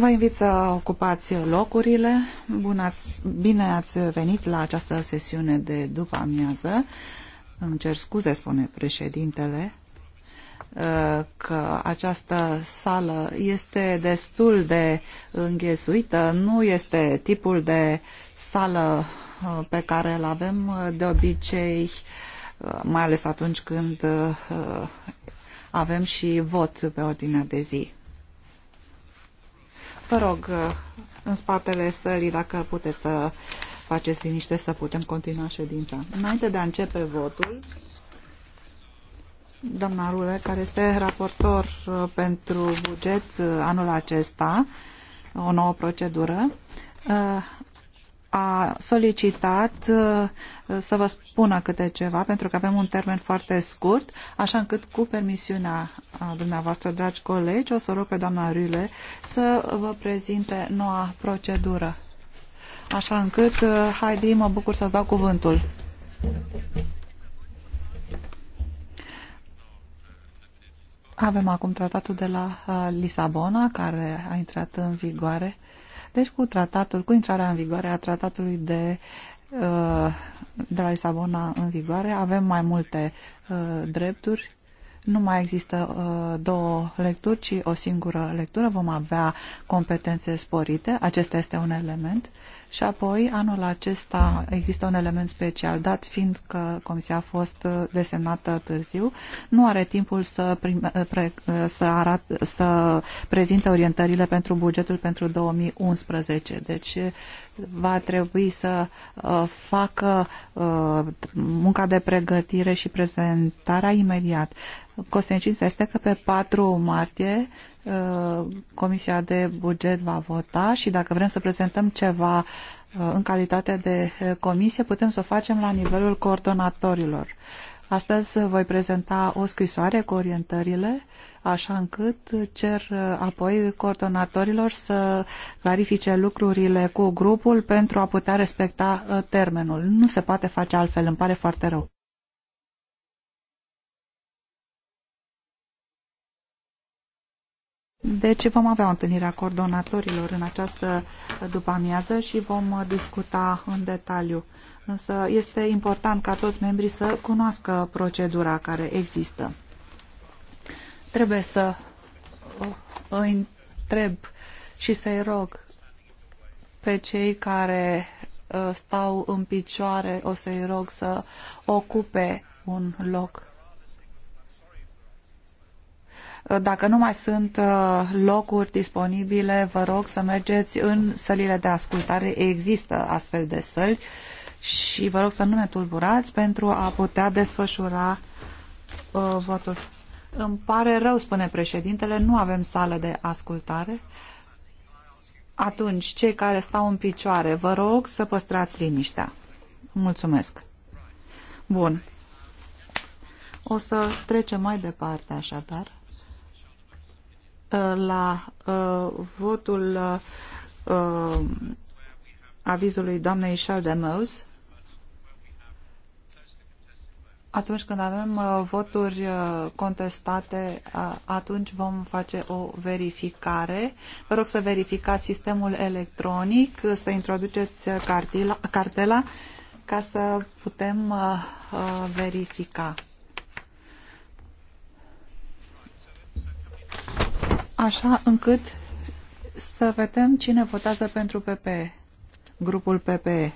Vă invit să ocupați locurile. Bun ați, bine ați venit la această sesiune de după amiază. Îmi cer scuze, spune președintele, uh, că această sală este destul de înghesuită, nu este tipul de sală uh, pe care îl avem de obicei, uh, mai ales atunci când avem și vot pe ordinea de zi. Vă rog, uh, în spatele sălii, dacă puteți să faceți liniște, să putem continua ședința. Înainte de a începe votul, doamna Rule, care este raportor uh, pentru buget uh, anul acesta, o nouă procedură, a solicitat uh, să vă spună câte ceva, pentru că avem un termen foarte scurt, așa încât, cu permisiunea uh, dumneavoastră, dragi colegi, o să rog pe doamna Rile să vă prezinte noua procedură. Așa încât, uh, Heidi, mă bucur să-ți dau cuvântul. Avem acum tratatul de la Lisabona, care a intrat în vigoare uh, deci cu tratatul, cu intrarea în vigoare a tratatului de uh, de la Lisabona în vigoare, avem mai multe uh, drepturi nu mai există uh, două lecturi, ci o singură lectură. Vom avea competențe sporite. Acesta este un element. Și apoi, anul acesta există un element special, dat fiind că comisia a fost desemnată târziu, nu are timpul să, prime, pre, să, arat, să prezinte orientările pentru bugetul pentru 2011. Deci va trebui să uh, facă uh, munca de pregătire și prezentarea imediat. Consecința este că pe 4 martie Comisia de Buget va vota și dacă vrem să prezentăm ceva uh, în calitate de comisie, putem să o facem la nivelul coordonatorilor. Astăzi voi prezenta o scrisoare cu orientările, așa încât cer uh, apoi coordonatorilor să clarifice lucrurile cu grupul pentru a putea respecta uh, termenul. Nu se poate face altfel, îmi pare foarte rău. Deci vom avea o întâlnire a coordonatorilor în această după-amiază și vom discuta în detaliu. Însă este important ca toți membrii să cunoască procedura care există. Trebuie să uh, îi întreb și să-i rog pe cei care uh, stau în picioare, o să-i rog să ocupe un loc dacă nu mai sunt uh, locuri disponibile, vă rog să mergeți în sălile de ascultare. Există astfel de săli și vă rog să nu ne tulburați pentru a putea desfășura uh, votul. Îmi pare rău, spune președintele, nu avem sală de ascultare. Atunci, cei care stau în picioare, vă rog să păstrați liniștea. Mulțumesc. Bun. O să trecem mai departe, așadar. Uh, la uh, votul uh, avizului doamnei Sheldemose atunci când avem voturi contestate, atunci vom face o verificare. Vă rog să verificați sistemul electronic, să introduceți cartila, cartela ca să putem verifica. așa încât să vedem cine votează pentru PPE, grupul PPE.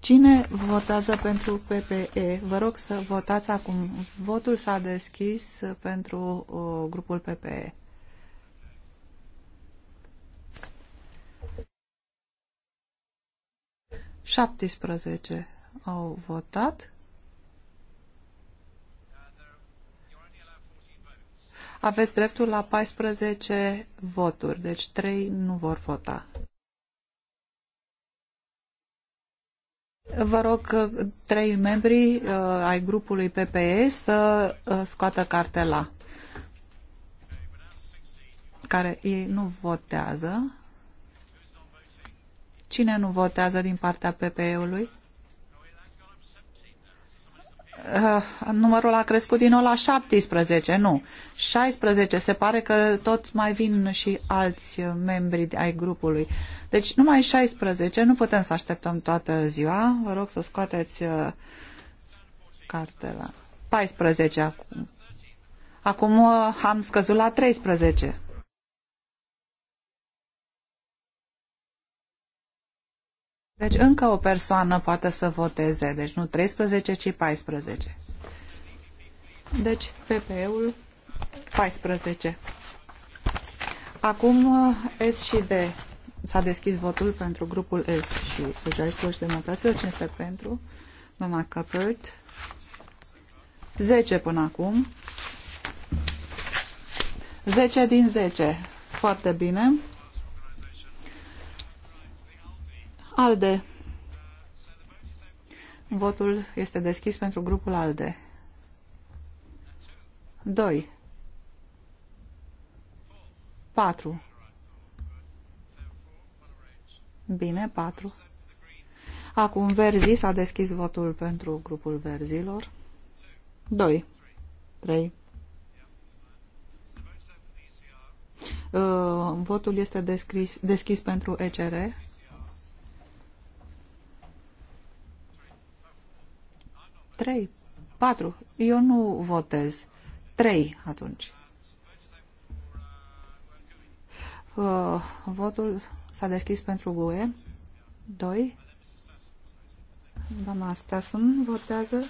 Cine votează pentru PPE? Vă rog să votați acum. Votul s-a deschis pentru uh, grupul PPE. Șaptesprezece au votat. Aveți dreptul la 14 voturi, deci 3 nu vor vota. Vă rog uh, trei membri uh, ai grupului PPE să uh, scoată cartela care ei nu votează. Cine nu votează din partea PPE-ului? Uh, numărul a crescut din nou la 17, nu, 16, se pare că tot mai vin și alți membri ai grupului. Deci numai 16, nu putem să așteptăm toată ziua, vă rog să scoateți uh, cartela. 14 acum. Acum uh, am scăzut la 13. Deci încă o persoană poate să voteze, deci nu 13, ci 14. Deci PP-ul 14. Acum eh, S și D. S-a deschis votul pentru grupul S și Socialiștilor și Democraților. Cine este pentru? Doamna Capert. 10 până acum. 10 din 10. Foarte bine. ALDE. Votul este deschis pentru grupul ALDE. 2. 4. Bine, 4. Acum Verzi s-a deschis votul pentru grupul Verzilor. 2. 3. Uh, votul este deschis, deschis pentru ECR. trei, patru, Eu nu votez. trei atunci. Uh, votul s-a deschis pentru GUE. Doi. Doamna Stassen votează.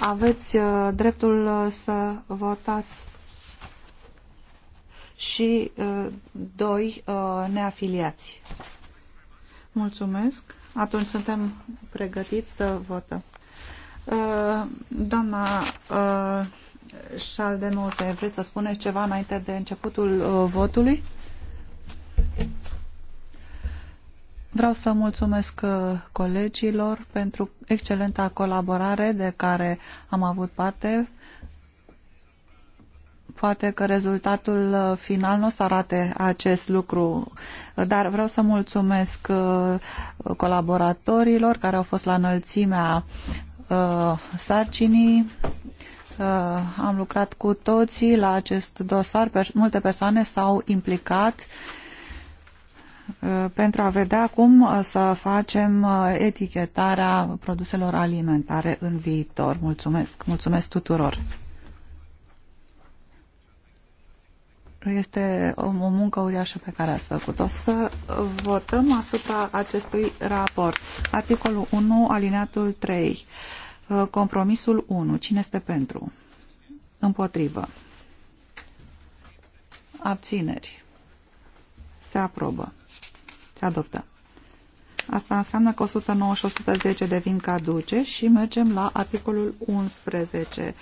Aveți uh, dreptul uh, să votați și uh, doi uh, neafiliați. Mulțumesc. Atunci suntem pregătiți să votăm. Uh, doamna uh, Șaldemose, vreți să spuneți ceva înainte de începutul uh, votului? Vreau să mulțumesc colegilor pentru excelenta colaborare de care am avut parte Poate că rezultatul uh, final nu o să arate acest lucru, dar vreau să mulțumesc uh, colaboratorilor care au fost la înălțimea uh, sarcinii. Am lucrat cu toții la acest dosar, multe persoane s-au implicat pentru a vedea cum să facem etichetarea produselor alimentare în viitor. Mulțumesc! Mulțumesc tuturor! Este o muncă uriașă pe care ați făcut-o. Să votăm asupra acestui raport. Articolul 1, alineatul 3. Uh, compromisul 1. Cine este pentru? Împotrivă. Abțineri. Se aprobă. Se adoptă. Asta înseamnă că 109 și 110 devin caduce și mergem la articolul 11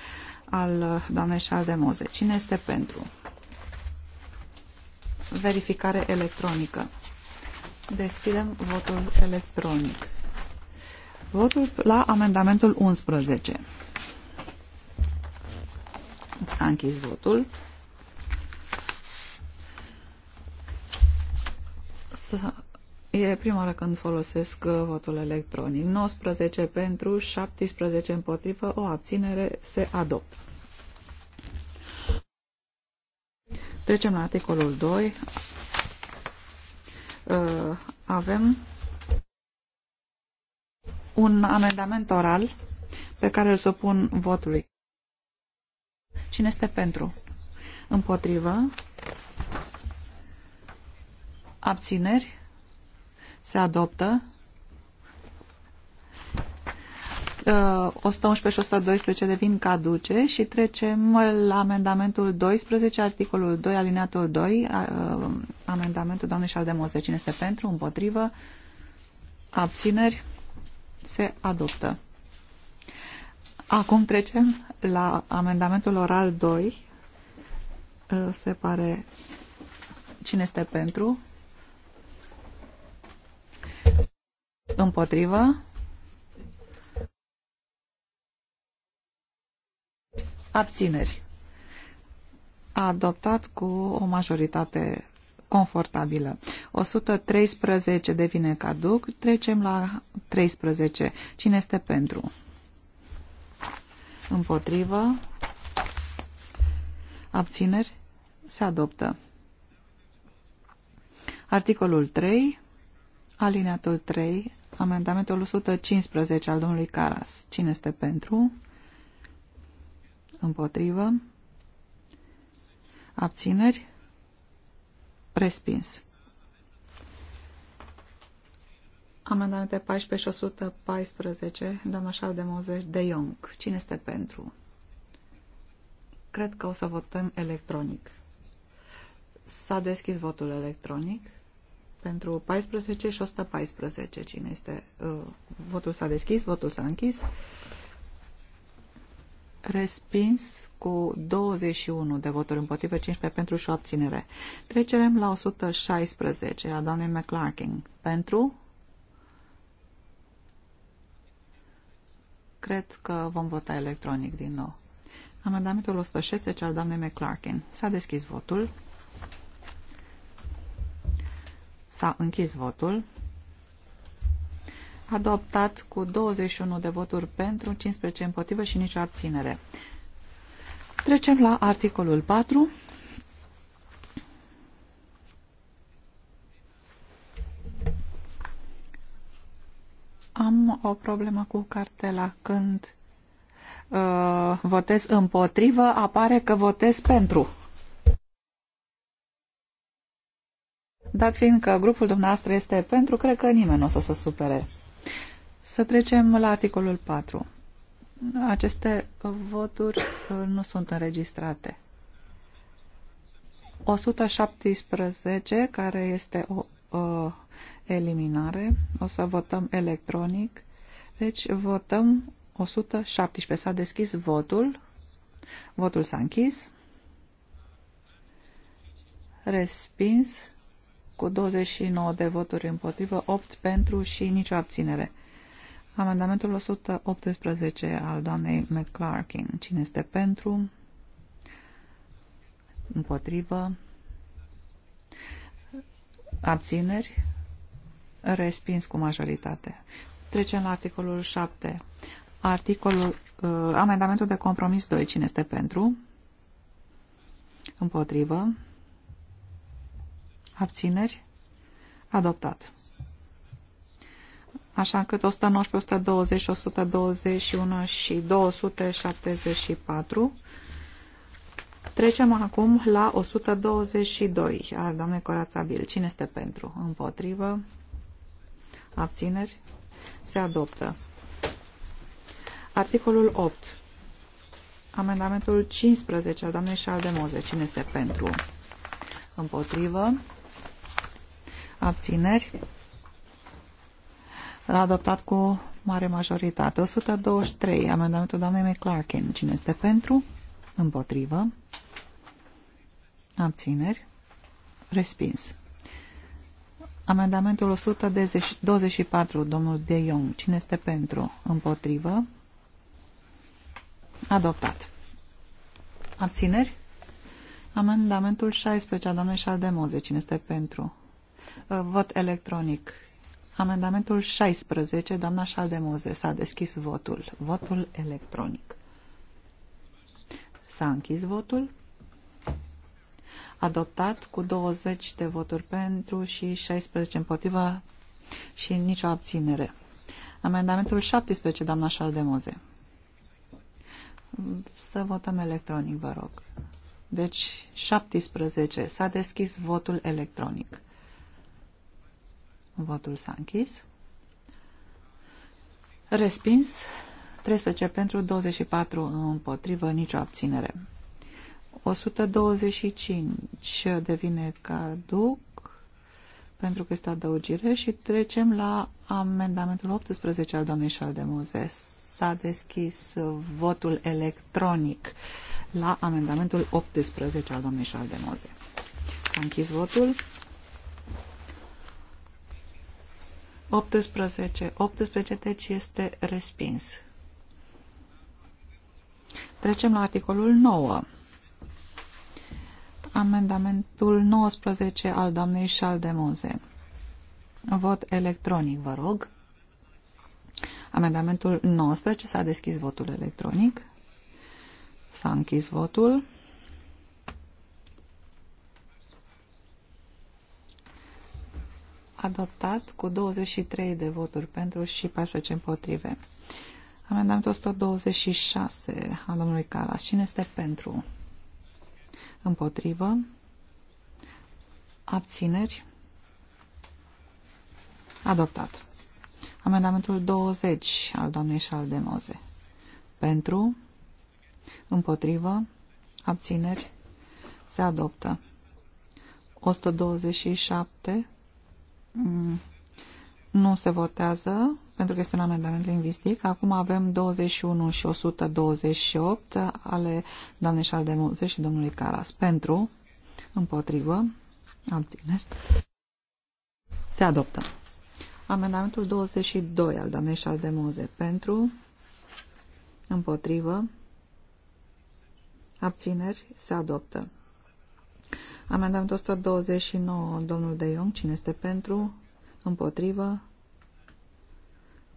al uh, doamnei Șaldemoze. Cine este pentru? verificare electronică. Deschidem votul electronic. Votul la amendamentul 11. S-a închis votul. E prima oară când folosesc uh, votul electronic. 19 pentru, 17 împotrivă, o abținere se adoptă. Trecem la articolul 2. Uh, avem un amendament oral pe care îl supun votului. Cine este pentru? Împotrivă? Abțineri? Se adoptă? 111 uh, și 112 devin caduce și trecem la amendamentul 12, articolul 2, alineatul 2, uh, amendamentul doamnei Șaldemoze. Cine este pentru, împotrivă, abțineri, se adoptă. Acum trecem la amendamentul oral 2. Uh, se pare cine este pentru? Împotrivă? Abțineri. A adoptat cu o majoritate confortabilă. 113 devine caduc. Trecem la 13. Cine este pentru? Împotrivă. Abțineri. Se adoptă. Articolul 3, alineatul 3, amendamentul 115 al domnului Caras. Cine este pentru? Împotrivă. Abțineri. Respins. Amendamente 14 și 114, doamna Charles de Young. Cine este pentru? Cred că o să votăm electronic. S-a deschis votul electronic pentru 14 și 114. Cine este? Uh, votul s-a deschis, votul s-a închis respins cu 21 de voturi împotrivă, 15 pentru și o abținere. Trecerem la 116 a doamnei McClarkin. Pentru? Cred că vom vota electronic din nou. Amendamentul 116 al doamnei McClarkin. S-a deschis votul. S-a închis votul adoptat cu 21 de voturi pentru, 15 împotrivă și nicio abținere. Trecem la articolul 4. Am o problemă cu cartela. Când uh, votez împotrivă, apare că votez pentru. Dat fiind că grupul dumneavoastră este pentru, cred că nimeni nu o să se supere. Să trecem la articolul 4. Aceste voturi uh, nu sunt înregistrate. 117, care este o, o uh, eliminare, o să votăm electronic. Deci votăm 117. S-a deschis votul. Votul s-a închis. Respins cu 29 de voturi împotrivă, 8 pentru și nicio abținere. Amendamentul 118 al doamnei McClarkin. Cine este pentru? Împotrivă? Abțineri? Respins cu majoritate. Trecem la articolul 7. Articolul, uh, amendamentul de compromis 2. Cine este pentru? Împotrivă? Abțineri? Adoptat. Așa încât 119, 120, 121 și 274. Trecem acum la 122 al doamnei Corața Bil. Cine este pentru? Împotrivă? Abțineri? Se adoptă. Articolul 8. Amendamentul 15 al doamnei Șaldemoze. Cine este pentru? Împotrivă? abțineri, adoptat cu mare majoritate. 123, amendamentul doamnei McClarkin. Cine este pentru? Împotrivă. Abțineri. Respins. Amendamentul 124, domnul De Jong. Cine este pentru? Împotrivă. Adoptat. Abțineri? Amendamentul 16 al doamnei Șaldemoze. Cine este pentru? Vot electronic. Amendamentul 16, doamna Șaldemoze, s-a deschis votul. Votul electronic. S-a închis votul. Adoptat cu 20 de voturi pentru și 16 împotriva și nicio abținere. Amendamentul 17, doamna Șaldemoze. Să votăm electronic, vă rog. Deci, 17. S-a deschis votul electronic. Votul s-a închis. Respins. 13 pentru, 24 împotrivă, nicio abținere. 125 devine caduc pentru că este adăugire și trecem la amendamentul 18 al doamnei Șaldemuze. S-a deschis votul electronic la amendamentul 18 al doamnei Șaldemuze. S-a închis votul. 18. 18 deci este respins. Trecem la articolul 9. Amendamentul 19 al doamnei Șaldemoze. Vot electronic, vă rog. Amendamentul 19 s-a deschis votul electronic. S-a închis votul. adoptat cu 23 de voturi pentru și 14 împotrive. Amendamentul 126 al domnului Calas. Cine este pentru? Împotrivă? Abțineri? Adoptat. Amendamentul 20 al doamnei Șaldemoze. Pentru? Împotrivă? Abțineri? Se adoptă. 127 Mm, nu se votează pentru că este un amendament lingvistic. Acum avem 21 și 128 ale doamnei Șaldemuze și domnului Caras. Pentru, împotrivă, abțineri, se adoptă. Amendamentul 22 al doamnei Șaldemuze. Pentru, împotrivă, abțineri, se adoptă. Amendamentul 129, domnul De Jong, cine este pentru, împotrivă,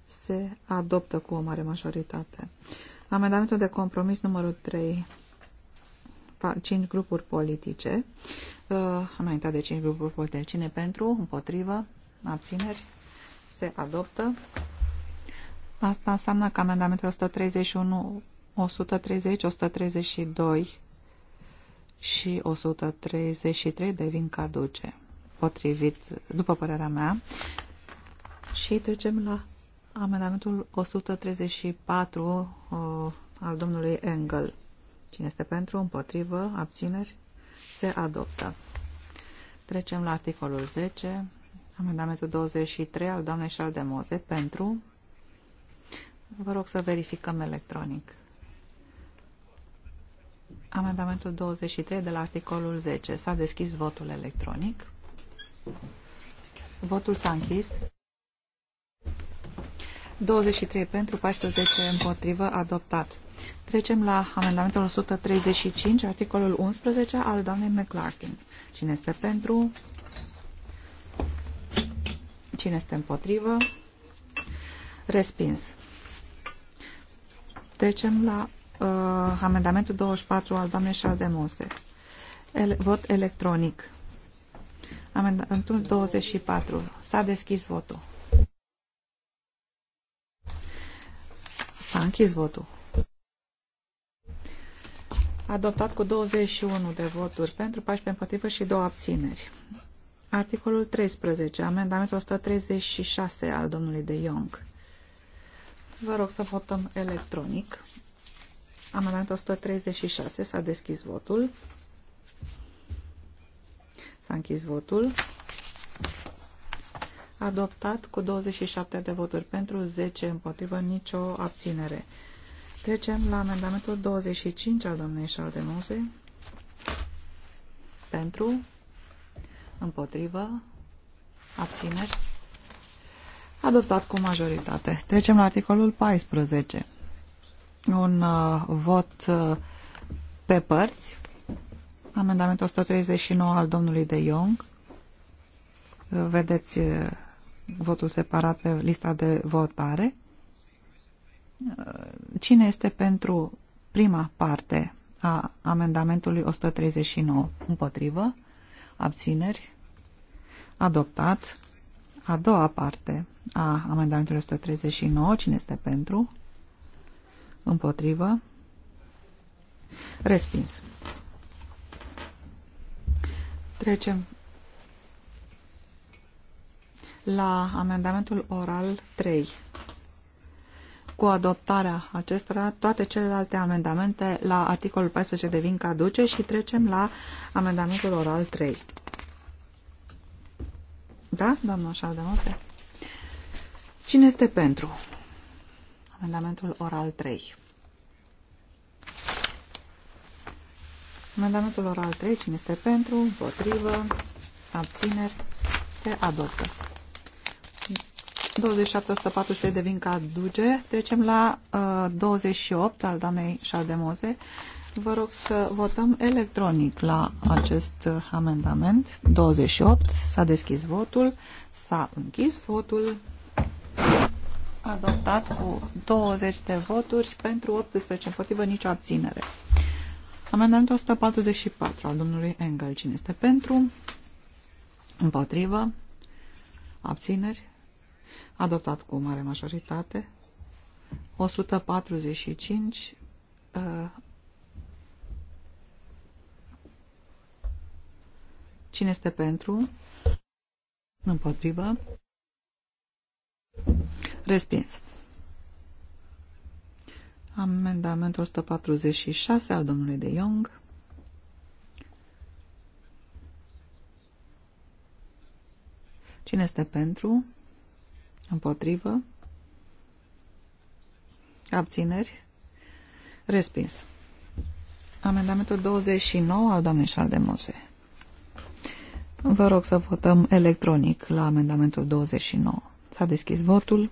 se adoptă cu o mare majoritate. Amendamentul de compromis numărul 3, 5 grupuri politice, uh, Înainte de 5 grupuri politice, cine pentru, împotrivă, abțineri, se adoptă. Asta înseamnă că amendamentul 131, 130, 132 și 133 devin caduce, potrivit, după părerea mea. Și trecem la amendamentul 134 uh, al domnului Engel. Cine este pentru, împotrivă, abțineri, se adoptă. Trecem la articolul 10, amendamentul 23 al doamnei Șaldemoze, pentru. Vă rog să verificăm electronic. Amendamentul 23 de la articolul 10. S-a deschis votul electronic. Votul s-a închis. 23 pentru, 14 împotrivă, adoptat. Trecem la amendamentul 135, articolul 11 al doamnei McClarkin. Cine este pentru? Cine este împotrivă? Respins. Trecem la Uh, amendamentul 24 al doamnei Mose. Ele, vot electronic. Amendamentul 24. S-a deschis votul. S-a închis votul. Adoptat cu 21 de voturi pentru, 14 împotrivă și 2 abțineri. Articolul 13, amendamentul 136 al domnului de Young. Vă rog să votăm electronic. Amendamentul 136. S-a deschis votul. S-a închis votul. Adoptat cu 27 de voturi pentru, 10 împotrivă, nicio abținere. Trecem la amendamentul 25 al domnului Șaldemoze. Pentru, împotrivă, abțineri. Adoptat cu majoritate. Trecem la articolul 14 un uh, vot uh, pe părți. Amendamentul 139 al domnului De Uh, Vedeți uh, votul separat pe lista de votare. Cine este pentru prima parte a amendamentului 139? Împotrivă? Abțineri? Adoptat. A doua parte a amendamentului 139. Cine este pentru? Împotrivă. Respins. Trecem la amendamentul oral 3. Cu adoptarea acestora, toate celelalte amendamente la articolul 14 devin caduce și trecem la amendamentul oral 3. Da, doamna Șaldemote? Cine este pentru? amendamentul oral 3. Amendamentul oral 3, cine este pentru, împotrivă, abțineri, se adoptă. 27.143 devin duge. Trecem la uh, 28 al doamnei Șaldemoze. Vă rog să votăm electronic la acest uh, amendament. 28. S-a deschis votul. S-a închis votul adoptat cu 20 de voturi pentru 18 împotrivă, nicio abținere. Amendamentul 144 al domnului Engel. Cine este pentru? Împotrivă? Abțineri? Adoptat cu mare majoritate. 145 uh, Cine este pentru? Împotrivă? Respins. Amendamentul 146 al domnului de Young. Cine este pentru? Împotrivă? Abțineri? Respins. Amendamentul 29 al doamnei Șaldemose. Vă rog să votăm electronic la amendamentul 29. S-a deschis votul.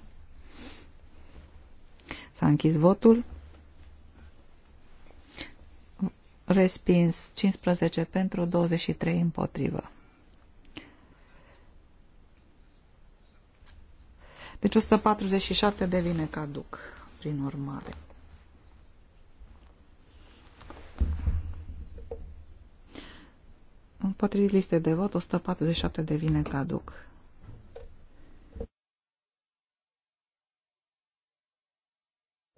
S-a închis votul. Respins 15 pentru 23 împotrivă. Deci 147 devine caduc, prin urmare. Împotrivit listei de vot, 147 devine caduc.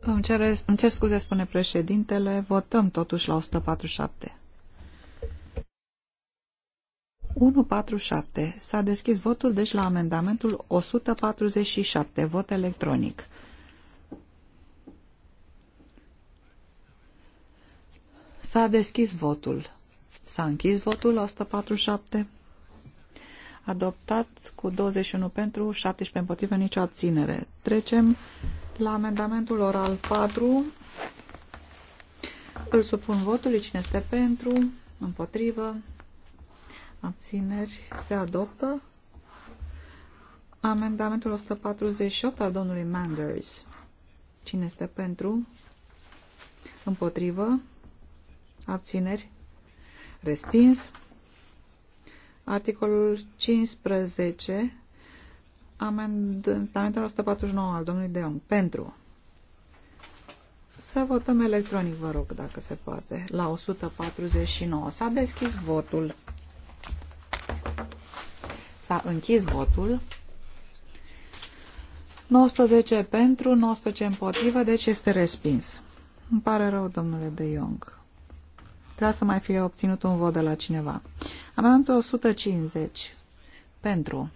Îmi, cere, îmi cer scuze, spune președintele, votăm totuși la 147. 147. S-a deschis votul, deci la amendamentul 147, vot electronic. S-a deschis votul. S-a închis votul la 147. Adoptat cu 21 pentru, 17 împotrivă, nicio abținere. Trecem la amendamentul oral 4 îl supun votului. Cine este pentru? Împotrivă? Abțineri? Se adoptă? Amendamentul 148 al domnului Manders. Cine este pentru? Împotrivă? Abțineri? Respins? Articolul 15 amendamentul 149 al domnului Deon. Pentru. Să votăm electronic, vă rog, dacă se poate. La 149 s-a deschis votul. S-a închis votul. 19 pentru, 19 împotrivă, deci este respins. Îmi pare rău, domnule De Jong. Trebuie să mai fie obținut un vot de la cineva. Amendamentul 150 pentru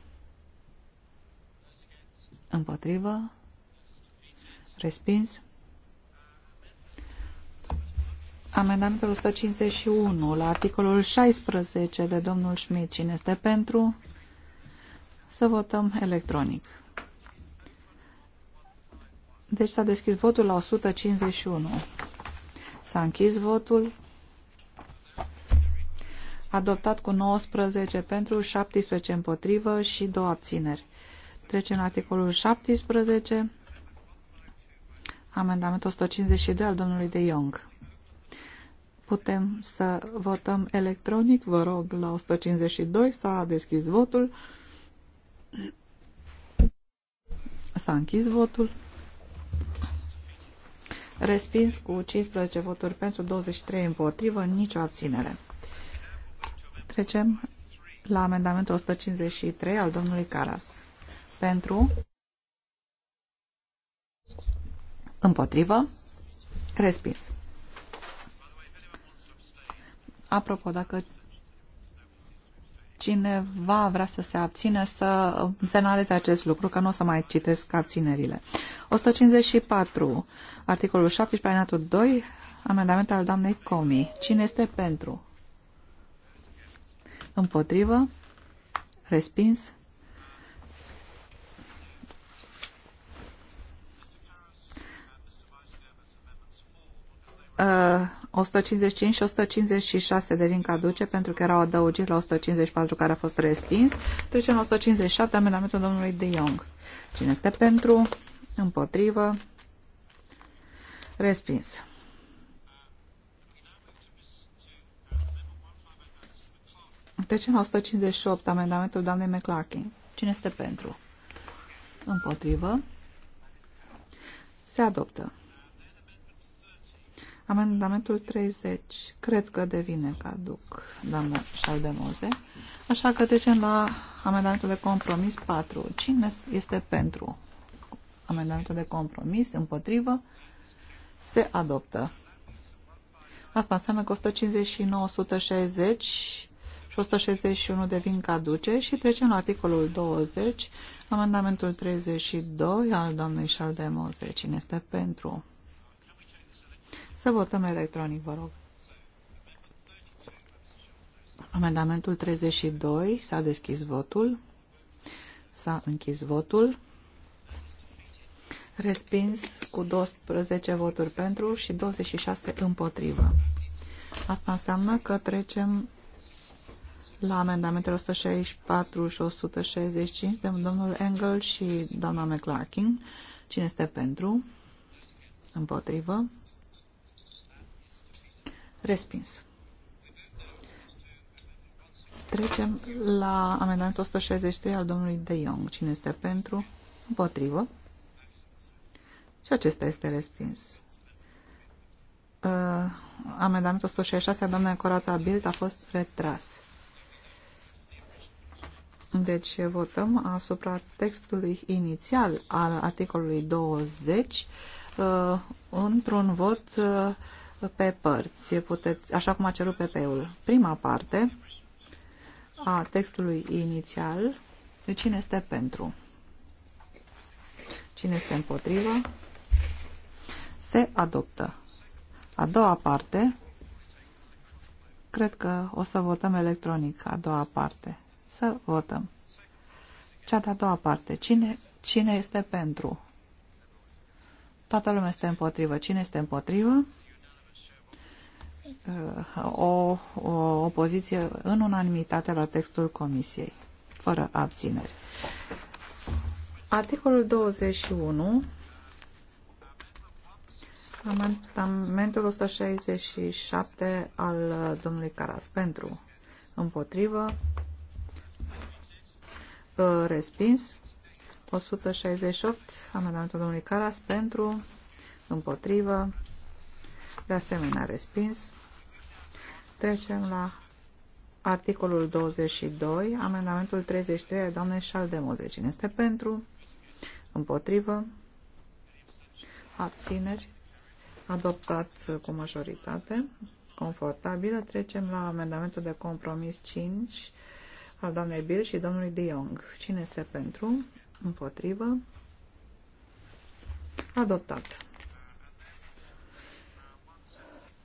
Împotrivă. Respins. Amendamentul 151 la articolul 16 de domnul Schmidt. Cine este pentru? Să votăm electronic. Deci s-a deschis votul la 151. S-a închis votul. Adoptat cu 19 pentru, 17 împotrivă și 2 abțineri. Trecem la articolul 17, amendamentul 152 al domnului de Iong. Putem să votăm electronic, vă rog, la 152 s-a deschis votul. S-a închis votul. Respins cu 15 voturi pentru 23 împotrivă, nicio abținere. Trecem la amendamentul 153 al domnului Caras pentru, împotrivă, respins. Apropo, dacă cineva vrea să se abține să semnaleze acest lucru, că nu o să mai citesc abținerile. 154, articolul 17, alineatul 2, amendament al doamnei Comi. Cine este pentru? Împotrivă? Respins? 155 uh, și 156 devin caduce pentru că erau adăugiri la 154 care a fost respins. Trecem la 157, amendamentul domnului De Jong. Cine este pentru? Împotrivă? Respins. Trecem la 158, amendamentul doamnei McClarkin. Cine este pentru? Împotrivă? Se adoptă. Amendamentul 30 cred că devine caduc, doamnă Șaldemoze. Așa că trecem la amendamentul de compromis 4. Cine este pentru amendamentul de compromis? Împotrivă? Se adoptă. Asta înseamnă că 159, 160 și 161 devin caduce și trecem la articolul 20, amendamentul 32 al doamnei Șaldemoze. Cine este pentru? Să votăm electronic, vă rog. Amendamentul 32. S-a deschis votul. S-a închis votul. Respins cu 12 voturi pentru și 26 împotrivă. Asta înseamnă că trecem la amendamentele 164 și 165 de domnul Engel și doamna McClarkin. Cine este pentru? Împotrivă? Respins. Trecem la amendamentul 163 al domnului De Jong. Cine este pentru? Împotrivă. Și acesta este respins. Uh, amendamentul 166 a doamnei Corața Bild a fost retras. Deci votăm asupra textului inițial al articolului 20 uh, într-un vot uh, pe părți, puteți, așa cum a cerut PP-ul. Prima parte a textului inițial, cine este pentru, cine este împotrivă, se adoptă. A doua parte, cred că o să votăm electronic a doua parte. Să votăm. Cea de-a doua parte, cine, cine este pentru? Toată lumea este împotrivă. Cine este împotrivă? o, o opoziție în unanimitate la textul Comisiei, fără abțineri. Articolul 21, amendamentul 167 al domnului Caras, pentru, împotrivă, ă, respins, 168, amendamentul domnului Caras, pentru, împotrivă, de asemenea respins. Trecem la articolul 22, amendamentul 33 a doamnei Șaldemoze. Cine este pentru? Împotrivă? Abțineri? Adoptat cu majoritate confortabilă. Trecem la amendamentul de compromis 5 al doamnei Bill și domnului De Jong. Cine este pentru? Împotrivă? Adoptat.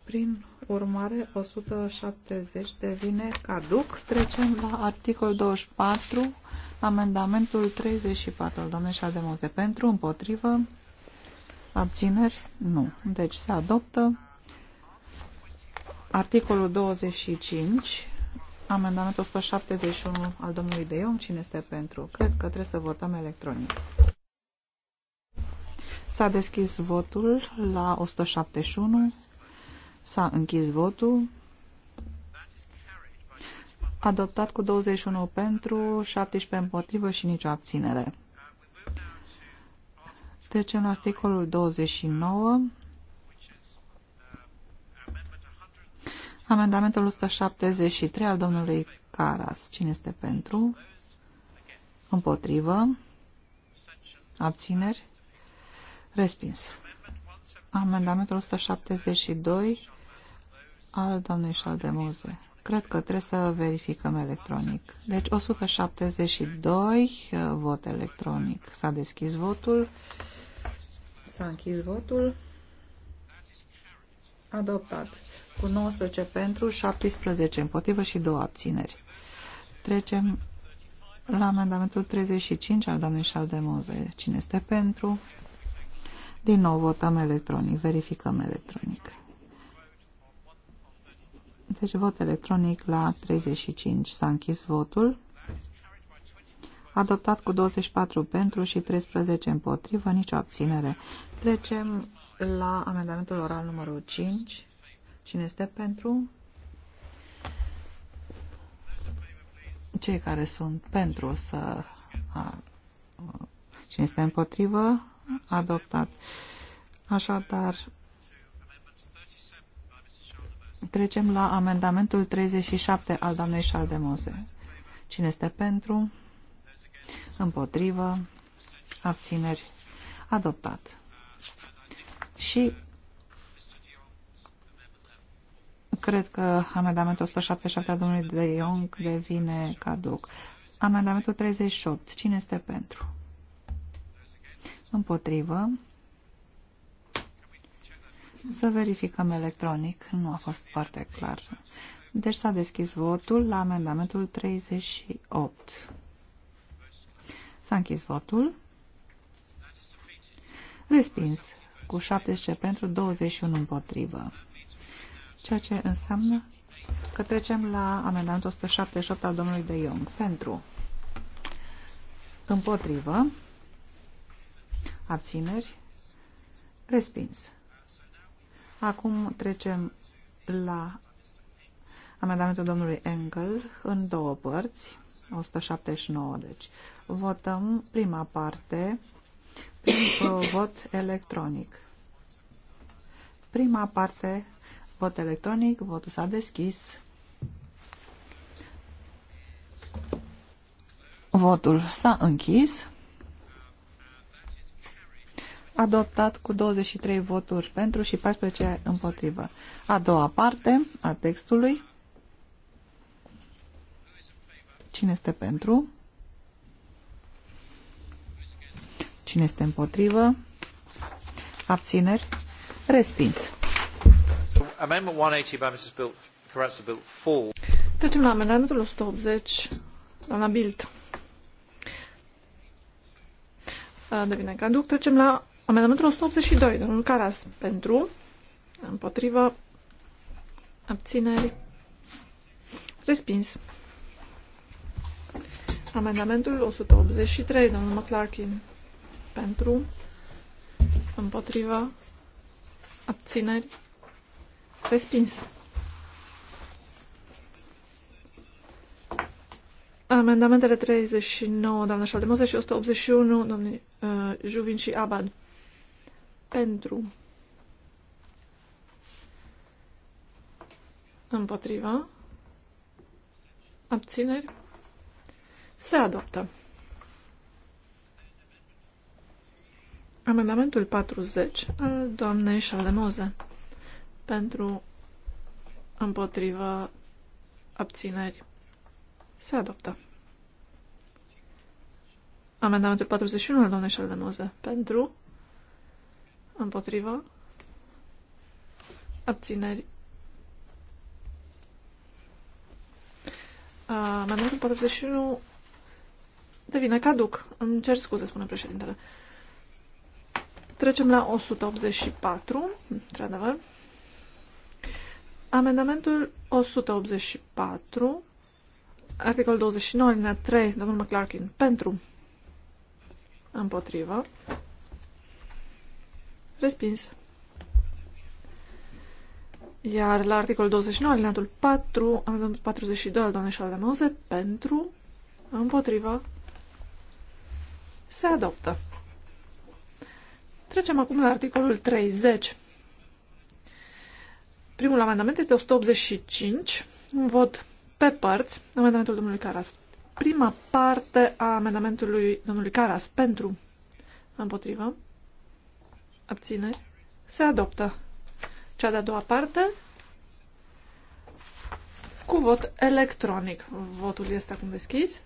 Prin urmare, 170 devine caduc. Trecem la articol 24, amendamentul 34 al domnului Șademoze. Pentru, împotrivă, abțineri, nu. Deci se adoptă articolul 25, amendamentul 171 al domnului De Jong. Cine este pentru? Cred că trebuie să votăm electronic. S-a deschis votul la 171. S-a închis votul. Adoptat cu 21 pentru, 17 împotrivă și nicio abținere. Trecem la articolul 29. Amendamentul 173 al domnului Caras. Cine este pentru? Împotrivă? Abțineri? Respins. Amendamentul 172 al doamnei Șaldemoze. Cred că trebuie să verificăm electronic. Deci 172 uh, vot electronic. S-a deschis votul. S-a închis votul. Adoptat. Cu 19 pentru, 17 împotrivă și 2 abțineri. Trecem la amendamentul 35 al doamnei Șaldemoze. Cine este pentru? Din nou votăm electronic. Verificăm electronic. Deci vot electronic la 35. S-a închis votul. Adoptat cu 24 pentru și 13 împotrivă, nicio abținere. Trecem la amendamentul oral numărul 5. Cine este pentru? Cei care sunt pentru să... Cine este împotrivă? Adoptat. Așadar, Trecem la amendamentul 37 al doamnei Șaldemose. Cine este pentru? Împotrivă? Abțineri? Adoptat. Și cred că amendamentul 177 al domnului De Jong devine caduc. Amendamentul 38. Cine este pentru? Împotrivă? Să verificăm electronic, nu a fost foarte clar. Deci s-a deschis votul la amendamentul 38. S-a închis votul. Respins cu 17 pentru 21 împotrivă. Ceea ce înseamnă că trecem la amendamentul 178 al domnului De Iong. Pentru împotrivă abțineri respins. Acum trecem la amendamentul domnului Engel în două părți, 179, deci. Votăm prima parte prin uh, vot electronic. Prima parte, vot electronic, votul s-a deschis. Votul s-a închis adoptat cu 23 voturi pentru și 14 împotrivă. A doua parte a textului. Cine este pentru? Cine este împotrivă? Abțineri? Respins. Amendment 180 Trecem la amendamentul 180, doamna Bilt. Devine caduc. Trecem la Amendamentul 182, domnul Caras, pentru, împotrivă, abțineri, respins. Amendamentul 183, domnul McClarkin, pentru, împotrivă, abțineri, respins. Amendamentele 39, doamna Șaldemose, și 181, domnul uh, Juvin și Abad pentru împotriva abțineri se adoptă. Amendamentul 40 al doamnei Șalemoze pentru împotriva abțineri se adoptă. Amendamentul 41 al doamnei Șalemoze pentru Împotrivă. Abțineri. Uh, amendamentul 41 devine caduc. Îmi cer scuze, spune președintele. Trecem la 184, într-adevăr. Amendamentul 184, articol 29, linia 3, domnul McClarkin, pentru, împotrivă, Respins. Iar la articolul 29, alineatul 4, avem 42 al doamnei Șaldemoze pentru, împotriva, se adoptă. Trecem acum la articolul 30. Primul amendament este 185, un vot pe părți, amendamentul domnului Caras. Prima parte a amendamentului domnului Caras pentru, împotriva, abțineri, se adoptă. Cea de-a doua parte, cu vot electronic. Votul este acum deschis.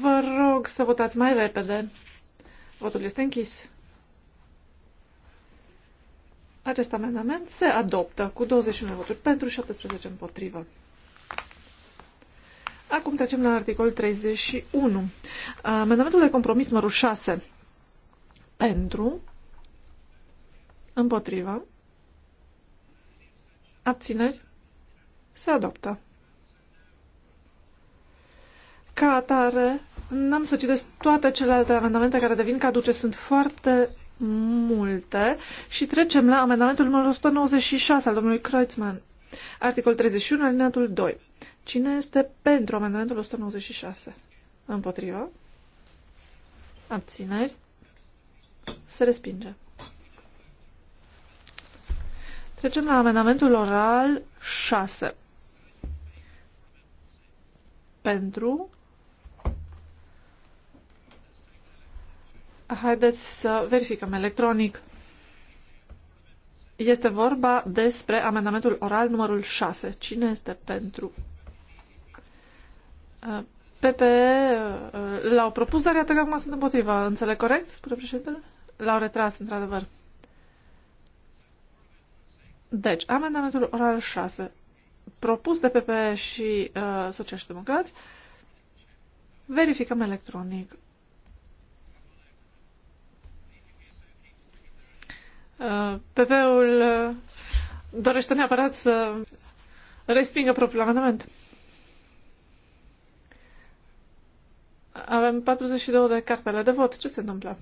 Vă rog să votați mai repede. Votul este închis. Acest amendament se adoptă cu 21 voturi pentru 17 împotrivă. Acum trecem la articolul 31. Amendamentul de compromis numărul 6. Pentru, împotriva, abțineri, se adoptă. Ca atare, n-am să citesc toate celelalte amendamente care devin caduce. Sunt foarte multe. Și trecem la amendamentul numărul 196 al domnului Kreutzmann. Articol 31, alineatul 2. Cine este pentru amendamentul 196? Împotrivă? Abțineri? Se respinge. Trecem la amendamentul oral 6. Pentru. Haideți să verificăm electronic. Este vorba despre amendamentul oral numărul 6. Cine este pentru? Uh, PPE uh, l-au propus, dar iată că acum sunt împotriva. Înțeleg corect, spune președintele? L-au retras, într-adevăr. Deci, amendamentul oral 6, propus de PPE și uh, Socialiști Democrați, verificăm electronic. Uh, PP-ul uh, dorește neapărat să respingă propriul amendament. Avem 42 de cartele de vot. Ce se întâmplă?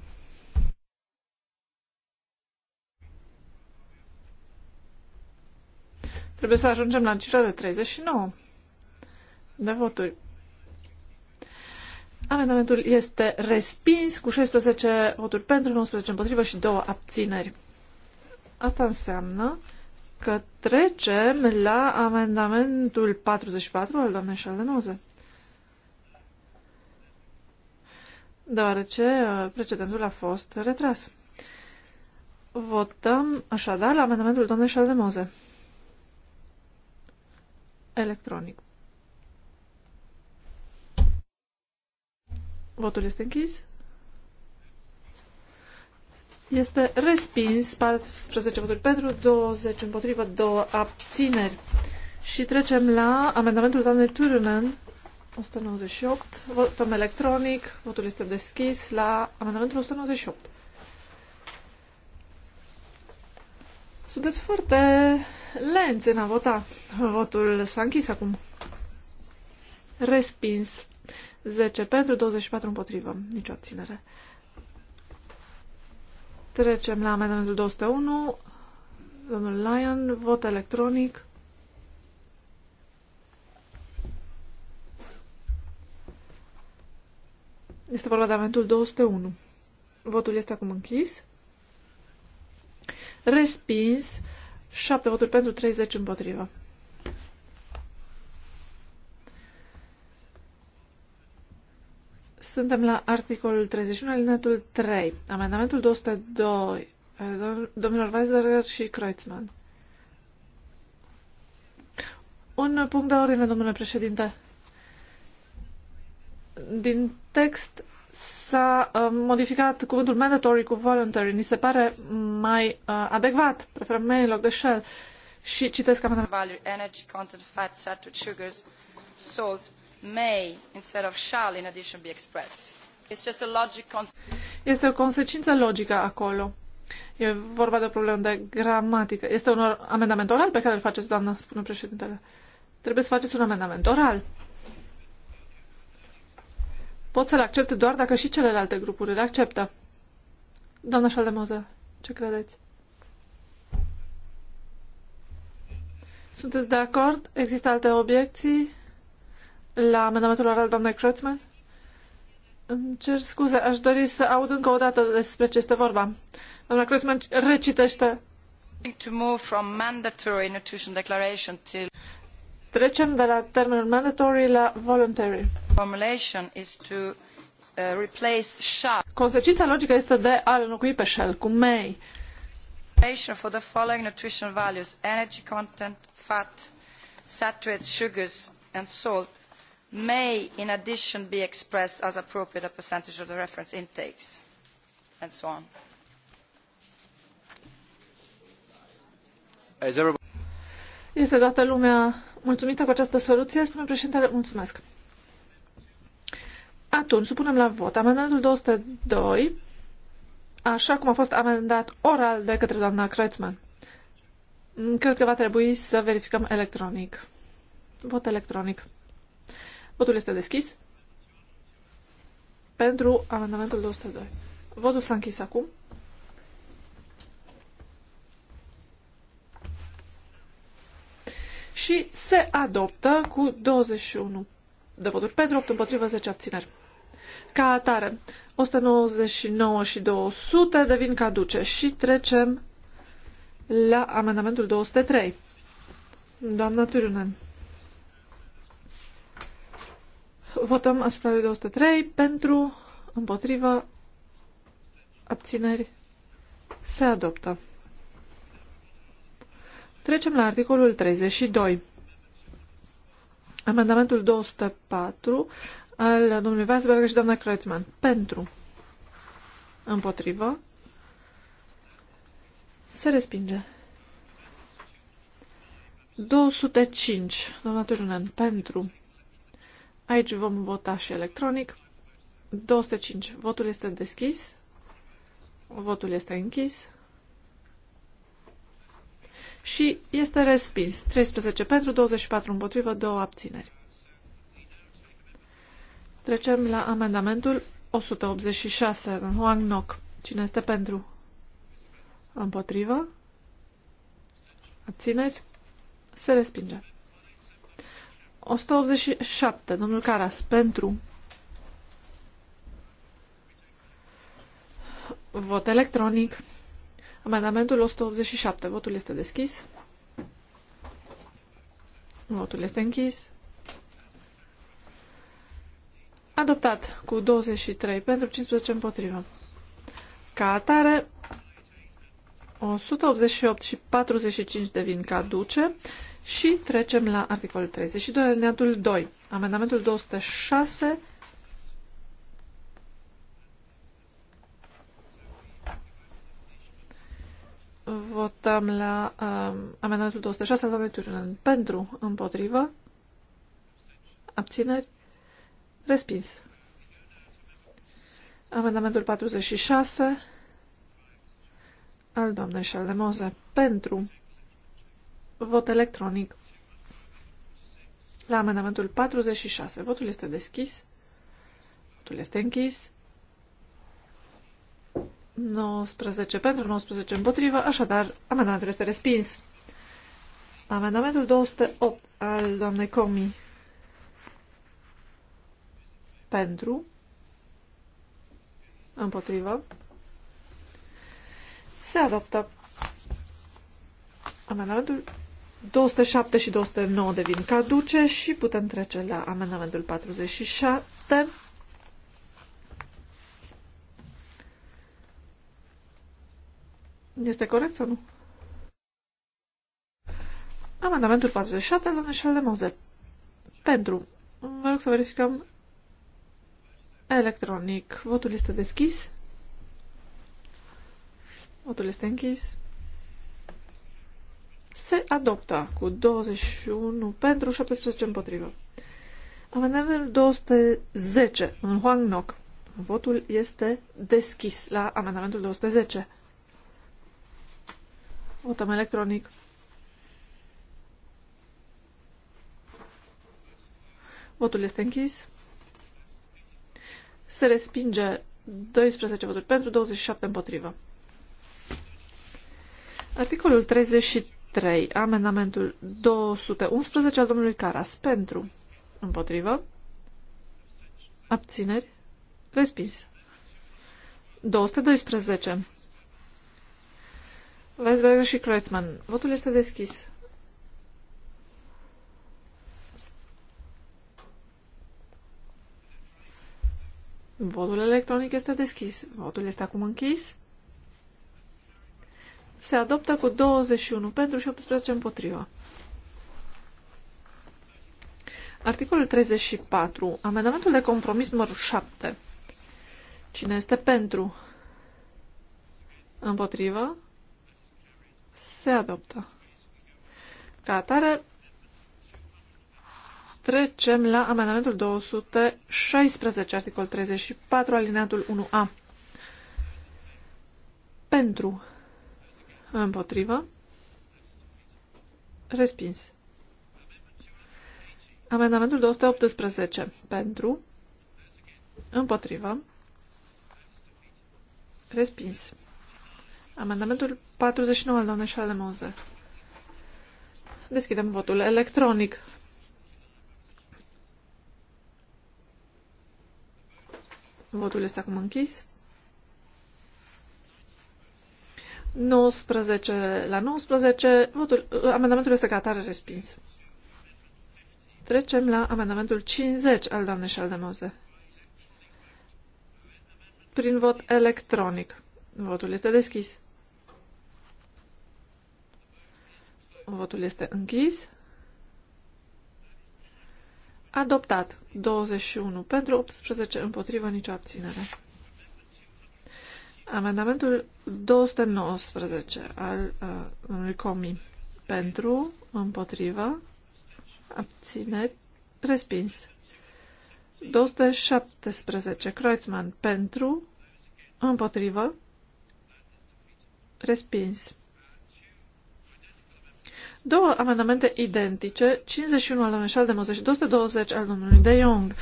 Trebuie să ajungem la cifra de 39 de voturi. Amendamentul este respins cu 16 voturi pentru, 19 împotrivă și 2 abțineri. Asta înseamnă că trecem la amendamentul 44 al doamnei Șaldenoze. deoarece uh, precedentul a fost retras. Votăm așadar la amendamentul doamnei Șaldemoze. Electronic. Votul este închis. Este respins 14 voturi pentru, 20 împotrivă, 2 abțineri. Și trecem la amendamentul doamnei Turunen 198. Votăm electronic. Votul este deschis la amendamentul 198. Sunteți foarte lenți în a vota. Votul s-a închis acum. Respins. 10 pentru, 24 împotrivă. Nici o abținere. Trecem la amendamentul 201. Domnul Lyon, vot electronic. Este vorba de amendul 201. Votul este acum închis. Respins. 7 voturi pentru 30 împotrivă. Suntem la articolul 31, alinatul 3. Amendamentul 202. Eh, domnilor Weisberger și Kreutzmann. Un punct de ordine, domnule președinte din text s-a um, modificat cuvântul mandatory cu voluntary. Ni se pare mai uh, adecvat. Preferăm mai în loc de shell. Și citesc amendamentul. Value, energy, content, fat, saturated sugars, salt, may instead of shall in addition be expressed. It's just a logic este o consecință logică acolo. E vorba de o problemă de gramatică. Este un amendament oral pe care îl faceți, doamnă, spune președintele. Trebuie să faceți un amendament oral pot să-l accept doar dacă și celelalte grupuri îl acceptă. Doamna Șaldemoza, ce credeți? Sunteți de acord? Există alte obiecții la amendamentul oral doamnei Kreutzmann? Îmi cer scuze, aș dori să aud încă o dată despre ce este vorba. Doamna Kreutzmann recitește. To move from mandatory nutrition declaration to... Trecem de la termenul mandatory la voluntary. Formulation is to uh, replace Consecința logică este de a înlocui pe shall cu may. For the following nutritional values, energy content, fat, saturated sugars and salt may in addition be expressed as appropriate a percentage of the reference intakes and so on. Este dată lumea mulțumită cu această soluție? Spune președintele, mulțumesc. Atunci, supunem la vot amendamentul 202, așa cum a fost amendat oral de către doamna Kreutzmann. Cred că va trebui să verificăm electronic. Vot electronic. Votul este deschis pentru amendamentul 202. Votul s-a închis acum. Și se adoptă cu 21 de voturi pentru, 8 împotrivă, 10 abțineri. Ca atare, 199 și 200 devin caduce și trecem la amendamentul 203. Doamna Turunen. Votăm asupra lui 203 pentru, împotrivă, abțineri. Se adoptă. Trecem la articolul 32. Amendamentul 204 al domnului Weisberger și doamna Kreutzmann. Pentru. Împotrivă. Se respinge. 205. Doamna Turunen. Pentru. Aici vom vota și electronic. 205. Votul este deschis. Votul este închis. Și este respins. 13 pentru, 24 împotrivă, 2 abțineri. Trecem la amendamentul 186, în Huang Noc. Cine este pentru? Împotrivă? Abțineri? Se respinge. 187, domnul Caras, pentru. Vot electronic. Amendamentul 187. Votul este deschis. Votul este închis. Adoptat cu 23 pentru 15 împotrivă. Ca atare, 188 și 45 devin caduce și trecem la articolul 32, alineatul 2. Amendamentul 206 Votăm la uh, amendamentul 206 al domnului Turunen. Pentru, împotrivă, abțineri, Respins. Amendamentul 46 al doamnei Șaldemoze pentru vot electronic la amendamentul 46. Votul este deschis. Votul este închis. 19 pentru, 19 împotrivă, așadar amendamentul este respins. Amendamentul 208 al doamnei Comi pentru, împotrivă, se adoptă amendamentul 207 și 209 devin caduce și putem trece la amendamentul 47. Este corect sau nu? Amendamentul 47 la neșel de moze. Pentru. Vă rog să verificăm electronic. Votul este deschis. Votul este închis. Se adoptă cu 21 pentru 17 împotrivă. Amendamentul 210 în Huang Nok. Votul este deschis la amendamentul 210. Votăm electronic. Votul este închis. Se respinge 12 voturi pentru, 27 împotrivă. Articolul 33, amendamentul 211 al domnului Caras pentru, împotrivă, abțineri, respins. 212. Weisberger și Kreuzmann, Votul este deschis. Votul electronic este deschis. Votul este acum închis. Se adoptă cu 21 pentru și 18 împotriva. Articolul 34. Amendamentul de compromis numărul 7. Cine este pentru? Împotrivă? Se adoptă. Ca atare, Trecem la amendamentul 216, articol 34, alineatul 1A. Pentru, împotrivă, respins. Amendamentul 218, pentru, împotrivă, respins. Amendamentul 49 al doamnei Șalemoze. Deschidem votul electronic. Votul este acum închis. 19 la 19, votul, amendamentul este ca atare respins. Trecem la amendamentul 50 al doamnei Șaldemoze. Prin vot electronic. Votul este deschis. Votul este închis. Adoptat. 21 pentru, 18 împotrivă, nicio abținere. Amendamentul 219 al uh, comi pentru, împotrivă, abțineri, respins. 217 Kreuzmann pentru, împotrivă, respins. Două amendamente identice, 51 al domnului Șaldemose și 220 al domnului De Jong.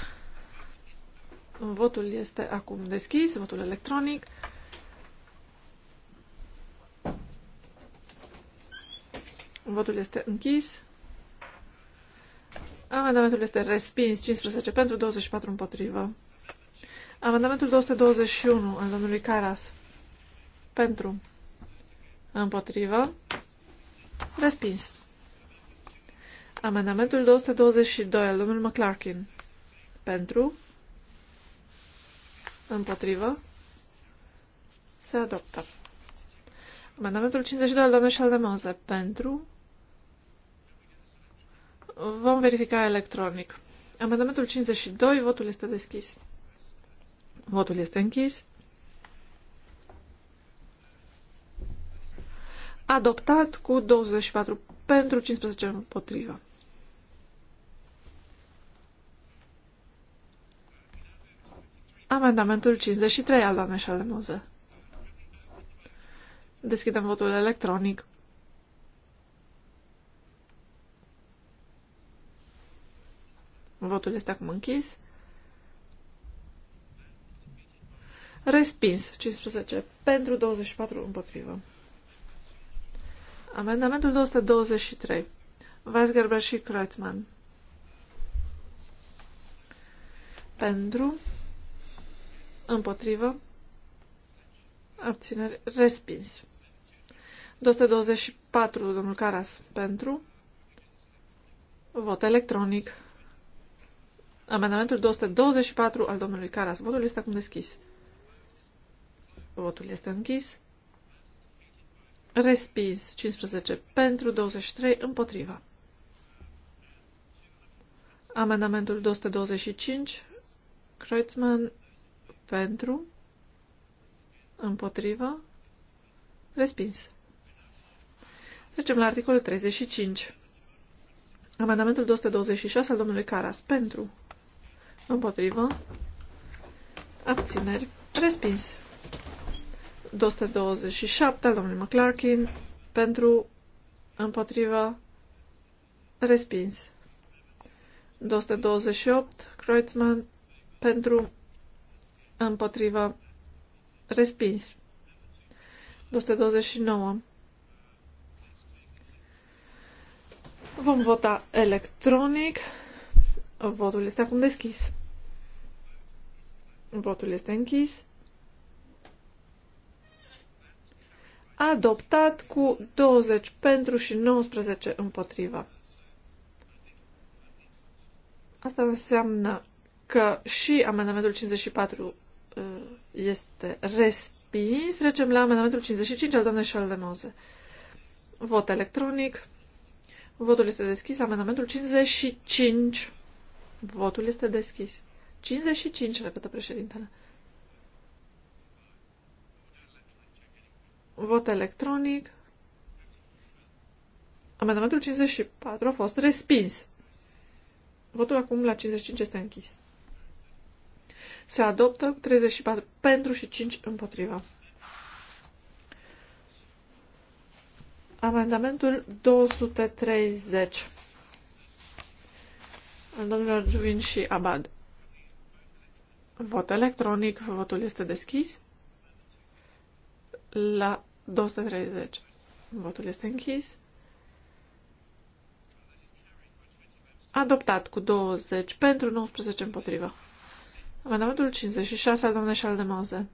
Votul este acum deschis, votul electronic. Votul este închis. Amendamentul este respins, 15 pentru, 24 împotrivă. Amendamentul 221 al domnului Caras. Pentru. Împotrivă. Respins. Amendamentul 222 al domnului McClarkin. Pentru. Împotrivă. Se adoptă. Amendamentul 52 al domnului Șaldemoze. Pentru. Vom verifica electronic. Amendamentul 52, votul este deschis. Votul este închis. adoptat cu 24 pentru 15 împotrivă. Amendamentul 53 al doamnei Șalemuză. Deschidem votul electronic. Votul este acum închis. Respins 15 pentru 24 împotrivă. Amendamentul 223. Weisgerber și Kreutzmann. Pentru, împotrivă, abțineri, respins. 224, domnul Caras, pentru, vot electronic. Amendamentul 224 al domnului Caras. Votul este acum deschis. Votul este închis. Respins 15 pentru 23 împotriva. Amendamentul 225 Kreutzmann pentru împotriva respins. Trecem la articolul 35. Amendamentul 226 al domnului Caras pentru împotriva abțineri respins. 227 al domnului McClarkin pentru împotriva respins. 228 Kreutzmann pentru împotriva respins. 229 Vom vota electronic. Votul este acum deschis. Votul este închis. adoptat cu 20 pentru și 19 împotriva. Asta înseamnă că și amendamentul 54 uh, este respins. Trecem la amendamentul 55 al doamnei Charles de Mose. Vot electronic. Votul este deschis. Amendamentul 55. Votul este deschis. 55, repetă președintele. Vot electronic. Amendamentul 54 a fost respins. Votul acum la 55 este închis. Se adoptă 34 pentru și 5 împotriva. Amendamentul 230 al domnilor Juvin și Abad. Vot electronic, votul este deschis. La 230. Votul este închis. Adoptat cu 20 pentru 19 împotriva. Amendamentul 56 al domnului Charles de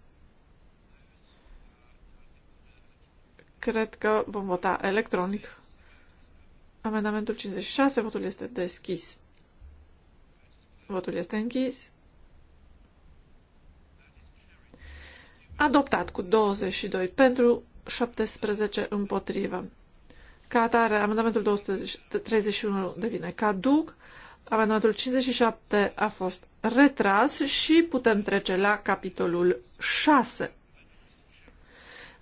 Cred că vom vota electronic. Amendamentul 56, votul este deschis. Votul este închis. Adoptat cu 22 pentru, 17 împotrivă. Ca atare, amendamentul 231 devine caduc, amendamentul 57 a fost retras și putem trece la capitolul 6.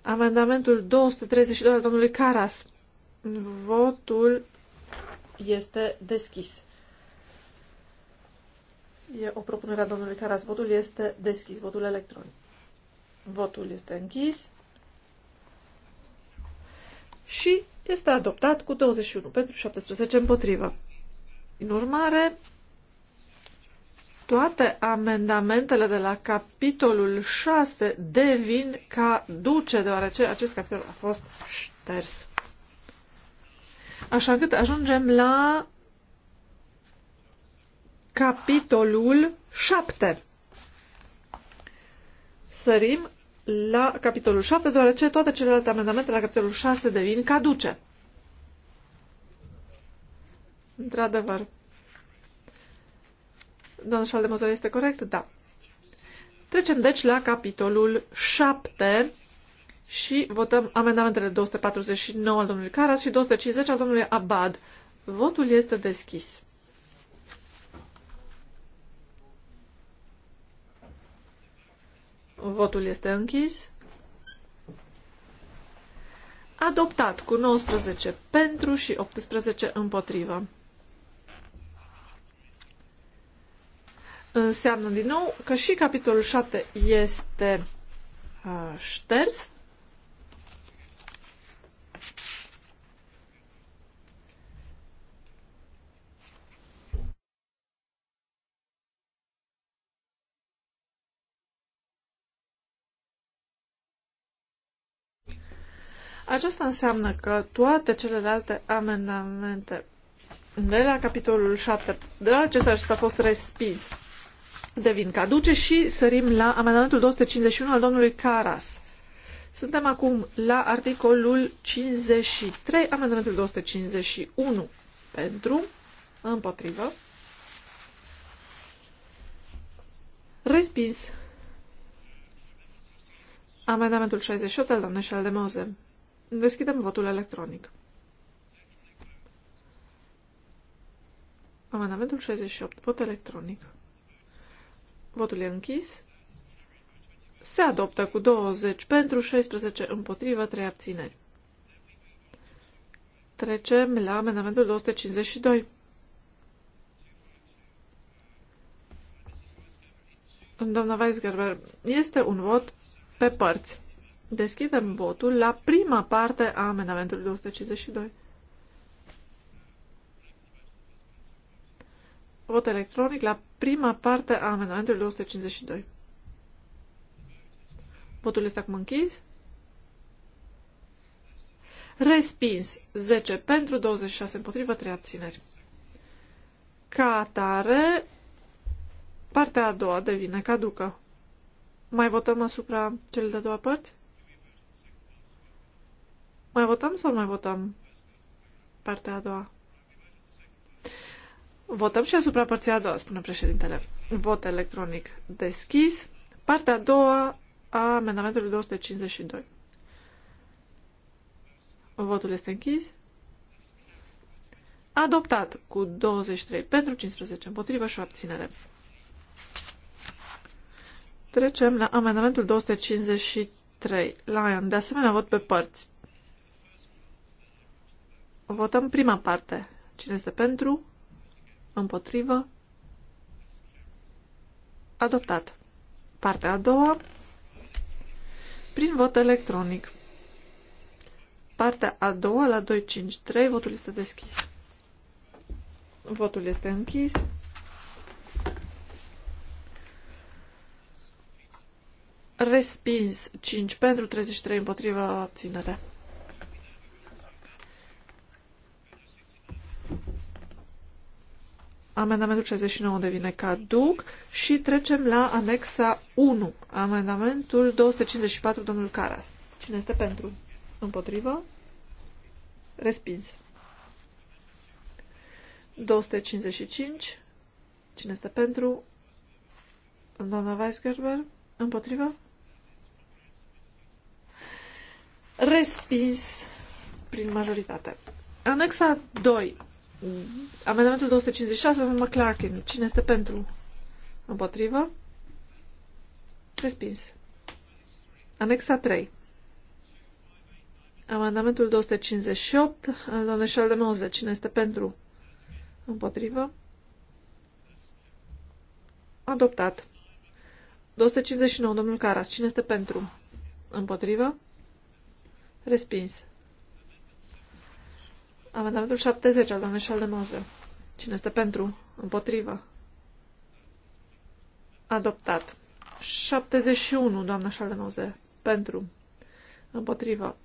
Amendamentul 232 al domnului Caras. Votul este deschis. E o propunere a domnului Caras. Votul este deschis. Votul electronic. Votul este închis și este adoptat cu 21 pentru 17 împotrivă. În urmare, toate amendamentele de la capitolul 6 devin ca duce, deoarece acest capitol a fost șters. Așa încât ajungem la capitolul 7. Sărim la capitolul 7, deoarece toate celelalte amendamente la capitolul 6 devin caduce. Într-adevăr. Domnul Șaldemotor este corect? Da. Trecem deci la capitolul 7 și votăm amendamentele 249 al domnului Caras și 250 al domnului Abad. Votul este deschis. Votul este închis. Adoptat cu 19 pentru și 18 împotrivă. Înseamnă din nou că și capitolul 7 este uh, șters. Aceasta înseamnă că toate celelalte amendamente de la capitolul 7, de la acesta acesta a fost respins, devin caduce și sărim la amendamentul 251 al domnului Caras. Suntem acum la articolul 53, amendamentul 251 pentru, împotrivă, respins amendamentul 68 al doamnei Șaldemose Deschidem votul electronic. Amendamentul 68. Vot electronic. Votul e închis. Se adoptă cu 20 pentru, 16 împotrivă, 3 abțineri. Trecem la amendamentul 252. Doamna Weisgerber, este un vot pe părți. Deschidem votul la prima parte a amendamentului 252. Vot electronic la prima parte a amendamentului 252. Votul este acum închis. Respins 10 pentru 26 împotrivă 3 abțineri. Ca atare, partea a doua devine caducă. Mai votăm asupra celei de-a doua părți? Mai votăm sau mai votăm partea a doua? Votăm și asupra părții a doua, spune președintele. Vot electronic deschis. Partea a doua a amendamentului 252. Votul este închis. Adoptat cu 23 pentru 15 împotrivă și o abținere. Trecem la amendamentul 253. Lion, de asemenea, vot pe părți. Votăm prima parte. Cine este pentru? Împotrivă? Adoptat. Partea a doua. Prin vot electronic. Partea a doua la 253. Votul este deschis. Votul este închis. Respins 5 pentru 33 împotriva abținerea. Amendamentul 69 devine caduc și trecem la anexa 1, amendamentul 254, domnul Caras. Cine este pentru? Împotrivă? Respins. 255. Cine este pentru? Doamna Weisgerber. Împotrivă? Respins prin majoritate. Anexa 2. Amendamentul 256, domnul McClarkin. Cine este pentru? Împotrivă? Respins. Anexa 3. Amendamentul 258 Șal de Moze. Cine este pentru? Împotrivă? Adoptat. 259, domnul Caras. Cine este pentru? Împotrivă? Respins. Amendamentul 70 al doamnei Șaldemoză. Cine este pentru? Împotrivă. Adoptat. 71, doamna Șaldemoză. Pentru. Împotrivă.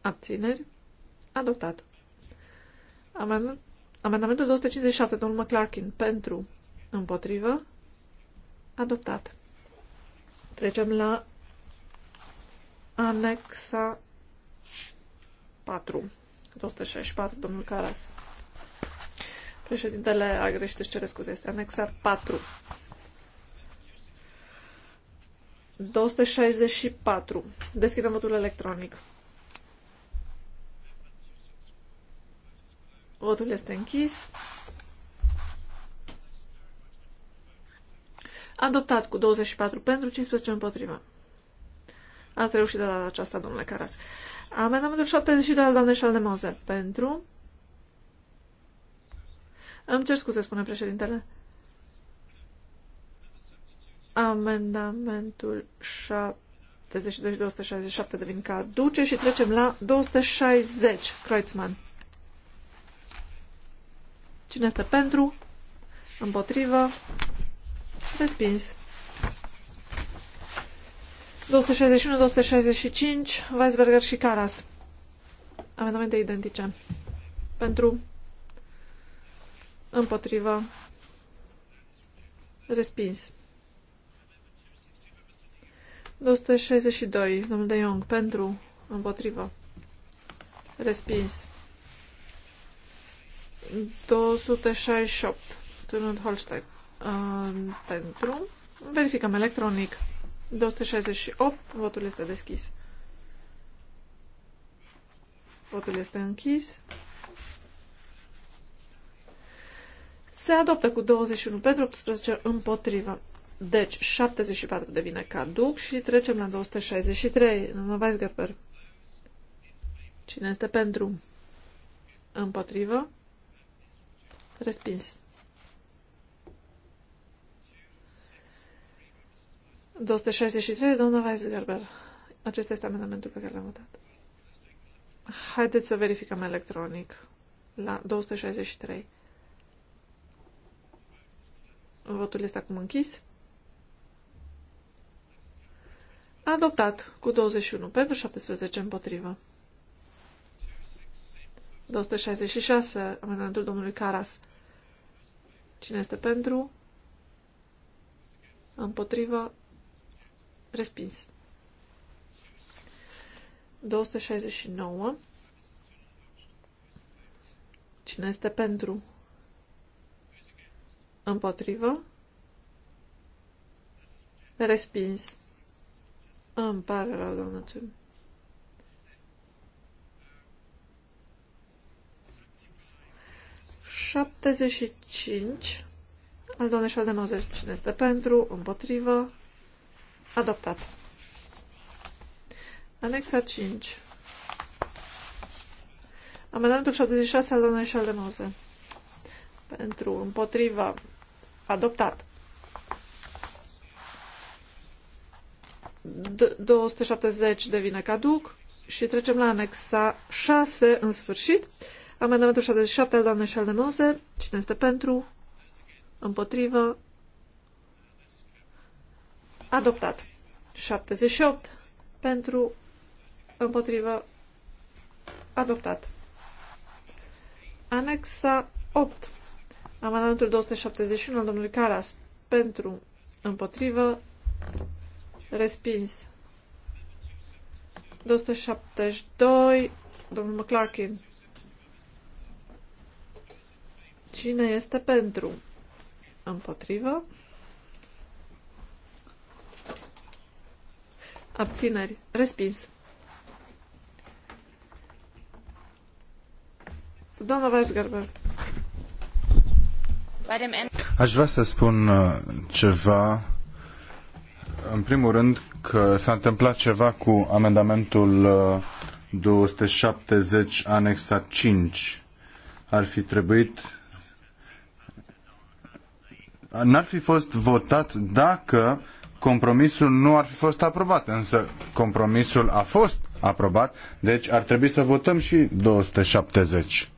Abțineri. Adoptat. Amend Amendamentul 257, domnul McClarkin. Pentru. Împotrivă. Adoptat. Trecem la anexa 4. 264, domnul Caras. Președintele a greșit, își cere scuze, este anexa 4. 264. Deschidem votul electronic. Votul este închis. Adoptat cu 24 pentru, 15 împotriva. Ați reușit de la aceasta, domnule Caras. Amendamentul la al doamnei Moze. Pentru. Îmi cer scuze, spune președintele. Amendamentul 72 267 devin Duce și trecem la 260. Kreutzmann. Cine este pentru? Împotrivă? Respins. 261, 265, Weisberger și Caras. Amendamente identice. Pentru, împotrivă, respins. 262, domnul de Jong, pentru, împotrivă, respins. 268, Tunut Holstein, uh, pentru, verificăm electronic. 268. Votul este deschis. Votul este închis. Se adoptă cu 21 pentru 18 împotrivă. Deci 74 devine caduc și trecem la 263. mă vezi, Cine este pentru? Împotrivă? Respins. 263, doamna Weisgerber. Acesta este amendamentul pe care l-am votat. Haideți să verificăm electronic la 263. Votul este acum închis. Adoptat cu 21 pentru 17 împotrivă. 266, amendamentul domnului Caras. Cine este pentru? Împotrivă? Respins. 269. Cine este pentru? Împotrivă? Respins. Îmi pare rău, doamnă Cium. Șaptezeci și cinci al doamnei Șaldemozei. Cine este pentru? Împotrivă? Adoptat. Anexa 5. Amendamentul 76 al domnului Șaldemoze. Pentru, împotriva, adoptat. 270 devine caduc și trecem la anexa 6 în sfârșit. Amendamentul 77 al doamnei și al Șaldemoze. Cine este pentru? Împotrivă? Adoptat. 78 pentru împotrivă adoptat. Anexa 8. Amendamentul 271 al domnului Caras pentru împotrivă respins. 272 domnul McClarkin. Cine este pentru? Împotrivă? Abțineri. Respins. Doamna Weisgerber. Aș vrea să spun uh, ceva. În primul rând că s-a întâmplat ceva cu amendamentul 270 uh, anexa 5. Ar fi trebuit n-ar fi fost votat dacă compromisul nu ar fi fost aprobat, însă compromisul a fost aprobat, deci ar trebui să votăm și 270.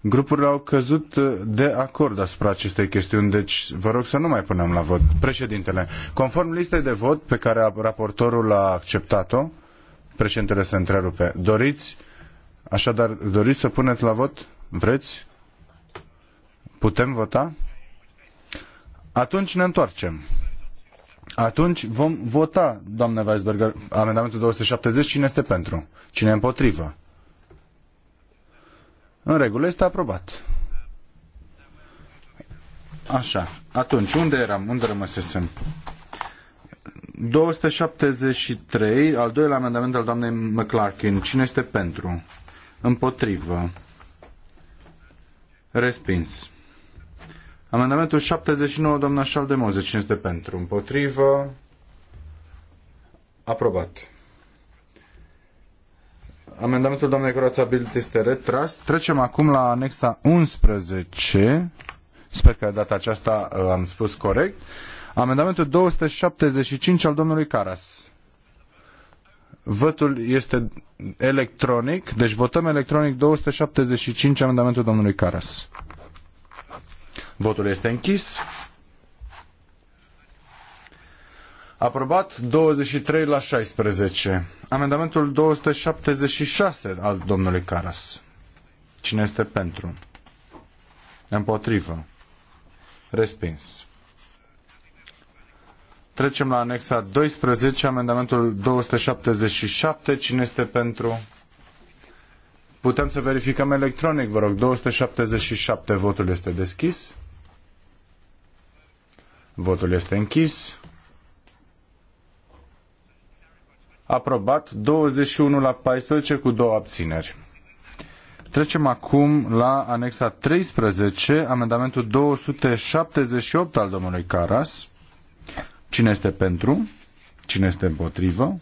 Grupurile au căzut de acord asupra acestei chestiuni, deci vă rog să nu mai punem la vot. Președintele, conform listei de vot pe care raportorul a acceptat-o, președintele se întrerupe. Doriți, așadar, doriți să puneți la vot? Vreți? Putem vota? Atunci ne întoarcem. Atunci vom vota, doamne Weisberger, amendamentul 270. Cine este pentru? Cine împotrivă? În regulă, este aprobat. Așa. Atunci, unde eram? Unde rămăsesem? 273, al doilea amendament al doamnei McClarkin. Cine este pentru? Împotrivă. Respins. Amendamentul 79, doamna Șaldemoze, cine este pentru? Împotrivă? Aprobat. Amendamentul doamnei Curața Bilt este retras. Trecem acum la anexa 11. Sper că data aceasta uh, am spus corect. Amendamentul 275 al domnului Caras. Votul este electronic, deci votăm electronic 275 amendamentul domnului Caras. Votul este închis. Aprobat 23 la 16. Amendamentul 276 al domnului Caras. Cine este pentru? Împotrivă. Respins. Trecem la anexa 12, amendamentul 277. Cine este pentru? Putem să verificăm electronic, vă rog. 277, votul este deschis. Votul este închis. Aprobat 21 la 14 cu două abțineri. Trecem acum la anexa 13, amendamentul 278 al domnului Caras. Cine este pentru? Cine este împotrivă?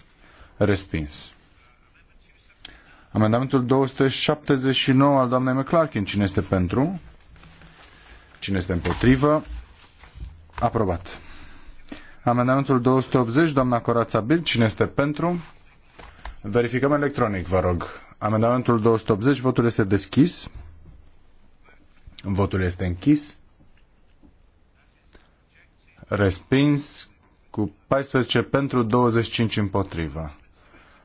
Respins. Amendamentul 279 al doamnei McClarkin. Cine este pentru? Cine este împotrivă? Aprobat. Amendamentul 280, doamna Corața Bil, cine este pentru? Verificăm electronic, vă rog. Amendamentul 280, votul este deschis. Votul este închis. Respins cu 14 pentru 25 împotriva.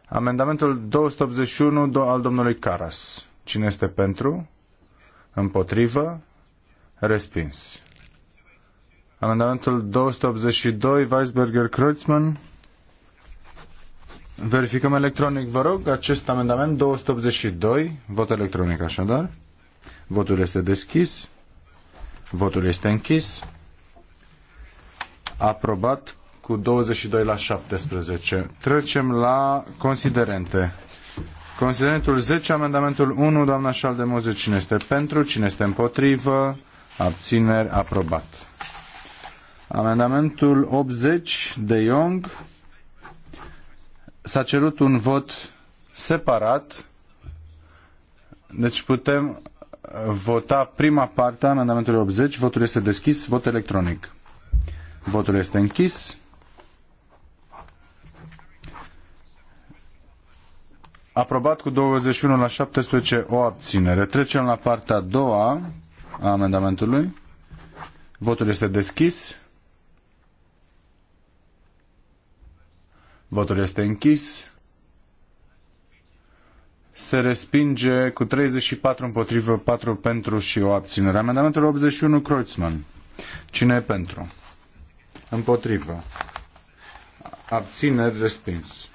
Amendamentul 281 al domnului Caras. Cine este pentru? Împotrivă? Respins. Amendamentul 282, Weisberger Kreutzmann. Verificăm electronic, vă rog, acest amendament 282, vot electronic așadar. Votul este deschis. Votul este închis. Aprobat cu 22 la 17. Trecem la considerente. Considerentul 10, amendamentul 1, doamna Șaldemoze, cine este pentru, cine este împotrivă, abțineri, aprobat. Amendamentul 80 de Young s-a cerut un vot separat. Deci putem uh, vota prima parte a amendamentului 80. Votul este deschis, vot electronic. Votul este închis. Aprobat cu 21 la 17 o abținere. Trecem la partea a doua a amendamentului. Votul este deschis. Votul este închis. Se respinge cu 34 împotrivă, 4 pentru și o abținere. Amendamentul 81, Kreutzmann. Cine e pentru? Împotrivă. Abțineri respins.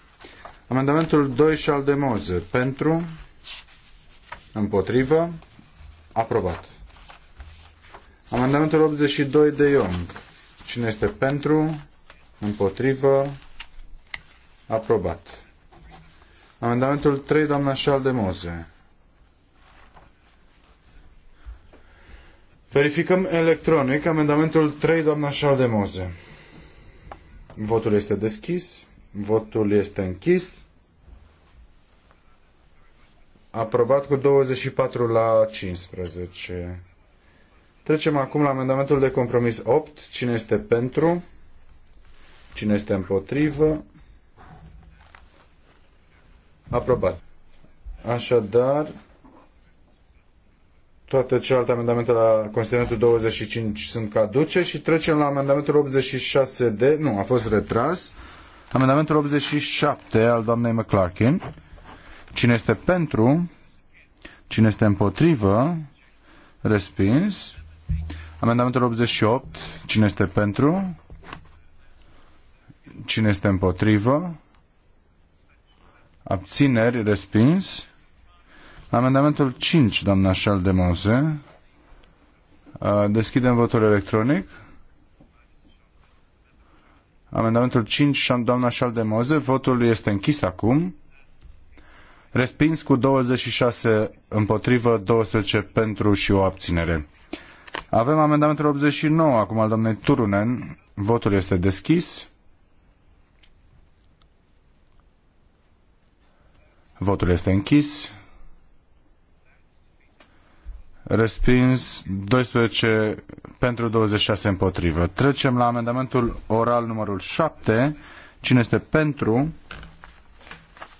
Amendamentul 2 și al de Moze. Pentru. Împotrivă. Aprobat. Amendamentul 82 de Young. Cine este pentru? Împotrivă. Aprobat. Amendamentul 3, doamna Șaldemoze. Verificăm electronic amendamentul 3, doamna Șaldemoze. Votul este deschis. Votul este închis. Aprobat cu 24 la 15. Trecem acum la amendamentul de compromis 8. Cine este pentru? Cine este împotrivă? Aprobat. Așadar, toate celelalte amendamente la considerentul 25 sunt caduce și trecem la amendamentul 86 de, Nu, a fost retras. Amendamentul 87 al doamnei McClarkin. Cine este pentru? Cine este împotrivă? Respins. Amendamentul 88. Cine este pentru? Cine este împotrivă? Abțineri, respins. Amendamentul 5, doamna de Moze. Deschidem votul electronic. Amendamentul 5, doamna de Moze. Votul este închis acum. Respins cu 26 împotrivă, 12 pentru și o abținere. Avem amendamentul 89, acum al doamnei Turunen. Votul este deschis. Votul este închis. Respins 12 pentru 26 împotrivă. Trecem la amendamentul oral numărul 7. Cine este pentru?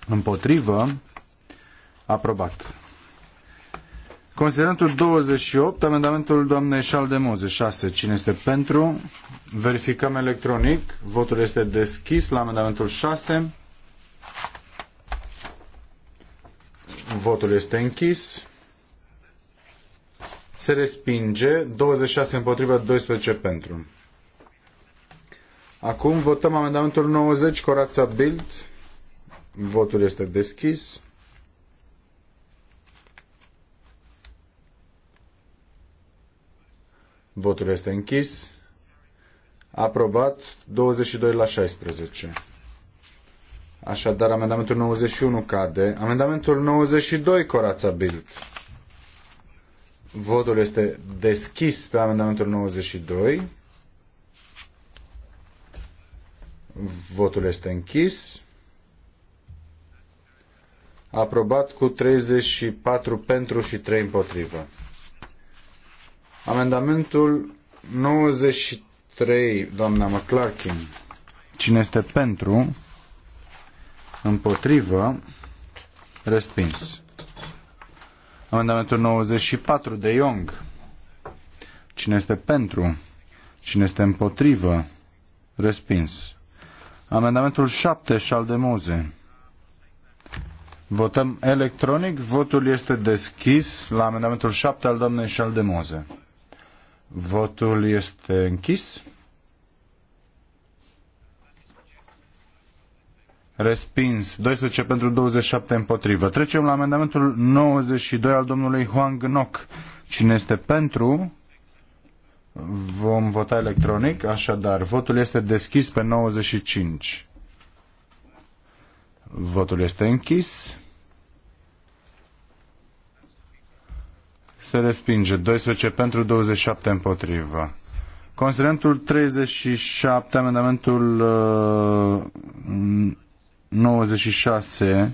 Împotrivă? Aprobat. Considerentul 28, amendamentul doamnei Șaldemoze 6. Cine este pentru? Verificăm electronic. Votul este deschis la amendamentul 6. Votul este închis. Se respinge 26 împotriva 12 pentru. Acum votăm amendamentul 90, Corața Bild. Votul este deschis. Votul este închis. Aprobat 22 la 16. Așadar, amendamentul 91 cade. Amendamentul 92, Corața Bild. Votul este deschis pe amendamentul 92. Votul este închis. Aprobat cu 34 pentru și 3 împotrivă. Amendamentul 93, doamna McClarkin. Cine este pentru? împotrivă, respins. Amendamentul 94 de Young. Cine este pentru? Cine este împotrivă? Respins. Amendamentul 7, al Moze. Votăm electronic. Votul este deschis la amendamentul 7 al doamnei Moze. Votul este închis. Respins. 12 pentru 27 împotrivă. Trecem la amendamentul 92 al domnului Huang Gnoc. Cine este pentru? Vom vota electronic, așadar, votul este deschis pe 95. Votul este închis. Se respinge. 12 pentru, 27 împotrivă. Considerentul 37, amendamentul uh, 96,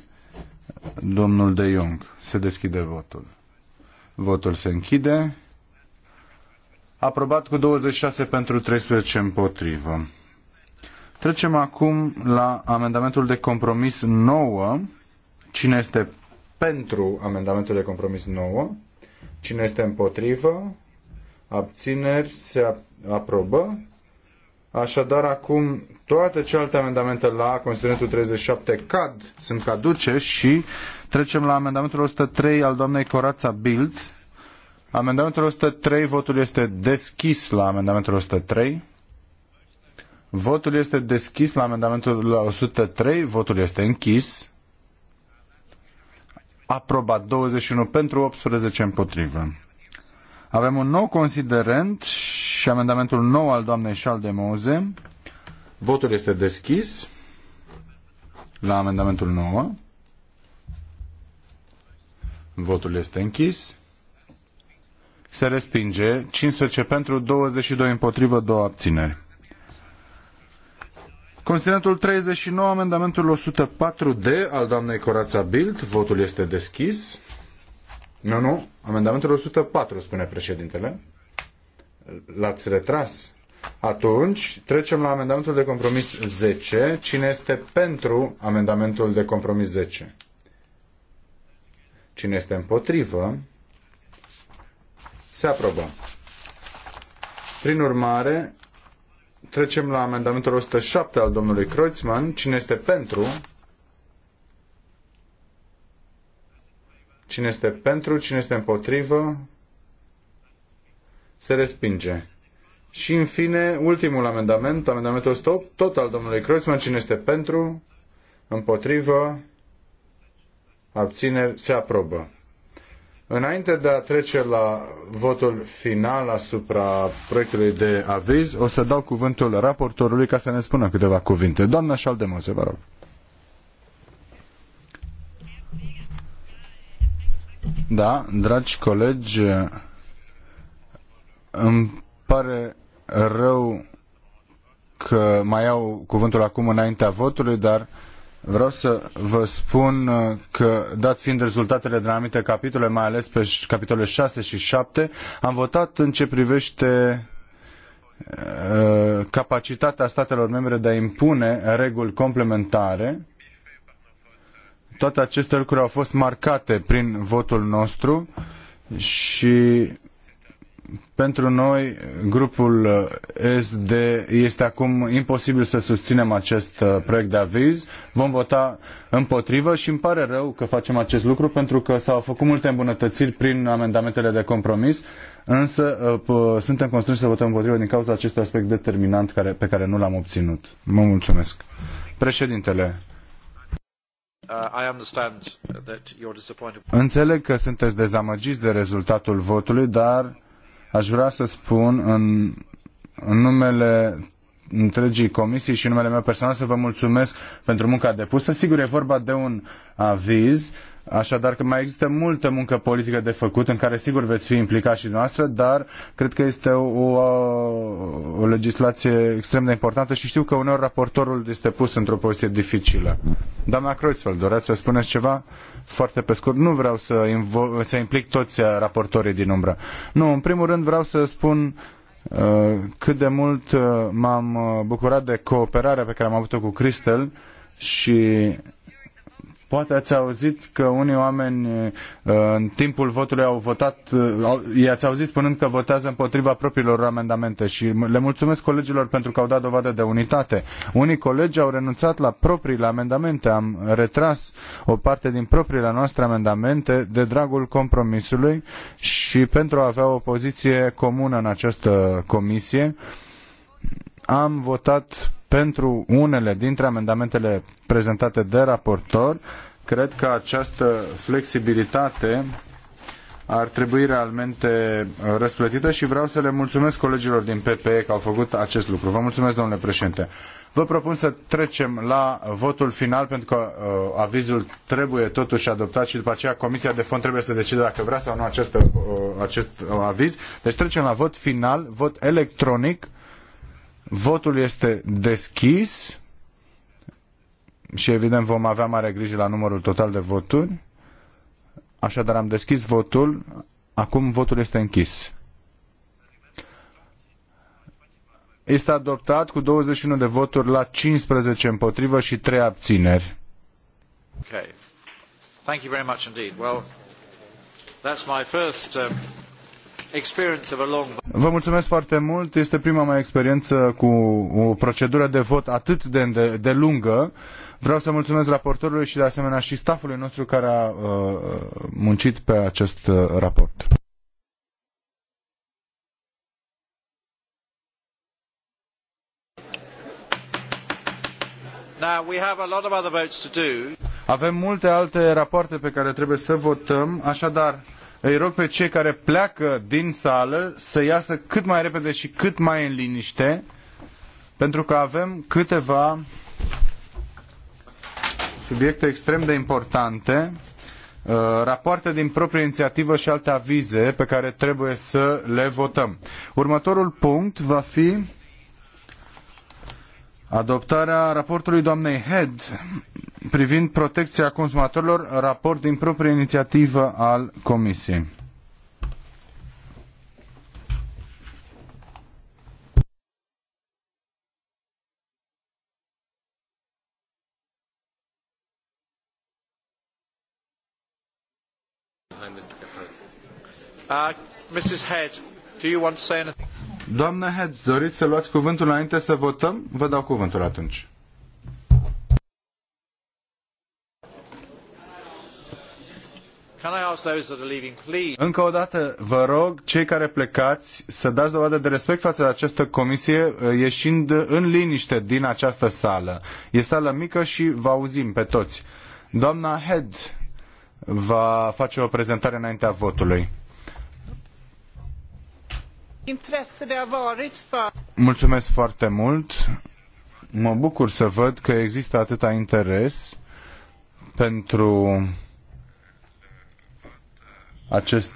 domnul De Jong. Se deschide votul. Votul se închide. Aprobat cu 26 pentru 13 împotrivă. Trecem acum la amendamentul de compromis 9. Cine este pentru amendamentul de compromis 9? Cine este împotrivă? Abțineri se aprobă. Așadar, acum toate celelalte amendamente la considerentul 37 cad, sunt caduce și trecem la amendamentul 103 al doamnei Corața Bild. Amendamentul 103, votul este deschis la amendamentul 103. Votul este deschis la amendamentul 103, votul este închis. Aprobat 21 pentru 18 împotrivă. Avem un nou considerent și amendamentul nou al doamnei de Moze. Votul este deschis la amendamentul 9. Votul este închis. Se respinge 15 pentru 22 împotrivă, 2 abțineri. Considerentul 39, amendamentul 104D al doamnei Corața Bild. Votul este deschis. Nu, nu, amendamentul 104, spune președintele. L-ați retras? Atunci trecem la amendamentul de compromis 10. Cine este pentru amendamentul de compromis 10? Cine este împotrivă? Se aprobă. Prin urmare, trecem la amendamentul 107 al domnului Kreutzmann. Cine este pentru? Cine este pentru, cine este împotrivă, se respinge. Și în fine, ultimul amendament, amendamentul stop, tot al domnului Kreuzmann, cine este pentru, împotrivă, abțineri, se aprobă. Înainte de a trece la votul final asupra proiectului de aviz, o să dau cuvântul raportorului ca să ne spună câteva cuvinte. Doamna Șaldemoze, vă rog. Da, dragi colegi, îmi pare rău că mai iau cuvântul acum înaintea votului, dar vreau să vă spun că, dat fiind rezultatele din anumite capitole, mai ales pe capitolele 6 și 7, am votat în ce privește uh, capacitatea statelor membre de a impune reguli complementare toate aceste lucruri au fost marcate prin votul nostru și pentru noi, grupul SD, este acum imposibil să susținem acest uh, proiect de aviz. Vom vota împotrivă și îmi pare rău că facem acest lucru pentru că s-au făcut multe îmbunătățiri prin amendamentele de compromis, însă uh, suntem constrânși să votăm împotrivă din cauza acestui aspect determinant care, pe care nu l-am obținut. Mă mulțumesc. Președintele, Uh, Înțeleg că sunteți dezamăgiți de rezultatul votului, dar aș vrea să spun în, în numele întregii comisii și numele meu personal să vă mulțumesc pentru munca depusă. Sigur, e vorba de un aviz, uh, Așadar că mai există multă muncă politică de făcut, în care sigur veți fi implicați și noastră, dar cred că este o, o, o legislație extrem de importantă și știu că uneori raportorul este pus într-o poziție dificilă. Doamna Kreuzfeld, doreați să spuneți ceva? Foarte pe scurt, nu vreau să, să implic toți uh, raportorii din umbră. Nu, în primul rând vreau să spun uh, cât de mult uh, m-am bucurat de cooperarea pe care am avut-o cu Cristel și Poate ați auzit că unii oameni uh, în timpul votului au votat, uh, i-ați auzit spunând că votează împotriva propriilor amendamente și le mulțumesc colegilor pentru că au dat dovadă de unitate. Unii colegi au renunțat la propriile amendamente, am retras o parte din propriile noastre amendamente de dragul compromisului și pentru a avea o poziție comună în această comisie am votat pentru unele dintre amendamentele prezentate de raportor. Cred că această flexibilitate ar trebui realmente uh, răsplătită și vreau să le mulțumesc colegilor din PPE că au făcut acest lucru. Vă mulțumesc, domnule președinte. Vă propun să trecem la votul final, pentru că uh, avizul trebuie totuși adoptat și după aceea Comisia de Fond trebuie să decide dacă vrea sau nu acest, uh, acest uh, aviz. Deci trecem la vot final, vot electronic. Uh, Votul este deschis și evident vom avea mare grijă la numărul total de voturi. Așadar am deschis votul. Acum votul este închis. Este adoptat cu 21 de voturi la 15 împotrivă și 3 abțineri. Okay. Thank you very much indeed. Well, that's my first uh, Vă mulțumesc foarte mult. Este prima mea experiență cu o procedură de vot atât de, de, de lungă. Vreau să mulțumesc raportorului și de asemenea și staffului nostru care a uh, muncit pe acest uh, raport. Avem multe alte rapoarte pe care trebuie să votăm, așadar îi rog pe cei care pleacă din sală să iasă cât mai repede și cât mai în liniște, pentru că avem câteva subiecte extrem de importante, uh, rapoarte din proprie inițiativă și alte avize pe care trebuie să le votăm. Următorul punct va fi Adoptarea raportului doamnei Head privind protecția consumatorilor, raport din proprie inițiativă al Comisiei. Uh, Mrs. Head, do you want to say anything? Doamnă Head, doriți să luați cuvântul înainte să votăm? Vă dau cuvântul atunci. Încă o dată, vă rog, cei care plecați să dați dovadă de respect față de această comisie, uh, ieșind în liniște din această sală. E sală mică și vă auzim pe toți. Doamna Head va face o prezentare înaintea votului. Mulțumesc foarte mult. Mă bucur să văd că există atâta interes pentru acest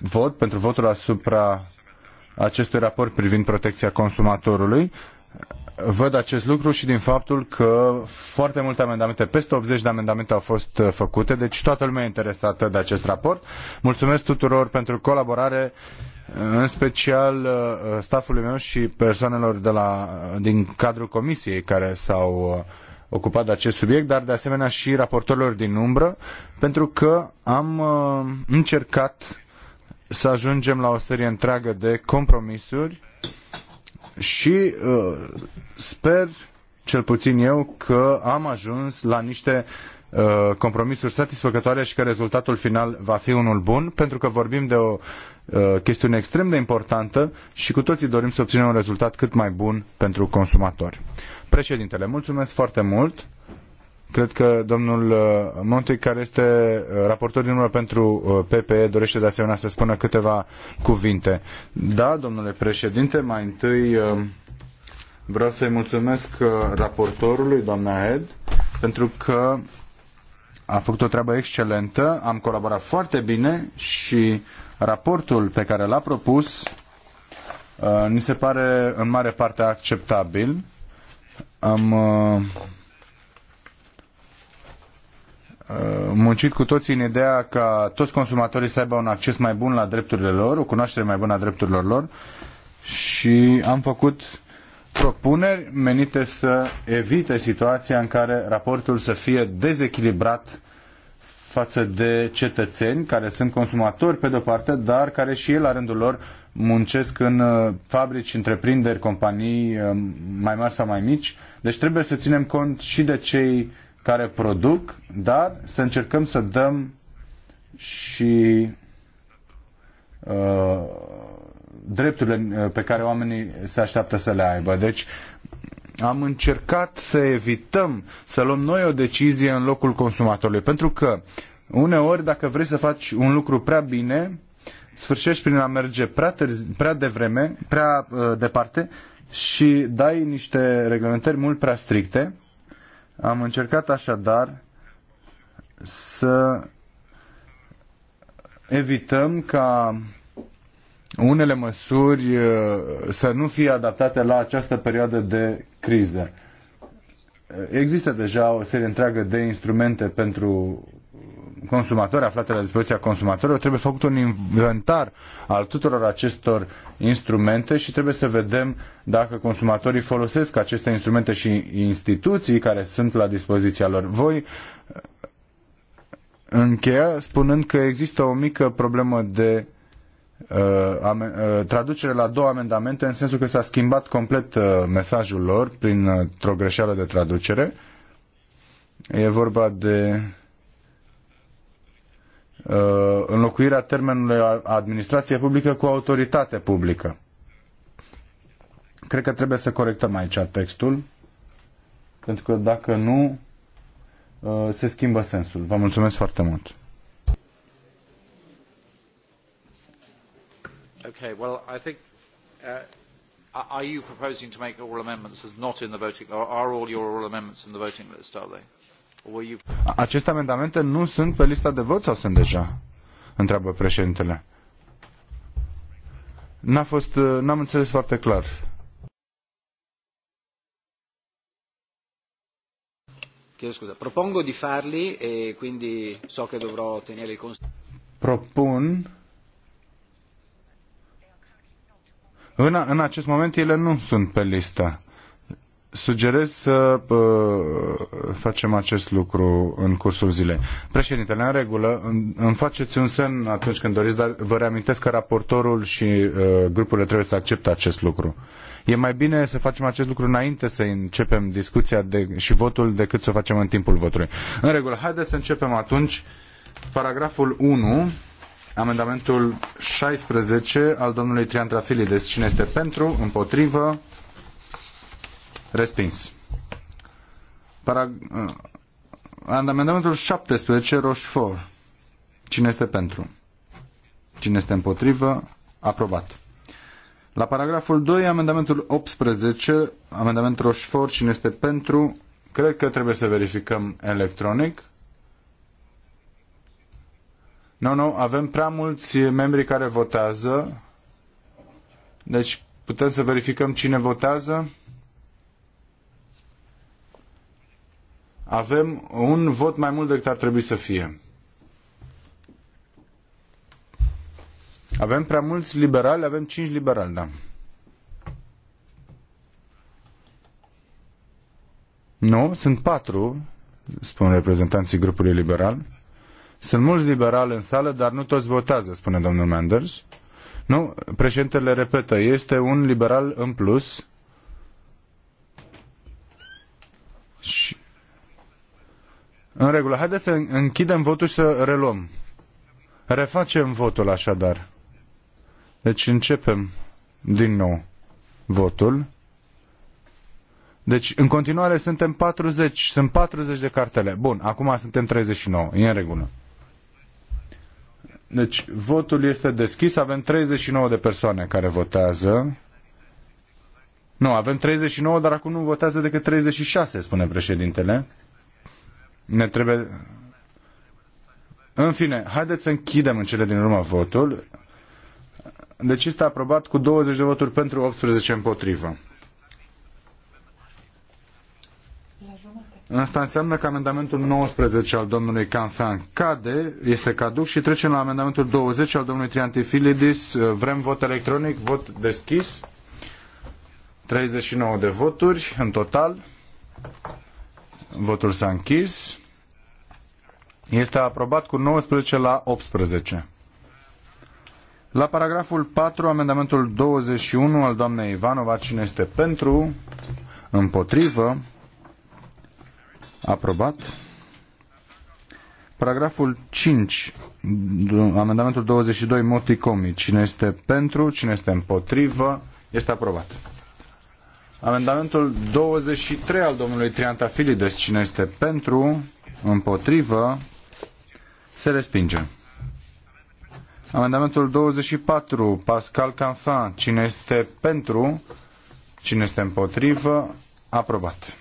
vot, pentru votul asupra acestui raport privind protecția consumatorului văd acest lucru și din faptul că foarte multe amendamente, peste 80 de amendamente au fost uh, făcute, deci toată lumea e interesată de acest raport. Mulțumesc tuturor pentru colaborare, în special uh, staffului meu și persoanelor de la, din cadrul comisiei care s-au uh, ocupat de acest subiect, dar de asemenea și raportorilor din umbră, pentru că am încercat să ajungem la o serie întreagă de compromisuri și uh, sper, cel puțin eu, că am ajuns la niște uh, compromisuri satisfăcătoare și că rezultatul final va fi unul bun, pentru că vorbim de o uh, chestiune extrem de importantă și cu toții dorim să obținem un rezultat cât mai bun pentru consumatori. Președintele, mulțumesc foarte mult! Cred că domnul uh, Monti, care este uh, raportor din urmă pentru uh, PPE, dorește de asemenea să spună câteva cuvinte. Da, domnule președinte, mai întâi vreau să-i mulțumesc raportorului, doamna Ed, pentru că a făcut o treabă excelentă, am colaborat foarte bine și raportul pe care l-a propus ni se pare în mare parte acceptabil. Am Uh, muncit cu toții în ideea ca toți consumatorii să aibă un acces mai bun la drepturile lor, o cunoaștere mai bună a drepturilor lor și am făcut propuneri menite să evite situația în care raportul să fie dezechilibrat față de cetățeni care sunt consumatori pe de-o parte, dar care și ei la rândul lor muncesc în uh, fabrici, întreprinderi, companii uh, mai mari sau mai mici. Deci trebuie să ținem cont și de cei care produc, dar să încercăm să dăm și uh, drepturile uh, pe care oamenii se așteaptă să le aibă. Deci am încercat să evităm să luăm noi o decizie în locul consumatorului, pentru că uneori dacă vrei să faci un lucru prea bine, sfârșești prin a merge prea, târzi, prea devreme, prea uh, departe și dai niște reglementări mult prea stricte am încercat așadar să evităm ca unele măsuri uh, să nu fie adaptate la această perioadă de criză. Există deja o serie întreagă de instrumente pentru consumatori, aflate la dispoziția consumatorilor, trebuie făcut un inventar al tuturor acestor instrumente și trebuie să vedem dacă consumatorii folosesc aceste instrumente și instituții care sunt la dispoziția lor. Voi uh, încheia spunând că există o mică problemă de uh, uh, traducere la două amendamente în sensul că s-a schimbat complet mesajul lor uh, o greșeală de traducere. E vorba de Uh, înlocuirea termenului administrație publică cu autoritate publică. Cred că trebuie să corectăm aici textul, pentru că dacă nu, uh, se schimbă sensul. Vă mulțumesc foarte mult. Okay, well, I think uh, are you proposing to make all amendments as not in the voting or are all your all amendments in the voting list, are they? Aceste amendamente nu sunt pe lista de vot sau sunt deja? Întreabă președintele. N-a fost, uh, n-am înțeles foarte clar. Propun. În, în acest moment ele nu sunt pe listă sugerez să uh, facem acest lucru în cursul zilei. Președintele, în regulă, îmi faceți un semn atunci când doriți, dar vă reamintesc că raportorul și uh, grupurile trebuie să accepte acest lucru. E mai bine să facem acest lucru înainte să începem discuția de, și votul decât să o facem în timpul votului. În regulă, haideți să începem atunci paragraful 1, amendamentul 16 al domnului Trian Trafilides. Cine este pentru, împotrivă, Respins. Parag... Amendamentul 17, Rochefort. Cine este pentru? Cine este împotrivă? Aprobat. La paragraful 2, amendamentul 18, amendament Rochefort, cine este pentru? Cred că trebuie să verificăm electronic. Nu, nu, avem prea mulți membri care votează. Deci putem să verificăm cine votează. avem un vot mai mult decât ar trebui să fie. Avem prea mulți liberali, avem cinci liberali, da. Nu, sunt patru, spun reprezentanții grupului liberal. Sunt mulți liberali în sală, dar nu toți votează, spune domnul Manders. Nu, președintele repetă, este un liberal în plus. Și în regulă. Haideți să închidem votul și să reluăm. Refacem votul așadar. Deci începem din nou votul. Deci, în continuare suntem 40, sunt 40 de cartele. Bun, acum suntem 39, e în regulă. Deci, votul este deschis, avem 39 de persoane care votează. Nu, avem 39, dar acum nu votează decât 36, spune președintele. Ne trebuie... În fine, haideți să închidem în cele din urmă votul. Deci este aprobat cu 20 de voturi pentru 18 împotrivă. Asta înseamnă că amendamentul 19 al domnului Canfan cade, este caduc și trecem la amendamentul 20 al domnului Triantifilidis. Vrem vot electronic, vot deschis. 39 de voturi în total. Votul s-a închis. Este aprobat cu 19 la 18. La paragraful 4, amendamentul 21 al doamnei Ivanova, cine este pentru, împotrivă, aprobat. Paragraful 5, amendamentul 22, moticomi, cine este pentru, cine este împotrivă, este aprobat. Amendamentul 23 al domnului Triantafilides, cine este pentru, împotrivă, se respinge. Amendamentul 24, Pascal Canfan, cine este pentru, cine este împotrivă, aprobat.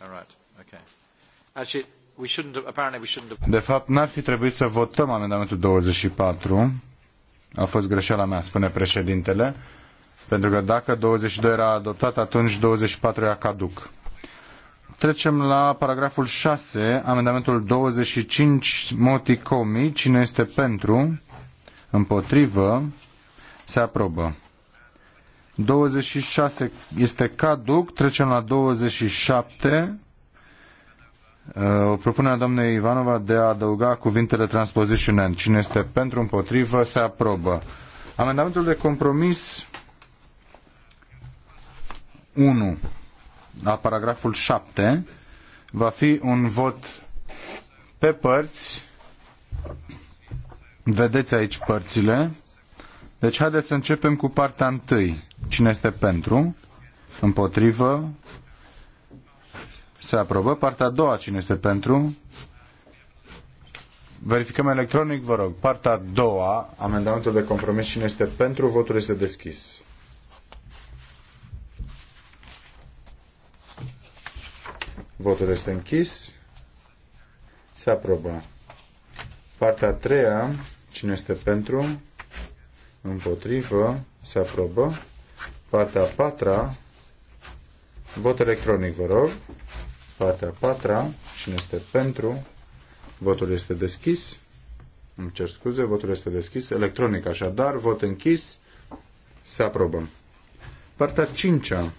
All right. Okay. De fapt, n-ar fi trebuit să votăm amendamentul 24. A fost greșeala mea, spune președintele. Pentru că dacă 22 era adoptat, atunci 24 era caduc. Trecem la paragraful 6, amendamentul 25, moticomi. Cine este pentru? Împotrivă? Se aprobă. 26 este caduc. Trecem la 27. Uh, propunerea doamnei Ivanova de a adăuga cuvintele transposition and. Cine este pentru, împotrivă, se aprobă. Amendamentul de compromis 1 la paragraful 7 va fi un vot pe părți. Vedeți aici părțile. Deci haideți să începem cu partea întâi. Cine este pentru? Împotrivă? Se aprobă. Partea a doua, cine este pentru? Verificăm electronic, vă rog. Partea a doua, amendamentul de compromis, cine este pentru, votul este deschis. Votul este închis. Se aprobă. Partea a treia, cine este pentru, împotrivă, se aprobă. Partea a patra, vot electronic, vă rog partea a patra. Cine este pentru? Votul este deschis. Îmi cer scuze, votul este deschis. Electronic așadar, vot închis. Se aprobă. Partea cincea.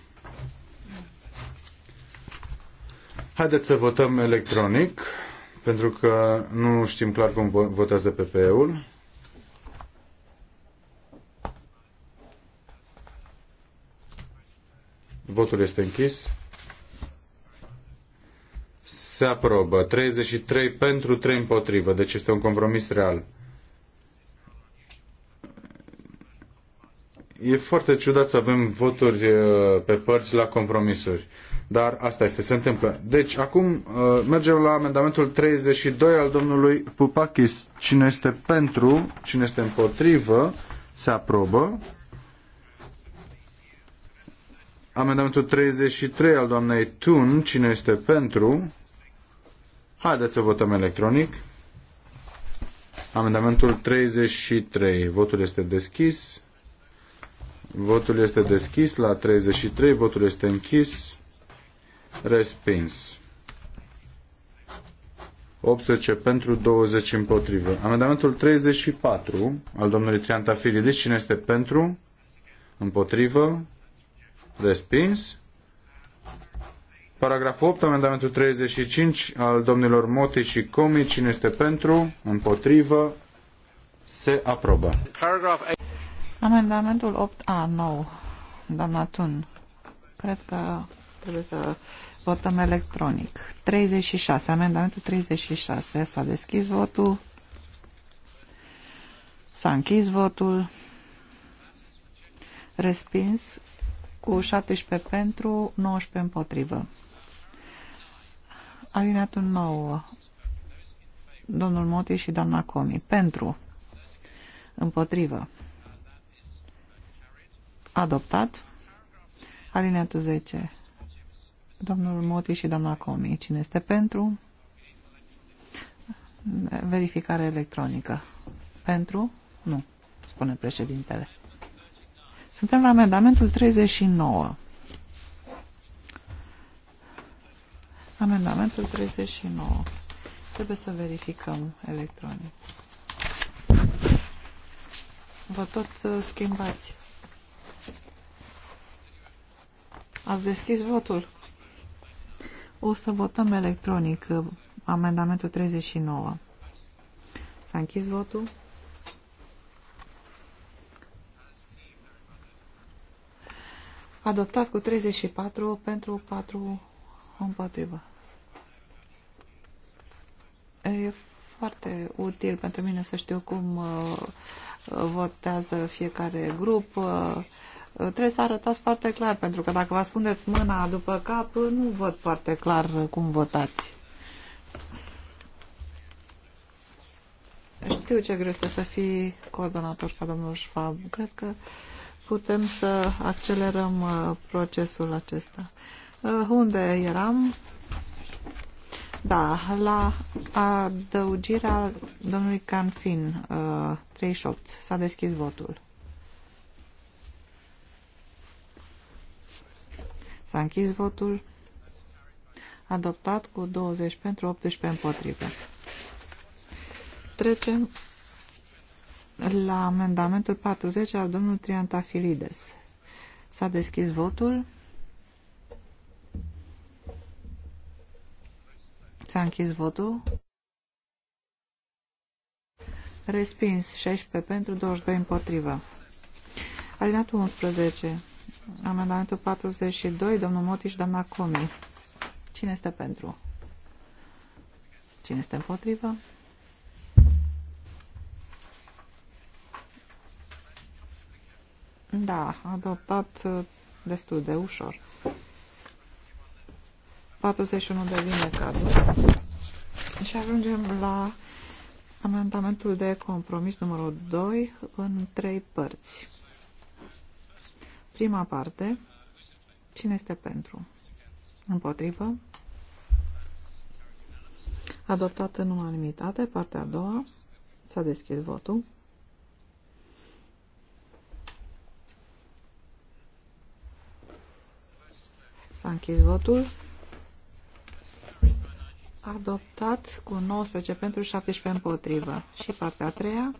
Haideți să votăm electronic, pentru că nu știm clar cum votează PPE-ul. Votul este închis se aprobă. 33 pentru, 3 împotrivă. Deci este un compromis real. E foarte ciudat să avem voturi uh, pe părți la compromisuri. Dar asta este, se întâmplă. Deci, acum uh, mergem la amendamentul 32 al domnului Pupakis. Cine este pentru, cine este împotrivă, se aprobă. Amendamentul 33 al doamnei Tun, cine este pentru, Haideți să votăm electronic. Amendamentul 33. Votul este deschis. Votul este deschis la 33. Votul este închis. Respins. 18 pentru, 20 împotrivă. Amendamentul 34 al domnului Triantafilidis. Cine este pentru? Împotrivă? Respins. Paragraful 8, amendamentul 35 al domnilor Moti și Comi. Cine este pentru? Împotrivă? Se aprobă. Amendamentul 8A, nou. Doamna Tun, cred că trebuie să votăm electronic. 36, amendamentul 36. S-a deschis votul. S-a închis votul. Respins cu 17 pentru, 19 împotrivă alineatul nou, Domnul Moti și doamna Comi. Pentru. Împotrivă. Adoptat. Alineatul 10. Domnul Moti și doamna Comi. Cine este pentru? Verificare electronică. Pentru? Nu, spune președintele. Suntem la amendamentul 39. Amendamentul 39. Trebuie să verificăm electronic. Vă tot uh, schimbați. Ați deschis votul. O să votăm electronic uh, amendamentul 39. S-a închis votul. Adoptat cu 34 pentru 4 împotrivă. E foarte util pentru mine să știu cum uh, votează fiecare grup. Uh, trebuie să arătați foarte clar, pentru că dacă vă ascundeți mâna după cap, uh, nu văd foarte clar cum votați. Știu ce greu este să fii coordonator ca domnul Schwab. Cred că putem să accelerăm procesul acesta. Uh, unde eram? Da, la adăugirea domnului Canfin, 38, uh, s-a deschis votul. S-a închis votul. Adoptat cu 20 pentru 18 împotrivă. Trecem la amendamentul 40 al domnului Triantafilides. S-a deschis votul. S-a închis votul. Respins 16 pentru 22 împotrivă. Alinatul 11. Amendamentul 42, domnul Motiș, doamna Comi. Cine este pentru? Cine este împotrivă? Da, adoptat destul de ușor. 41 devine caduc. Și ajungem la amendamentul de compromis numărul 2 în trei părți. Prima parte, cine este pentru? Împotrivă? Adoptat în unanimitate, partea a doua, s-a deschis votul. S-a închis votul adoptat cu 19 pentru 17 împotrivă. Și partea a treia?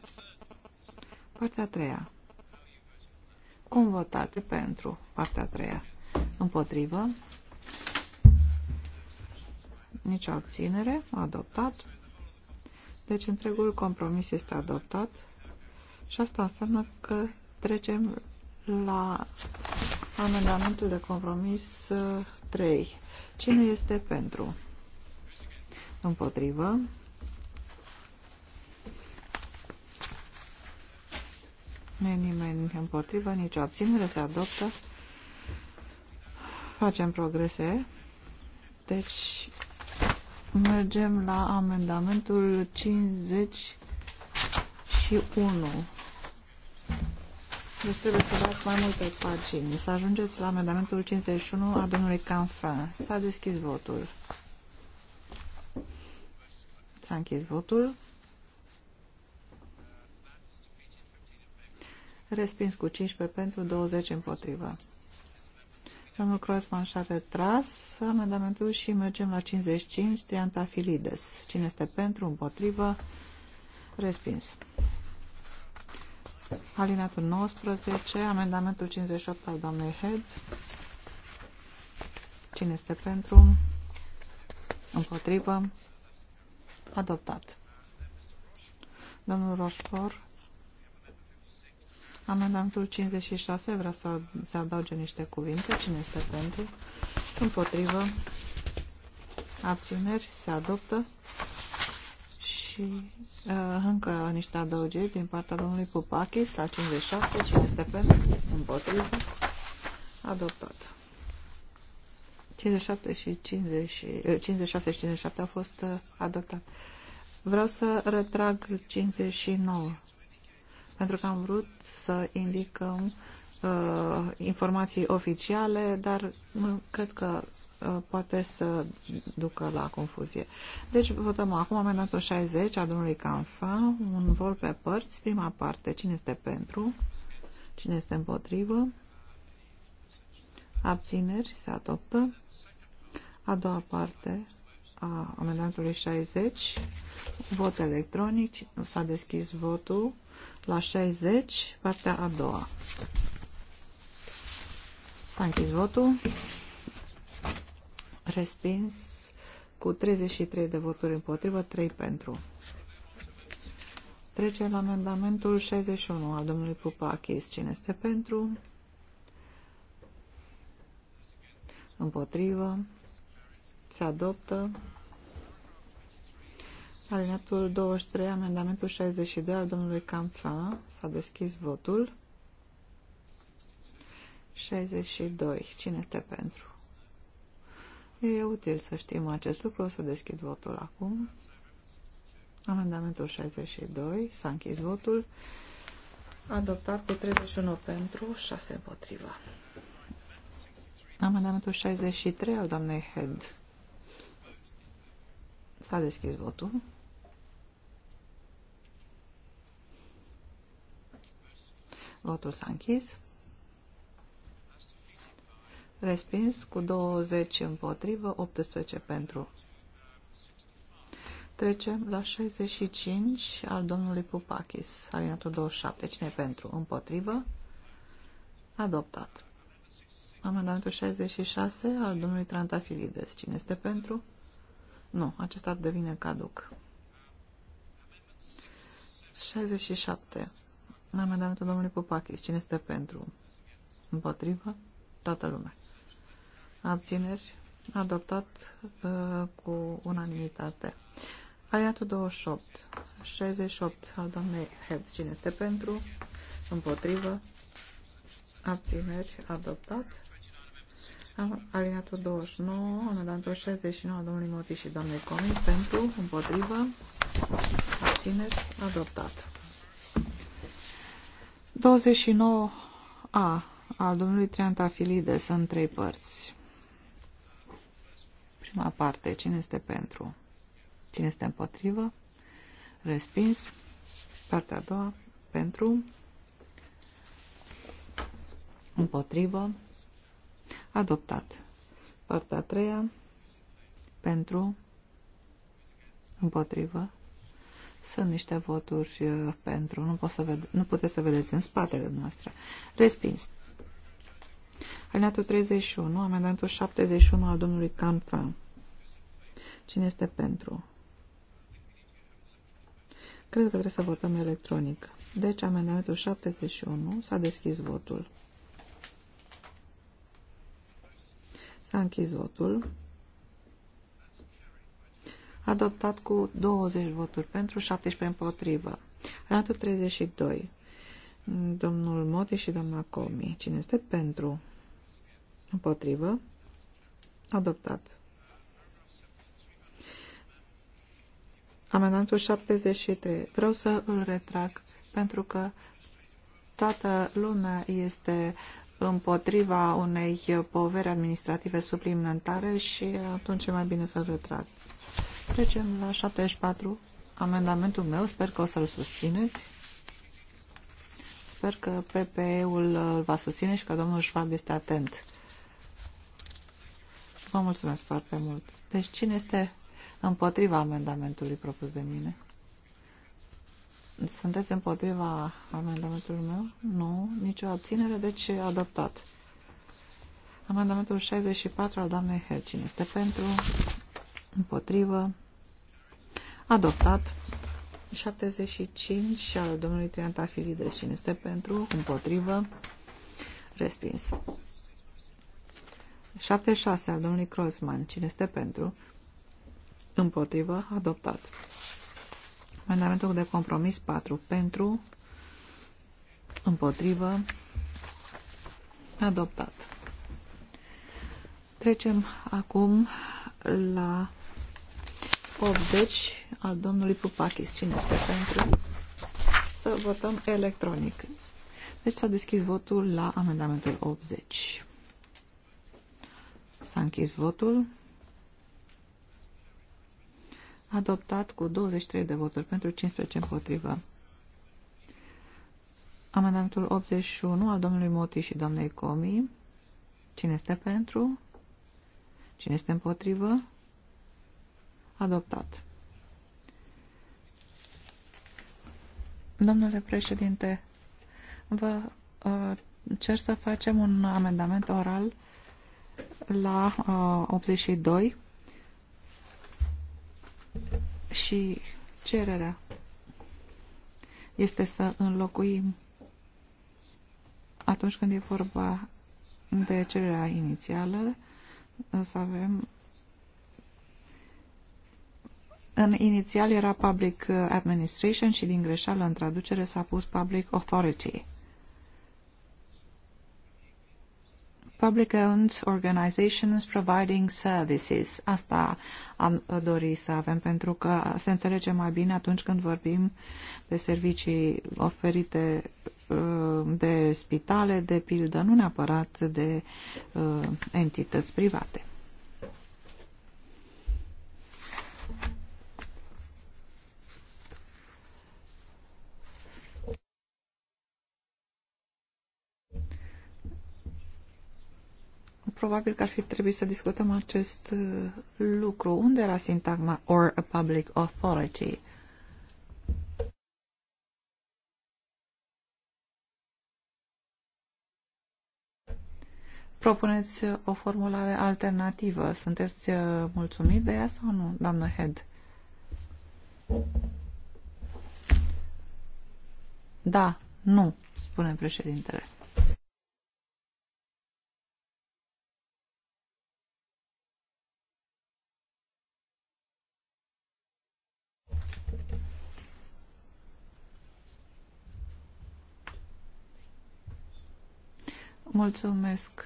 Partea a treia. Cum votați pentru partea a treia? Împotrivă. Nicio abținere. Adoptat. Deci întregul compromis este adoptat și asta înseamnă că trecem la amendamentul de compromis 3. Uh, Cine este pentru? Împotrivă. Nu e nimeni împotrivă, nici abținere, se adoptă. Facem progrese. Deci, mergem la amendamentul 51. Deci trebuie să dați mai multe pagini. Să ajungeți la amendamentul 51 a domnului Canfa. S-a deschis votul. S-a închis votul. Respins cu 15 pentru, 20 împotriva. Domnul Croasman și-a retras amendamentul și mergem la 55, Triantafilides. Cine este pentru, împotrivă, respins. Alinatul 19, amendamentul 58 al doamnei Head. Cine este pentru, împotrivă, adoptat. Domnul Roșfor, amendamentul 56, vrea să se adauge niște cuvinte. Cine este pentru? Împotrivă. Abțineri se adoptă și uh, încă niște adăugiri din partea domnului Pupachis la 56. Cine este pentru? Împotrivă. Adoptat. 57 și 50, 56 și 57 eh, au fost eh, adoptat. Vreau să retrag 59 pentru că am vrut să indicăm uh, informații oficiale, dar nu, cred că uh, poate să ducă la confuzie. Deci votăm acum amendamentul 60 a domnului Canfa, un vol pe părți, prima parte, cine este pentru, cine este împotrivă, abțineri, se adoptă. A doua parte a amendamentului 60, vot electronic, s-a deschis votul la 60, partea a doua. S-a închis votul. Respins cu 33 de voturi împotrivă, 3 pentru. Trecem la amendamentul 61 al domnului Pupachis. Cine este pentru? împotrivă, se adoptă. Alineatul 23, amendamentul 62 al domnului Camfa, s-a deschis votul. 62. Cine este pentru? E util să știm acest lucru. O să deschid votul acum. Amendamentul 62. S-a închis votul. Adoptat cu 31 pentru, 6 împotriva. Amendamentul 63 al doamnei Head. S-a deschis votul. Votul s-a închis. Respins cu 20 împotrivă, 18 pentru. Trecem la 65 al domnului Pupakis, alinatul 27. Cine pentru? Împotrivă? Adoptat. Amendamentul 66 al domnului Trantafilides. Cine este pentru? Nu, acesta devine caduc. 67. Amendamentul domnului Popachis. Cine este pentru? Împotrivă? Toată lumea. Abțineri? Adoptat uh, cu unanimitate. Aliatul 28. 68 al domnului Head. Cine este pentru? Împotrivă? Abțineri? Adoptat. Alinatul 29, amendamentul 69 domnului Moti și doamnei Comis pentru, împotrivă, abțineri, adoptat. 29A al domnului Filide, în trei părți. Prima parte, cine este pentru? Cine este împotrivă? Respins. Partea a doua, pentru, împotrivă, Adoptat. Partea a treia. Pentru. Împotrivă. Sunt niște voturi uh, pentru. Nu, pot să vede, nu puteți să vedeți în spatele noastră. Respins. Alineatul 31, amendamentul 71 al domnului Canfan. Cine este pentru? Cred că trebuie să votăm electronic. Deci, amendamentul 71 s-a deschis votul. S-a închis votul. Adoptat cu 20 voturi pentru, 17 împotrivă. Ratul 32. Domnul Moti și doamna Comi. Cine este pentru? Împotrivă. Adoptat. Amendantul 73. Vreau să îl retrag pentru că toată lumea este împotriva unei poveri administrative suplimentare și atunci e mai bine să-l retrag. Trecem la 74, amendamentul meu, sper că o să-l susțineți. Sper că PPE-ul îl va susține și că domnul Schwab este atent. Vă mulțumesc foarte mult. Deci cine este împotriva amendamentului propus de mine? Sunteți împotriva amendamentului meu? Nu. Nicio abținere, deci adoptat. Amendamentul 64 al doamnei Hercin este pentru, împotrivă, adoptat. 75 al domnului Filides. cine este pentru, împotrivă, respins. 76 al domnului Crosman, cine este pentru, împotrivă, adoptat. Amendamentul de compromis 4 pentru, împotrivă, adoptat. Trecem acum la 80 deci, al domnului Pupachis. Cine este pentru? Să votăm electronic. Deci s-a deschis votul la amendamentul 80. S-a închis votul adoptat cu 23 de voturi pentru 15 împotrivă. Amendamentul 81 al domnului Moti și doamnei Comi. Cine este pentru? Cine este împotrivă? Adoptat. Domnule președinte, vă uh, cer să facem un amendament oral la uh, 82 și cererea este să înlocuim atunci când e vorba de cererea inițială să avem în inițial era Public Administration și din greșeală în traducere s-a pus Public Authority. public-owned organizations providing services. Asta am dorit să avem pentru că se înțelege mai bine atunci când vorbim de servicii oferite uh, de spitale, de pildă, nu neapărat de uh, entități private. probabil că ar fi trebuit să discutăm acest uh, lucru. Unde era sintagma or a public authority? Propuneți uh, o formulare alternativă. Sunteți uh, mulțumit de ea sau nu, doamnă Head? Da, nu, spune președintele. Mulțumesc.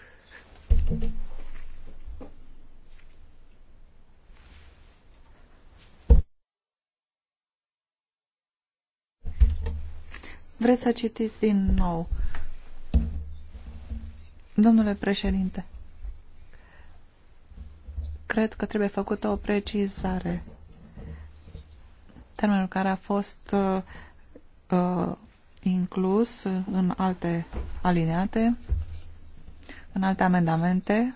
Vreți să citiți din nou. Domnule președinte, cred că trebuie făcută o precizare. Termenul care a fost uh, uh inclus în alte alineate în alte amendamente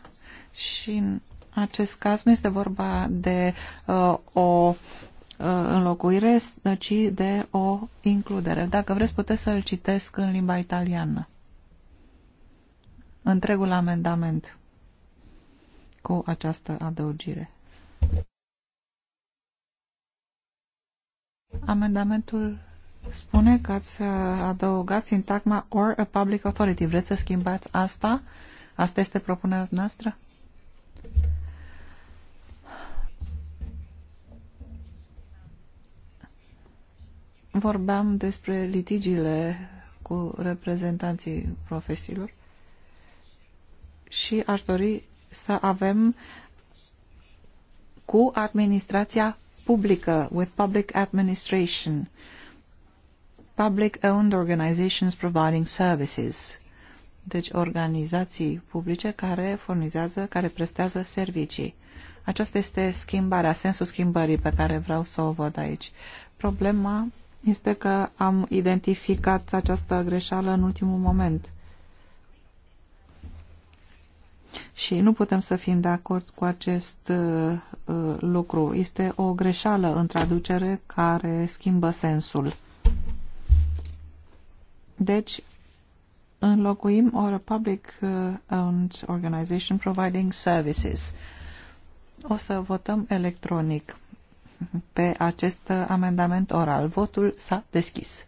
și în acest caz nu este vorba de uh, o uh, înlocuire, ci de o includere. Dacă vreți, puteți să-l citesc în limba italiană. Întregul amendament cu această adăugire. Amendamentul spune că ați adăugat sintagma or a public authority. Vreți să schimbați asta? Uh, Asta este propunerea noastră? Vorbeam despre litigiile cu reprezentanții profesiilor și aș dori să avem cu administrația publică, with public administration, public owned organizations providing services deci organizații publice care furnizează, care prestează servicii. Aceasta este schimbarea, sensul schimbării pe care vreau să o văd aici. Problema este că am identificat această greșeală în ultimul moment. Și nu putem să fim de acord cu acest uh, lucru. Este o greșeală în traducere care schimbă sensul. Deci, înlocuim or public uh, owned organization providing services. O să votăm electronic pe acest uh, amendament oral. Votul s-a deschis.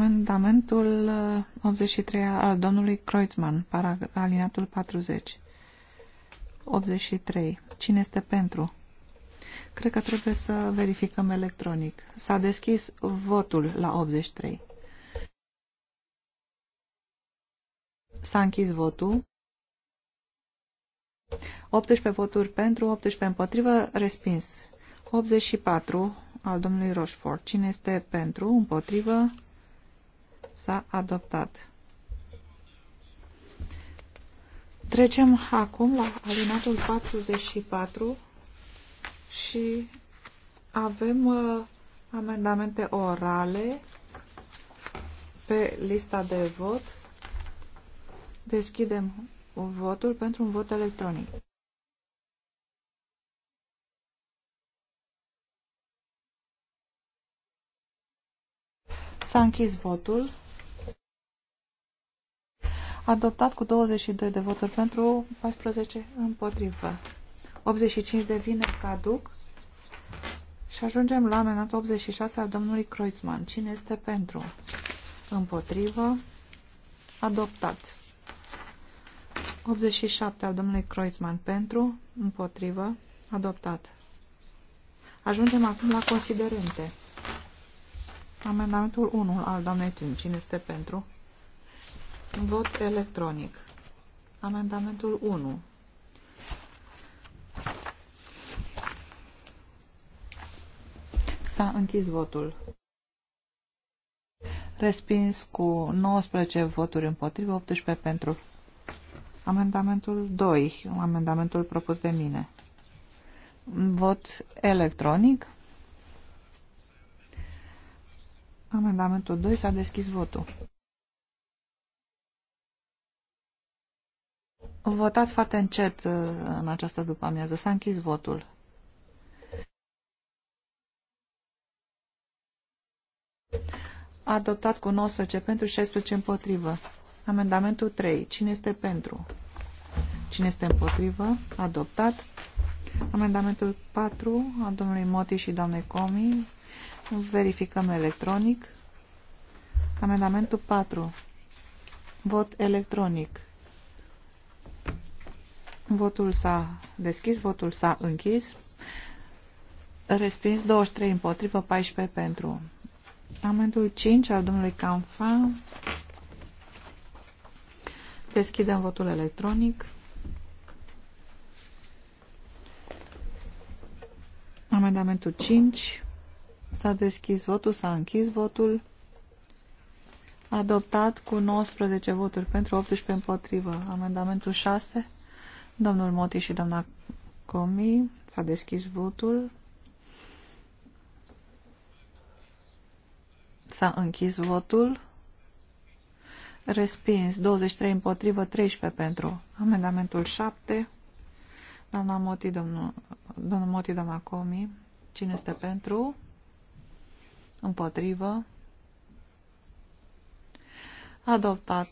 Amendamentul 83 uh, al domnului Kreutzmann, alineatul 40. 83. Cine este pentru? Cred că trebuie să verificăm electronic. S-a deschis votul la 83. S-a închis votul. 18 voturi pentru, 18 împotrivă, respins. 84 al domnului Rochefort. Cine este pentru, împotrivă, s-a adoptat. Trecem acum la alinatul 44 și avem uh, amendamente orale pe lista de vot. Deschidem votul pentru un vot electronic. S-a închis votul. Adoptat cu 22 de voturi pentru, 14 împotrivă. 85 devine caduc. Și ajungem la amenat 86 al domnului Kreuzmann. Cine este pentru? Împotrivă. Adoptat. 87 al domnului Kreuzmann pentru, împotrivă, adoptat. Ajungem acum la considerente. Amendamentul 1 al doamnei Tim. Cine este pentru? Vot electronic. Amendamentul 1. S-a închis votul. Respins cu 19 voturi împotrivă, 18 pentru. Amendamentul 2, amendamentul propus de mine. Vot electronic. Amendamentul 2 s-a deschis votul. Votați foarte încet uh, în această după-amiază. S-a închis votul. Adoptat cu 19 pentru, 16 împotrivă. Amendamentul 3. Cine este pentru? Cine este împotrivă? Adoptat. Amendamentul 4 al domnului Moti și doamnei Comi. Verificăm electronic. Amendamentul 4. Vot electronic. Votul s-a deschis, votul s-a închis. Respins 23 împotrivă, 14 pentru. Amendul 5 al domnului Canfa. Deschidem votul electronic. Amendamentul 5. S-a deschis votul, s-a închis votul. Adoptat cu 19 voturi pentru 18 împotrivă. Amendamentul 6. Domnul Moti și doamna Comi. S-a deschis votul. S-a închis votul. Respins 23 împotrivă, 13 pentru. Amendamentul 7. Doamna Moti, domnul, domnul Moti, doamna Comi. Cine este pentru? împotrivă, adoptat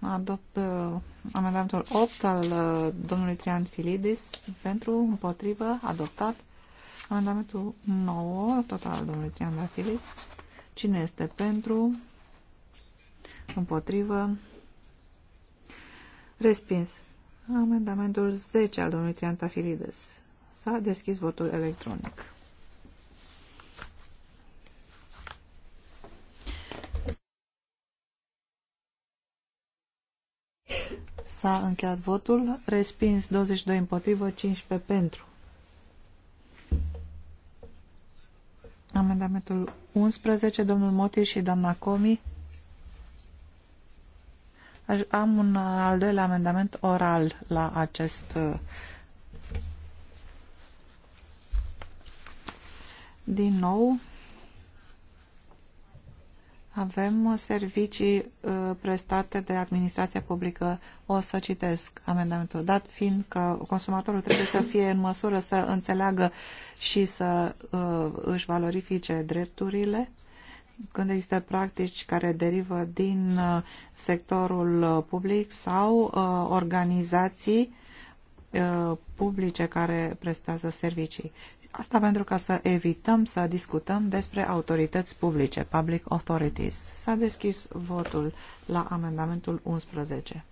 adopt uh, amendamentul 8 al uh, domnului Trian Filidis pentru, împotrivă, adoptat amendamentul 9 tot al domnului Trian Filidis cine este pentru împotrivă respins amendamentul 10 al domnului Trian Filidis s-a deschis votul electronic S-a încheiat votul. Respins 22 împotrivă, 15 pentru. Amendamentul 11, domnul Moti și doamna Comi. Am un al doilea amendament oral la acest uh, din nou avem servicii uh, prestate de administrația publică. O să citesc amendamentul dat, fiind că consumatorul trebuie să fie în măsură să înțeleagă și să uh, își valorifice drepturile când există practici care derivă din uh, sectorul public sau organizații publice care prestează servicii. Asta pentru ca să evităm să discutăm despre autorități publice, public authorities. S-a deschis votul la amendamentul 11.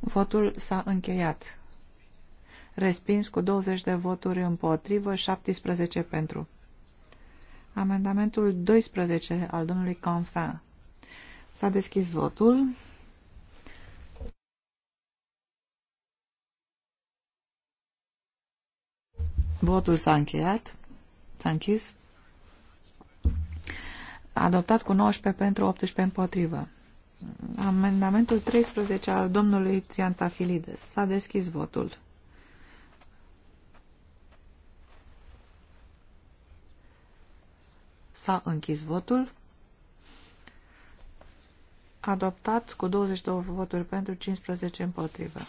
Votul s-a încheiat. Respins cu 20 de voturi împotrivă, 17 pentru. Amendamentul 12 al domnului Confin. S-a deschis votul. Votul s-a încheiat. S-a închis. Adoptat cu 19 pentru 18 împotrivă. Amendamentul 13 al domnului Triantafilides. S-a deschis votul. S-a închis votul. Adoptat cu 22 voturi pentru 15 împotrivă.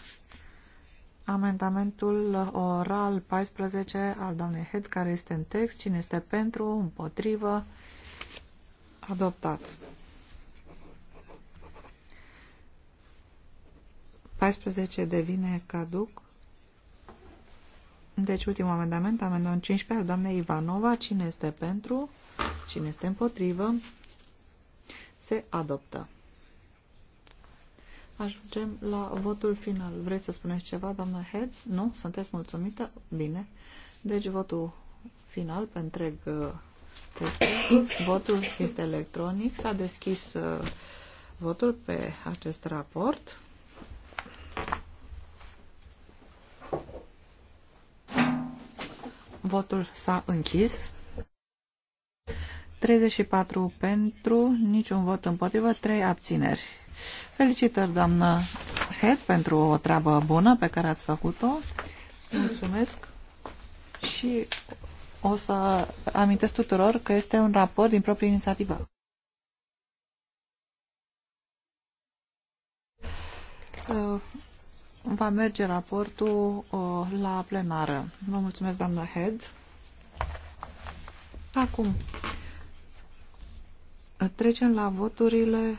Amendamentul oral 14 al doamnei Head, care este în text. Cine este pentru? Împotrivă? Adoptat. 14 devine caduc. Deci, ultimul amendament, amendamentul 15 al doamnei Ivanova. Cine este pentru? Cine este împotrivă? Se adoptă ajungem la votul final. Vreți să spuneți ceva, doamna Heads? Nu? Sunteți mulțumită? Bine. Deci votul final pe întreg uh, testul. Votul este electronic. S-a deschis uh, votul pe acest raport. Votul s-a închis. 34 pentru, niciun vot împotrivă, 3 abțineri. Felicitări, doamnă Head, pentru o treabă bună pe care ați făcut-o. Mulțumesc și o să amintesc tuturor că este un raport din proprie inițiativă. Uh, va merge raportul uh, la plenară. Vă mulțumesc, doamnă Head. Acum, trecem la voturile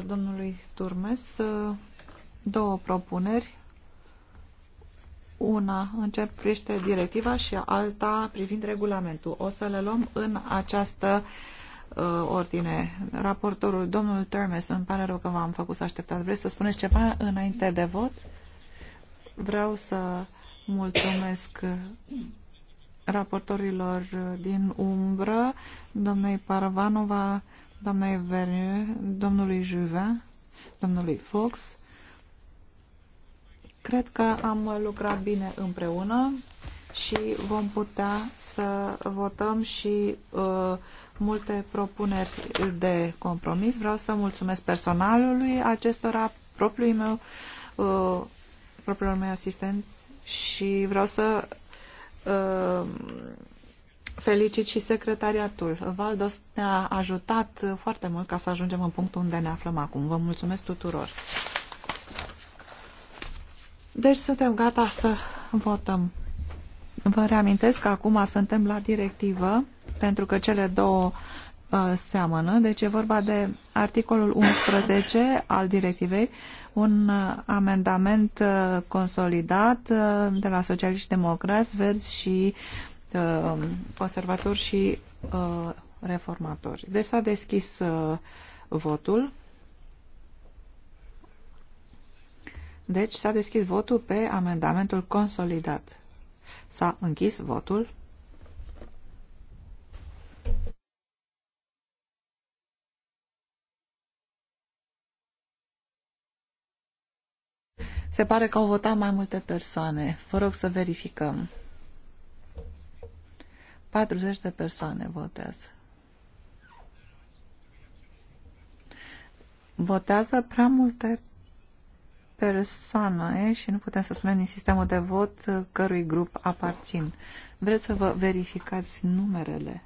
domnului Turmes două propuneri. Una începește directiva și alta privind regulamentul. O să le luăm în această uh, ordine. Raportorul, domnul Turmes, îmi pare rău că v-am făcut să așteptați. Vreți să spuneți ceva înainte de vot? Vreau să mulțumesc raportorilor din umbră, domnei Paravanova, doamnei Verniu, domnului Juve, domnului Fox. Cred că am lucrat bine împreună și vom putea să votăm și uh, multe propuneri de compromis. Vreau să mulțumesc personalului acestora, propriului meu, uh, propriilor mei asistenți și vreau să uh, felicit și secretariatul. Valdos ne-a ajutat foarte mult ca să ajungem în punctul unde ne aflăm acum. Vă mulțumesc tuturor. Deci suntem gata să votăm. Vă reamintesc că acum suntem la directivă, pentru că cele două uh, seamănă. Deci e vorba de articolul 11 al directivei, un uh, amendament uh, consolidat uh, de la socialiști democrați, verzi și uh, Uh, conservatori și uh, reformatori. Deci s-a deschis uh, votul. Deci s-a deschis votul pe amendamentul consolidat. S-a închis votul. Se pare că au votat mai multe persoane. Vă rog să verificăm. 40 de persoane votează. Votează prea multe persoane și nu putem să spunem din sistemul de vot cărui grup aparțin. Vreți să vă verificați numerele?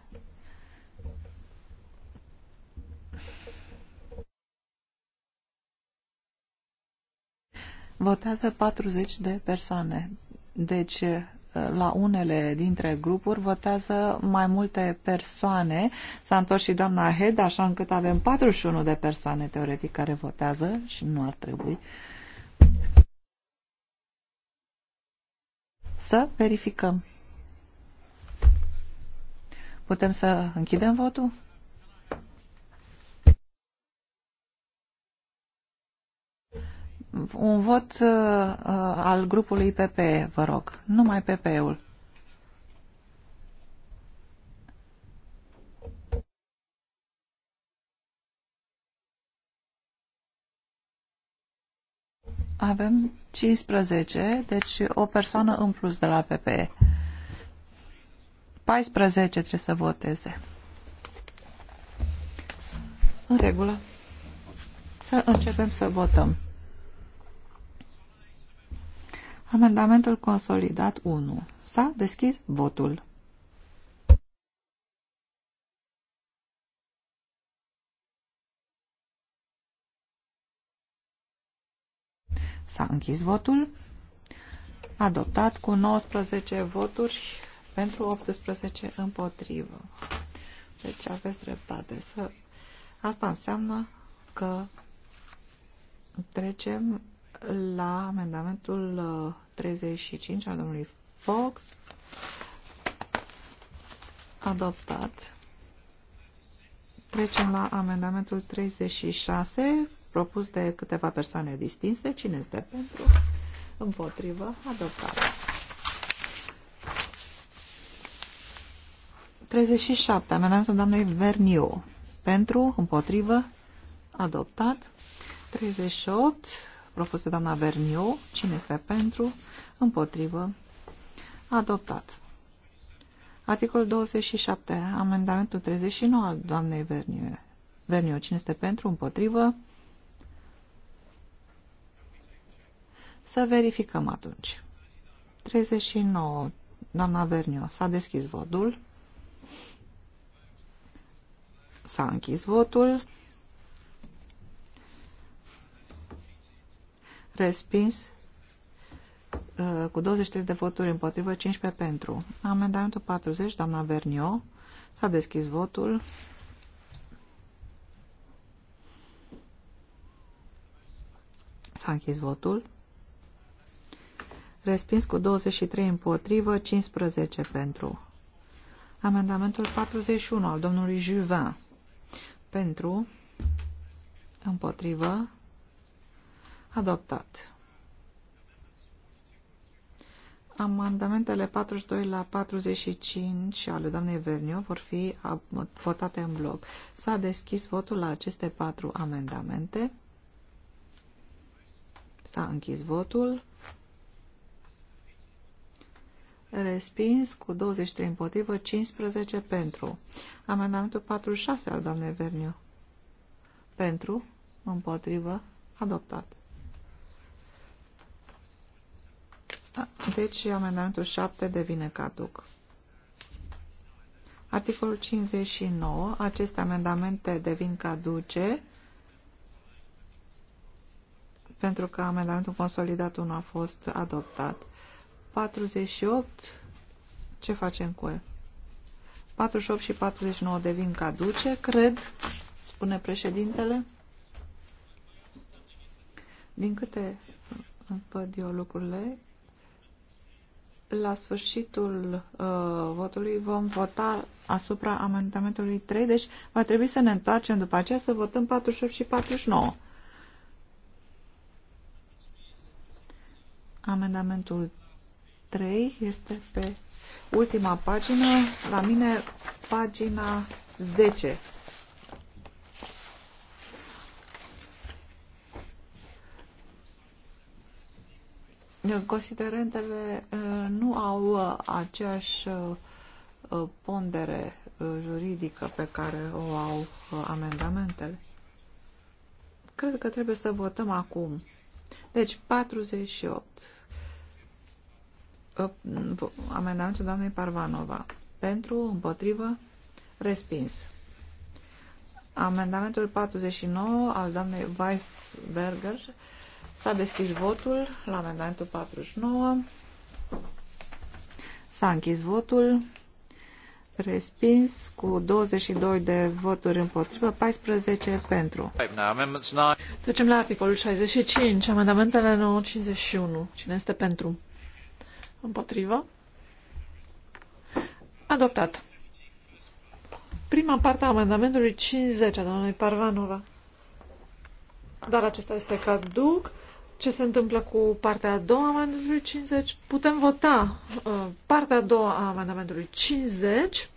Votează 40 de persoane. Deci la unele dintre grupuri votează mai multe persoane. S-a întors și doamna Head, așa încât avem 41 de persoane teoretic care votează și nu ar trebui. Să verificăm. Putem să închidem votul? un vot uh, uh al grupului PPE, vă rog. Numai PPE-ul. Avem 15, deci o persoană în plus de la PPE. 14 trebuie să voteze. În regulă. Să începem să votăm. Amendamentul consolidat 1. S-a deschis votul. S-a închis votul. Adoptat cu 19 voturi pentru 18 împotrivă. Deci aveți dreptate. Să... Asta înseamnă că trecem la amendamentul 35 uh, al domnului Fox, adoptat. Trecem la amendamentul 36, propus de câteva persoane distinse. Cine este pentru? Împotrivă. Adoptat. 37. Amendamentul doamnei Verniu. Pentru, împotrivă, adoptat. 38 propus de doamna Verniu. Cine este pentru? Împotrivă. Adoptat. Articolul 27, amendamentul 39 al doamnei Verniu. Verniu, cine este pentru? Împotrivă. Să verificăm atunci. 39, doamna Verniu, s-a deschis votul. S-a închis votul. Respins uh, cu 23 de voturi împotrivă, 15 pentru. Amendamentul 40, doamna Vernio. S-a deschis votul. S-a închis votul. Respins cu 23 împotrivă, 15 pentru. Amendamentul 41 al domnului Juvin. Pentru, împotrivă, Adoptat. Amendamentele 42 la 45 ale doamnei Verniu vor fi votate în bloc. S-a deschis votul la aceste patru amendamente. S-a închis votul. Respins cu 23 împotrivă, 15 pentru. Amendamentul 46 al doamnei Verniu. Pentru, împotrivă, adoptat. asta. Deci amendamentul 7 devine caduc. Articolul 59. Aceste amendamente devin caduce pentru că amendamentul consolidat nu a fost adoptat. 48. Ce facem cu el? 48 și 49 devin caduce, cred, spune președintele. Din câte văd eu lucrurile, la sfârșitul uh, votului vom vota asupra amendamentului 3, deci va trebui să ne întoarcem după aceea să votăm 48 și 49. Amendamentul 3 este pe ultima pagină, la mine pagina 10. Considerentele uh, nu au uh, aceeași uh, pondere juridică pe care o au amendamentele. Cred că trebuie să votăm acum. Deci, 48. Amendamentul doamnei Parvanova. Pentru, împotrivă, respins. Amendamentul 49 al doamnei Weisberger S-a deschis votul la amendamentul 49. S-a închis votul. Respins cu 22 de voturi împotrivă, 14 pentru. Trecem la articolul 65, amendamentele 951. Cine este pentru? Împotrivă? Adoptat. Prima parte a amendamentului 50 a doamnei Parvanova. Dar acesta este caduc ce se întâmplă cu partea a doua a amendamentului 50. Putem vota uh, partea a doua a amendamentului 50,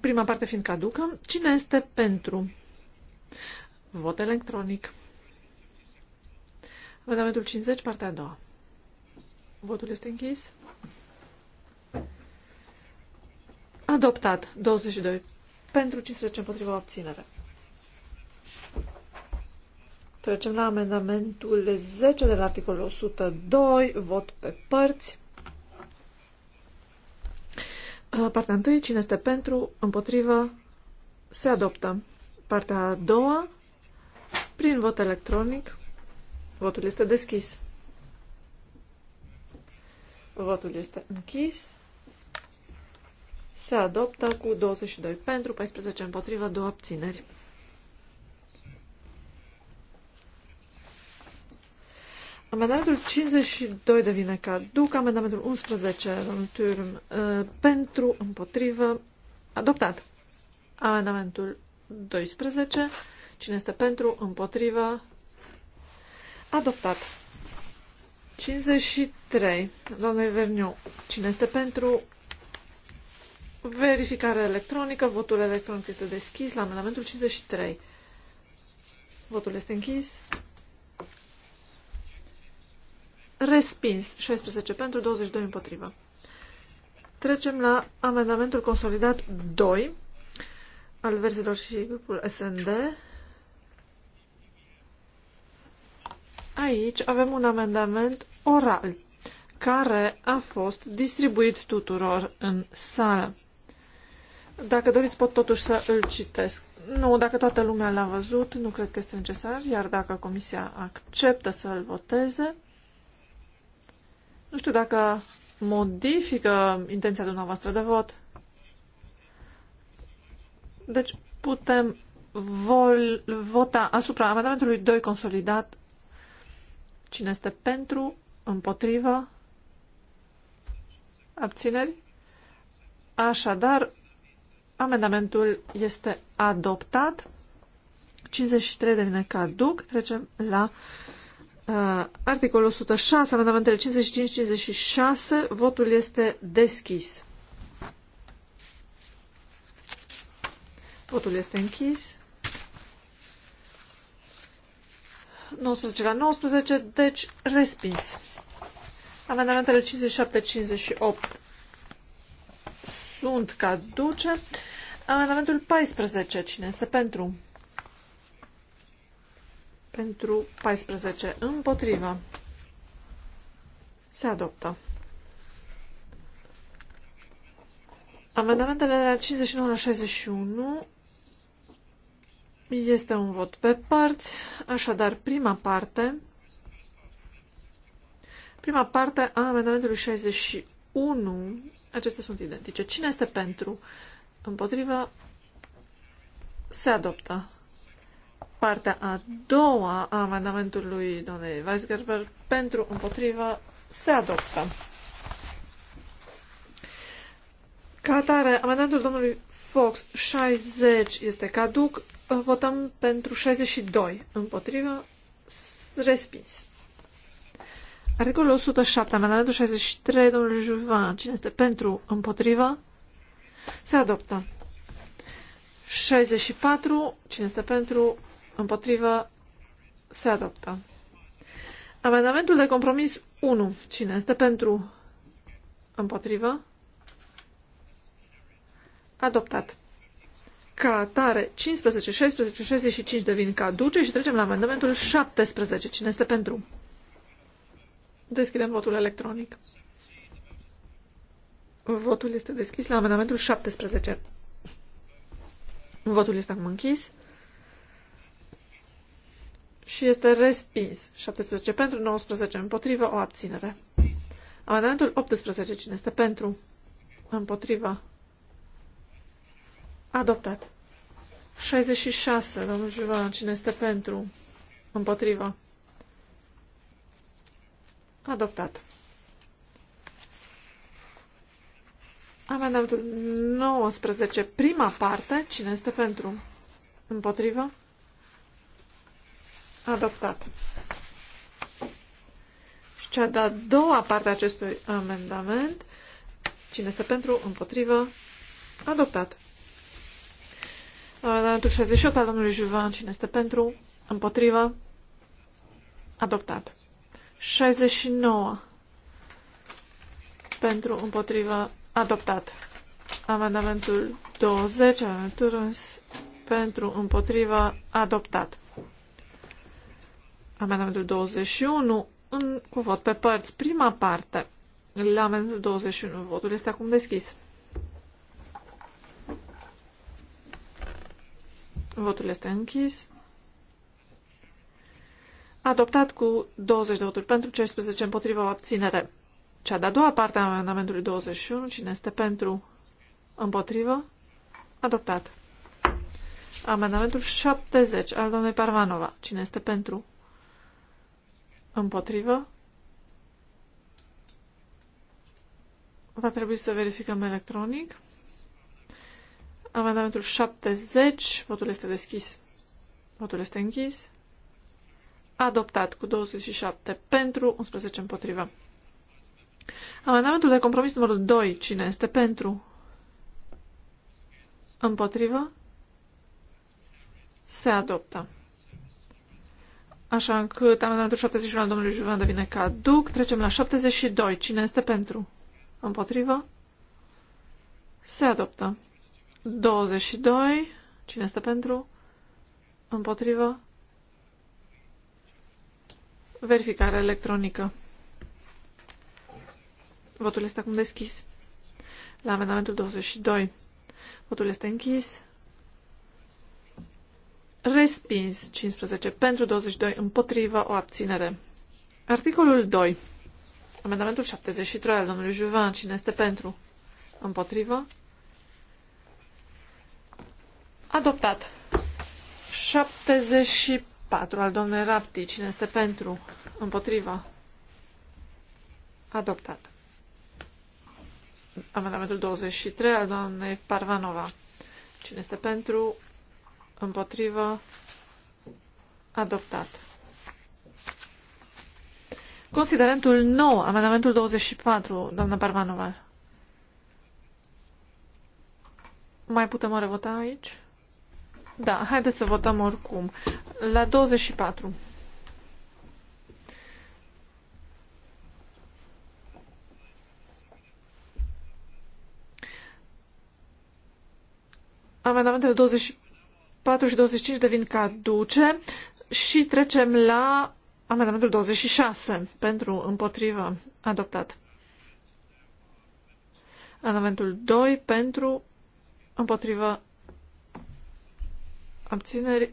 prima parte fiind caducă. Cine este pentru? Vot electronic. Amendamentul 50, partea a doua. Votul este închis. Adoptat. 22. Pentru 15 împotriva obținere. Trecem la amendamentul 10 de la articolul 102, vot pe părți. Uh, partea 1. cine este pentru, împotrivă, se adoptă. Partea a doua, prin vot electronic, votul este deschis. Votul este închis. Se adoptă cu 22 pentru, 14 împotrivă, 2 abțineri. Amendamentul 52 devine caduc, amendamentul 11, domnul Turm, uh, pentru, împotrivă, adoptat. Amendamentul 12, cine este pentru, împotrivă, adoptat. 53, domnule Verniu, cine este pentru, verificare electronică, votul electronic este deschis la amendamentul 53. Votul este închis. Respins. 16 pentru, 22 împotrivă. Trecem la amendamentul consolidat 2 al verzilor și grupul SND. Aici avem un amendament oral care a fost distribuit tuturor în sală. Dacă doriți, pot totuși să îl citesc. Nu, dacă toată lumea l-a văzut, nu cred că este necesar, iar dacă comisia acceptă să îl voteze, nu știu dacă modifică intenția dumneavoastră de vot. Deci putem vol, vota asupra amendamentului 2 consolidat. Cine este pentru, împotrivă, abțineri? Așadar, amendamentul este adoptat. 53 de mine caduc. Trecem la Uh, articolul 106, amendamentele 55-56, votul este deschis. Votul este închis. 19 la 19, deci respins. Amendamentele 57-58 sunt caduce. Amendamentul 14, cine este pentru? pentru 14 împotrivă. Se adoptă. Amendamentele la 59 la 61 este un vot pe părți, așadar prima parte prima parte a amendamentului 61 acestea sunt identice. Cine este pentru? Împotrivă se adoptă partea a doua a amendamentului doamnei Weisgerber pentru împotrivă se adoptă. Ca atare, amendamentul domnului Fox 60 este caduc, votăm pentru 62 împotrivă, respins. Articolul 107, amendamentul 63, domnul Juvin, cine este pentru, împotrivă, se adoptă. 64, cine este pentru, Împotrivă. Se adoptă. Amendamentul de compromis 1. Cine este pentru? Împotrivă. Adoptat. Ca atare, 15, 16, 65 devin caduce și trecem la amendamentul 17. Cine este pentru? Deschidem votul electronic. Votul este deschis la amendamentul 17. Votul este acum închis și este respins. 17 pentru, 19 împotrivă, o abținere. Amendamentul 18, cine este pentru? Împotriva. Adoptat. 66, domnul Juvan, cine este pentru? Împotriva. Adoptat. Amendamentul 19, prima parte, cine este pentru? Împotrivă? Adoptat. Și cea de-a doua parte a acestui amendament, cine este pentru, împotrivă, adoptat. Amendamentul 68 al domnului Juvan, cine este pentru, împotrivă, adoptat. 69 pentru, împotrivă, adoptat. Amendamentul 20 amendamentul pentru, împotrivă, adoptat amendamentul 21 în, cu vot pe părți. Prima parte la amendamentul 21. Votul este acum deschis. Votul este închis. Adoptat cu 20 de voturi pentru 16 împotriva o abținere. Cea de-a doua parte a amendamentului 21. Cine este pentru? Împotrivă? Adoptat. Amendamentul 70 al domnului Parvanova. Cine este pentru? Împotrivă? Va trebui să verificăm electronic. Amendamentul 70. Votul este deschis. Votul este închis. Adoptat cu 27 pentru, 11 împotrivă. Amendamentul de compromis numărul 2. Cine este pentru? Împotrivă? Se adoptă. Așa încât amendamentul 71 al domnului Juvan devine caduc. Trecem la 72. Cine este pentru? Împotrivă? Se adoptă. 22. Cine este pentru? Împotrivă? Verificare electronică. Votul este acum deschis. La amendamentul 22. Votul este închis. Respins 15 pentru 22 împotrivă o abținere. Articolul 2. Amendamentul 73 al domnului Juvan. Cine este pentru? Împotrivă? Adoptat. 74 al domnului Rapti. Cine este pentru? Împotriva. Adoptat. Amendamentul 23 al doamnei Parvanova. Cine este pentru? împotrivă, adoptat. Considerentul nou, amendamentul 24, doamna Parvanova. Mai putem o revota aici? Da, haideți să votăm oricum. La 24. Amendamentele 24 24 și 25 devin caduce și trecem la amendamentul 26 pentru împotrivă adoptat. Amendamentul 2 pentru împotrivă abțineri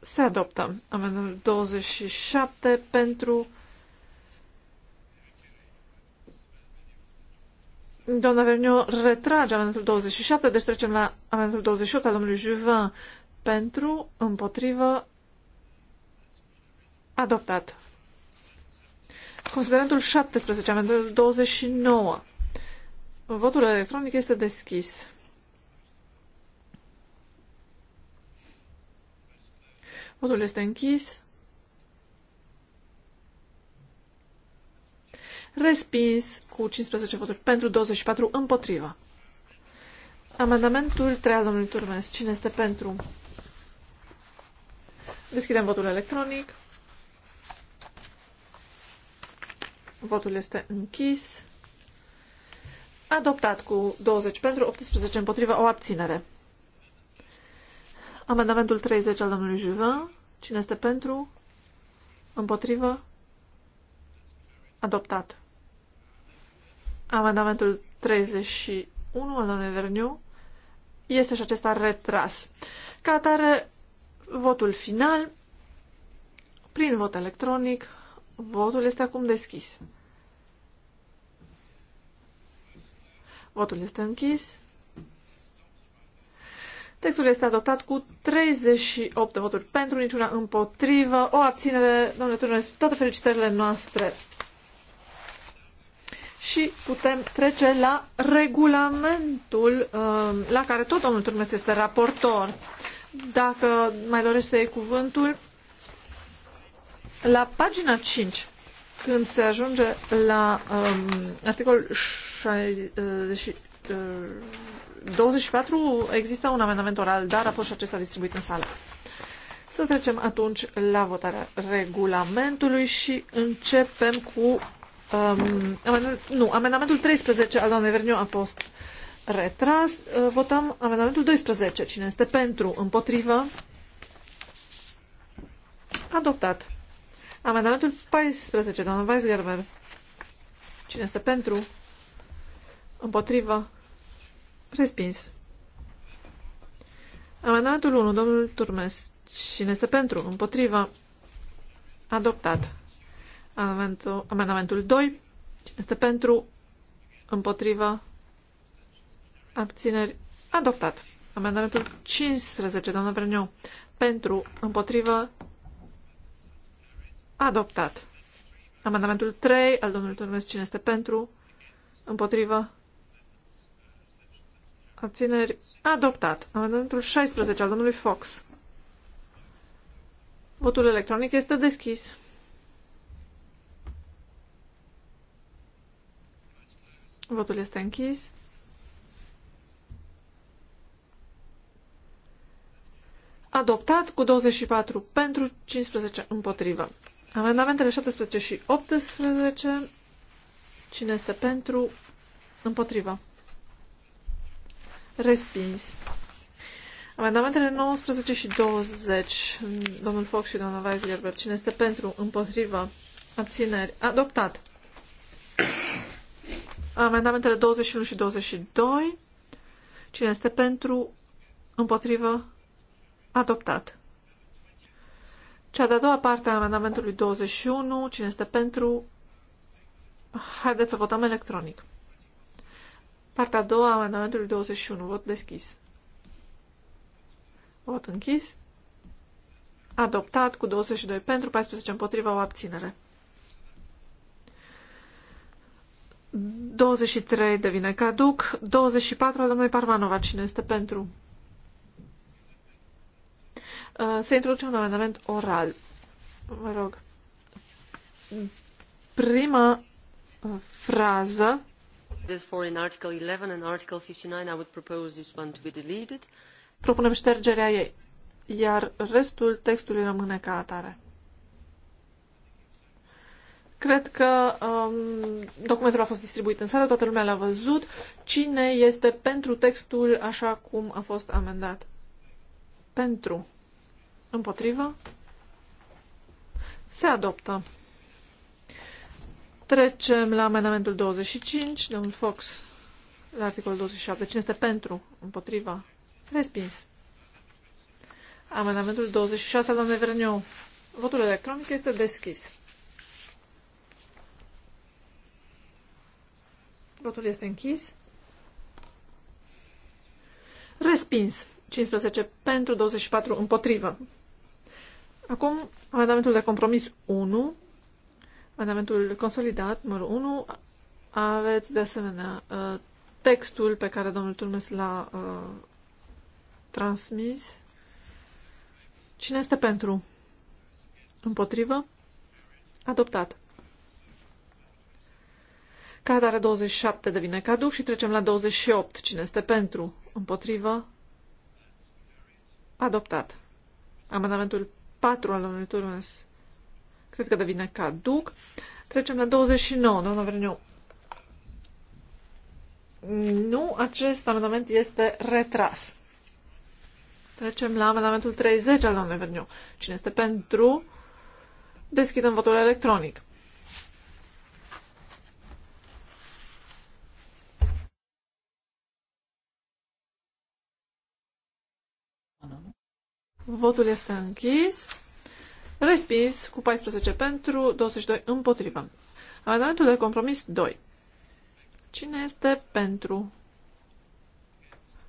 se adoptă. Amendamentul 27 pentru Doamna Verniu retrage amendamentul 27, deci trecem la amendamentul 28 al domnului Juvin pentru, împotrivă, adoptat. Considerentul 17, amendamentul 29. Votul electronic este deschis. Votul este închis. respins cu 15 voturi pentru 24 împotriva. Amendamentul 3 al domnului Turmes. Cine este pentru? Deschidem votul electronic. Votul este închis. Adoptat cu 20 pentru, 18 împotriva, o abținere. Amendamentul 30 al domnului Juvin. Cine este pentru? Împotrivă? Adoptat. Amendamentul 31 al doamnei Verniu este și acesta retras. Ca atare, votul final, prin vot electronic, votul este acum deschis. Votul este închis. Textul este adoptat cu 38 de voturi pentru, niciuna împotrivă, o abținere. Domnule Turnes, toate felicitările noastre și putem trece la regulamentul um, la care tot domnul Turmes este raportor. Dacă mai dorești să iei cuvântul, la pagina 5, când se ajunge la um, articolul 24, uh, există un amendament oral, dar a fost și acesta distribuit în sală. Să trecem atunci la votarea regulamentului și începem cu um, nu, amendamentul 13 al doamnei Verniu a fost retras. Uh, votăm amendamentul 12. Cine este pentru? Împotrivă? Adoptat. Amendamentul 14, doamna Weisgerber. Cine este pentru? Împotrivă? Respins. Amendamentul 1, domnul Turmes. Cine este pentru? Împotrivă? Adoptat. Amendamentul, amendamentul 2. Cine este pentru? Împotrivă? Abțineri? Adoptat. Amendamentul 15, doamna Vreniu. Pentru? Împotrivă? Adoptat. Amendamentul 3 al domnului Turmes. Cine este pentru? Împotrivă? Abțineri? Adoptat. Amendamentul 16 al domnului Fox. Votul electronic este deschis. Votul este închis. Adoptat cu 24 pentru, 15 împotrivă. Amendamentele 17 și 18. Cine este pentru? Împotrivă. Respins. Amendamentele 19 și 20. Domnul Foc și doamna Weisgerber. Cine este pentru? Împotrivă. Abțineri. Adoptat. Amendamentele 21 și 22. Cine este pentru? Împotrivă? Adoptat. Cea de-a doua parte a amendamentului 21. Cine este pentru? Haideți să votăm electronic. Partea a doua a amendamentului 21. Vot deschis. Vot închis. Adoptat cu 22 pentru, 14 împotrivă, o abținere. 23 devine caduc. 24 al domnului Cine este pentru? Uh, se introduce un amendament oral. Vă rog. Prima uh, frază. Therefore, in Article 11 and Article 59, I would propose this one to be deleted. Propunem ștergerea ei, iar restul textului rămâne ca atare. Cred că um, documentul a fost distribuit în sală, toată lumea l-a văzut. Cine este pentru textul așa cum a fost amendat? Pentru. Împotrivă? Se adoptă. Trecem la amendamentul 25, domnul Fox, la articolul 27. Cine este pentru? Împotrivă? Respins. Amendamentul 26 al domnului Verniu. Votul electronic este deschis. Votul este închis. Respins. 15 pentru, 24 împotrivă. Acum, amendamentul de compromis 1, amendamentul consolidat, numărul 1, aveți de asemenea uh, textul pe care domnul Turmes l-a uh, transmis. Cine este pentru? Împotrivă? Adoptat. Cada are 27 devine caduc și trecem la 28. Cine este pentru? Împotrivă? Adoptat. Amendamentul 4 al domnului cred că devine caduc. Trecem la 29, doamna Verniu. Nu, acest amendament este retras. Trecem la amendamentul 30 al doamnei Verniu. Cine este pentru? Deschidem votul electronic. Votul este închis. Respins cu 14 pentru, 22 împotrivă. Amendamentul de compromis 2. Cine este pentru?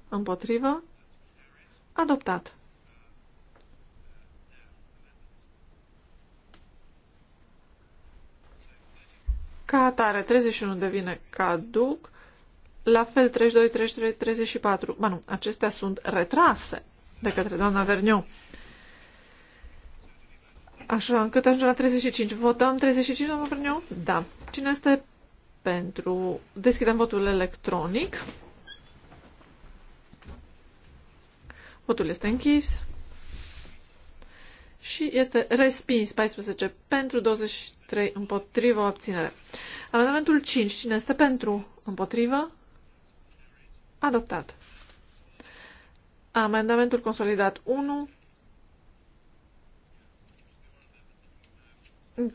Împotrivă? Adoptat. Ca atare, 31 devine caduc. La fel, 32, 33, 34. Ba nu, acestea sunt retrase de către doamna Verniu. Așa, încât ajungem la 35. Votăm 35, doamna Verniu? Da. Cine este pentru... Deschidem votul electronic. Votul este închis și este respins 14 pentru 23 împotrivă obținere. Amendamentul 5. Cine este pentru? Împotrivă? Adoptat. Amendamentul consolidat 1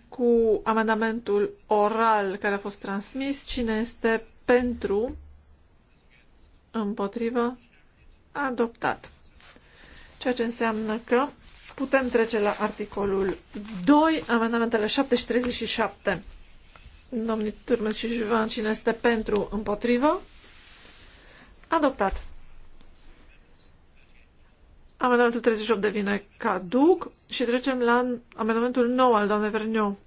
cu amendamentul oral care a fost transmis. Cine este pentru? Împotrivă? Adoptat. Ceea ce înseamnă că putem trece la articolul 2, amendamentele 7 și 37. Domnul Turmes și Juvan, cine este pentru? Împotrivă? Adoptat. Amendamentul 38 devine caduc și trecem la amendamentul nou al doamnei Verniu.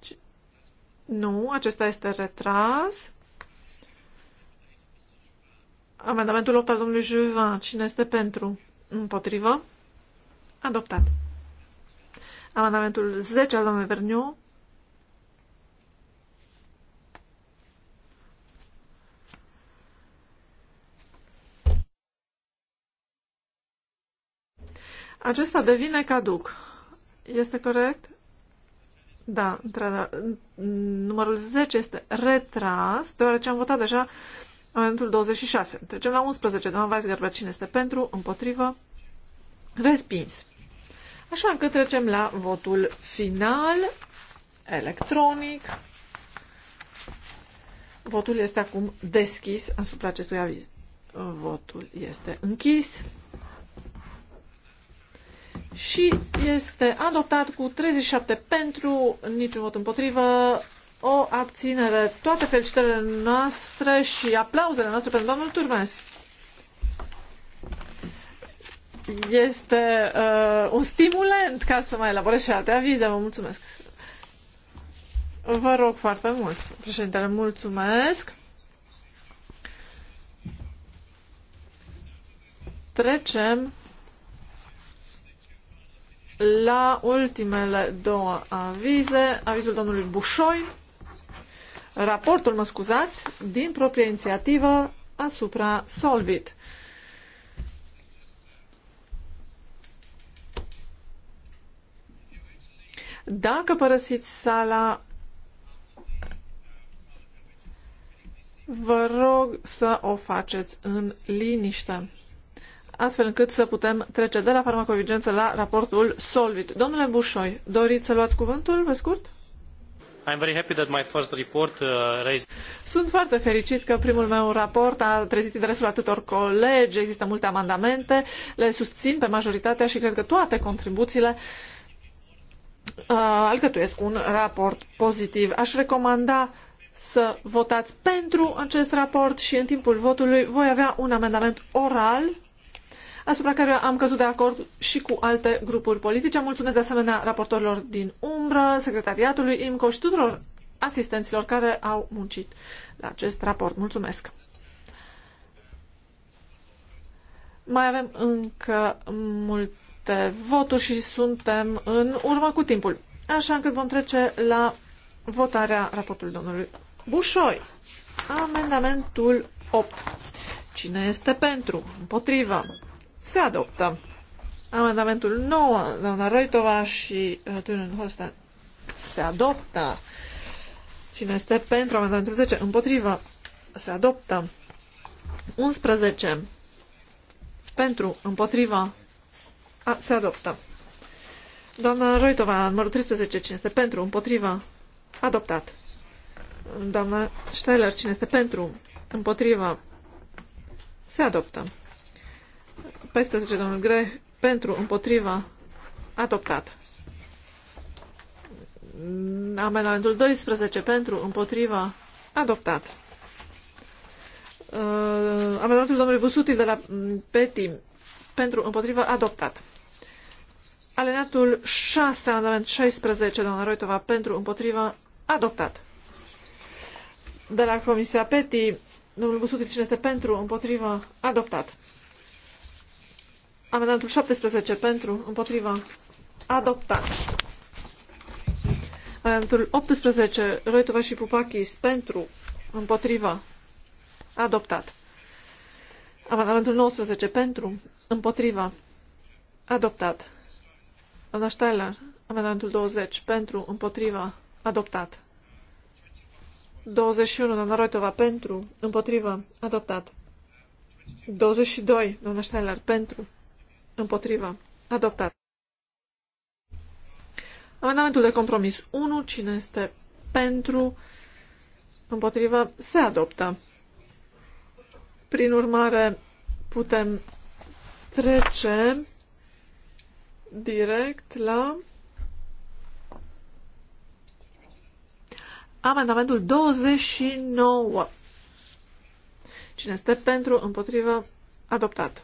Nu, acesta este retras. Amendamentul 8 al domnului Juvan. Cine este pentru? Împotrivă. Adoptat. Amendamentul 10 al domnului Verniu. acesta devine caduc. Este corect? Da, numărul 10 este retras, deoarece am votat deja momentul 26. Trecem la 11. Doamna Weisgerber, cine este pentru? Împotrivă? Respins. Așa încât trecem la votul final, electronic. Votul este acum deschis asupra acestui aviz. Votul este închis și este adoptat cu 37 pentru, niciun vot împotrivă, o abținere. Toate felicitările noastre și aplauzele noastre pentru domnul Turmes. Este uh, un stimulant ca să mai elaborez și alte avize. Vă mulțumesc. Vă rog foarte mult, președintele, mulțumesc. Trecem la ultimele două avize, avizul domnului Bușoi, raportul, mă scuzați, din propria inițiativă asupra Solvit. Dacă părăsiți sala, vă rog să o faceți în liniște astfel încât să putem trece de la farmacovigență la raportul Solvit. Domnule Bușoi, doriți să luați cuvântul pe scurt? I'm very happy that my first report, uh, raised... Sunt foarte fericit că primul meu raport a trezit interesul atâtor colegi, există multe amendamente, le susțin pe majoritatea și cred că toate contribuțiile uh, alcătuiesc un raport pozitiv. Aș recomanda să votați pentru acest raport și în timpul votului voi avea un amendament oral asupra care am căzut de acord și cu alte grupuri politice. Mulțumesc de asemenea raportorilor din umbră, secretariatului IMCO și tuturor asistenților care au muncit la acest raport. Mulțumesc! Mai avem încă multe voturi și suntem în urmă cu timpul. Așa încât vom trece la votarea raportului domnului Bușoi. Amendamentul 8. Cine este pentru? Împotrivă? Se adoptă. Amendamentul 9, doamna Roitova și uh, Hostan se adoptă. Cine este pentru amendamentul 10? Împotrivă. Se adoptă. 11. Pentru, împotriva, a, se adoptă. Doamna Roitova, numărul 13, cine este pentru, împotriva, adoptat. Doamna Steiler, cine este pentru, împotriva, se adoptă. 14, domnul Gre, pentru, împotriva, adoptat. Amendamentul 12, pentru, împotriva, adoptat. Uh, amendamentul domnului Busutil de la PETI, pentru, împotriva, adoptat. Alenatul 6, amendament 16, doamna Roitova, pentru, împotriva, adoptat. De la Comisia PETI, domnul Busutil, cine este pentru, împotriva, adoptat. Amendamentul 17 pentru, împotriva, adoptat. Amendamentul 18, Roitova și Pupachis, pentru, împotriva, adoptat. Amendamentul 19, pentru, împotriva, adoptat. Doamna Steiler, amendamentul 20, pentru, împotriva, adoptat. 21, doamna Roitova, pentru, împotriva, adoptat. 22, doamna Steiler, pentru, Împotrivă. Adoptat. Amendamentul de compromis 1. Cine este pentru? Împotrivă. Se adoptă. Prin urmare, putem trece direct la amendamentul 29. Cine este pentru, împotrivă, adoptat.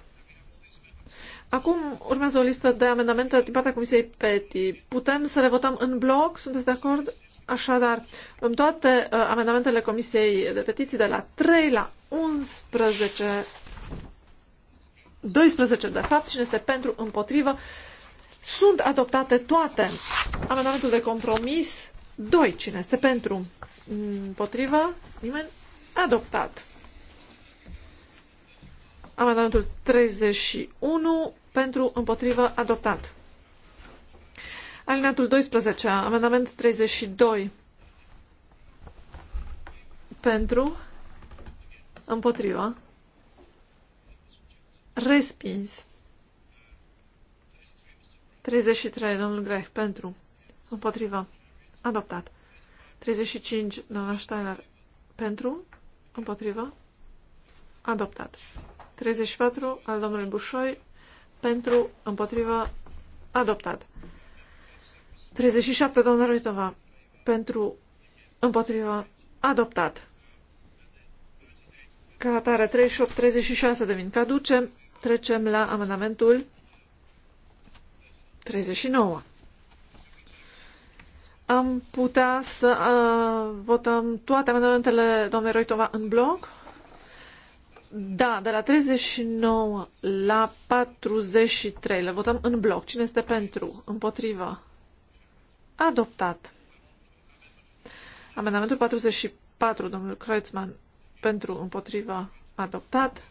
Acum urmează o listă de amendamente din partea Comisiei PETI. Putem să le votăm în bloc? Sunteți de acord? Așadar, în toate uh, amendamentele Comisiei de Petiții de la 3 la 11, 12 de fapt, cine este pentru, împotrivă, sunt adoptate toate. Amendamentul de compromis 2, cine este pentru, împotrivă, nimeni, adoptat. Amendamentul 31 pentru împotrivă adoptat. Alineatul 12, amendament 32 pentru împotrivă respins. 33, domnul Greh, pentru împotrivă adoptat. 35, domnul Steiner, pentru împotrivă adoptat. 34 al domnului Bușoi pentru, împotrivă, adoptat. 37, doamna Roitova, pentru, împotrivă, adoptat. Ca atare 38, 36 devin caduce. Trecem la amendamentul 39. Am putea să uh, votăm toate amendamentele doamnei Roitova în bloc? Da, de la 39 la 43. Le votăm în bloc. Cine este pentru? Împotrivă. Adoptat. Amendamentul 44, domnul Kreutzmann, pentru împotriva adoptat.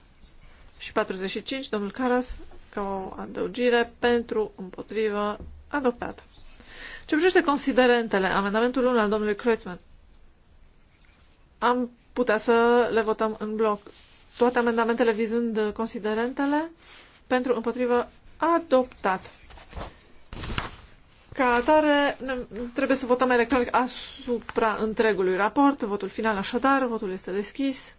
Și 45, domnul Caras, ca o adăugire, pentru împotrivă adoptat. Ce privește considerentele, amendamentul 1 al domnului Kreutzmann, am putea să le votăm în bloc toate amendamentele vizând considerentele, pentru împotrivă adoptat. Ca atare, trebuie să votăm electronic asupra întregului raport. Votul final așadar, votul este deschis.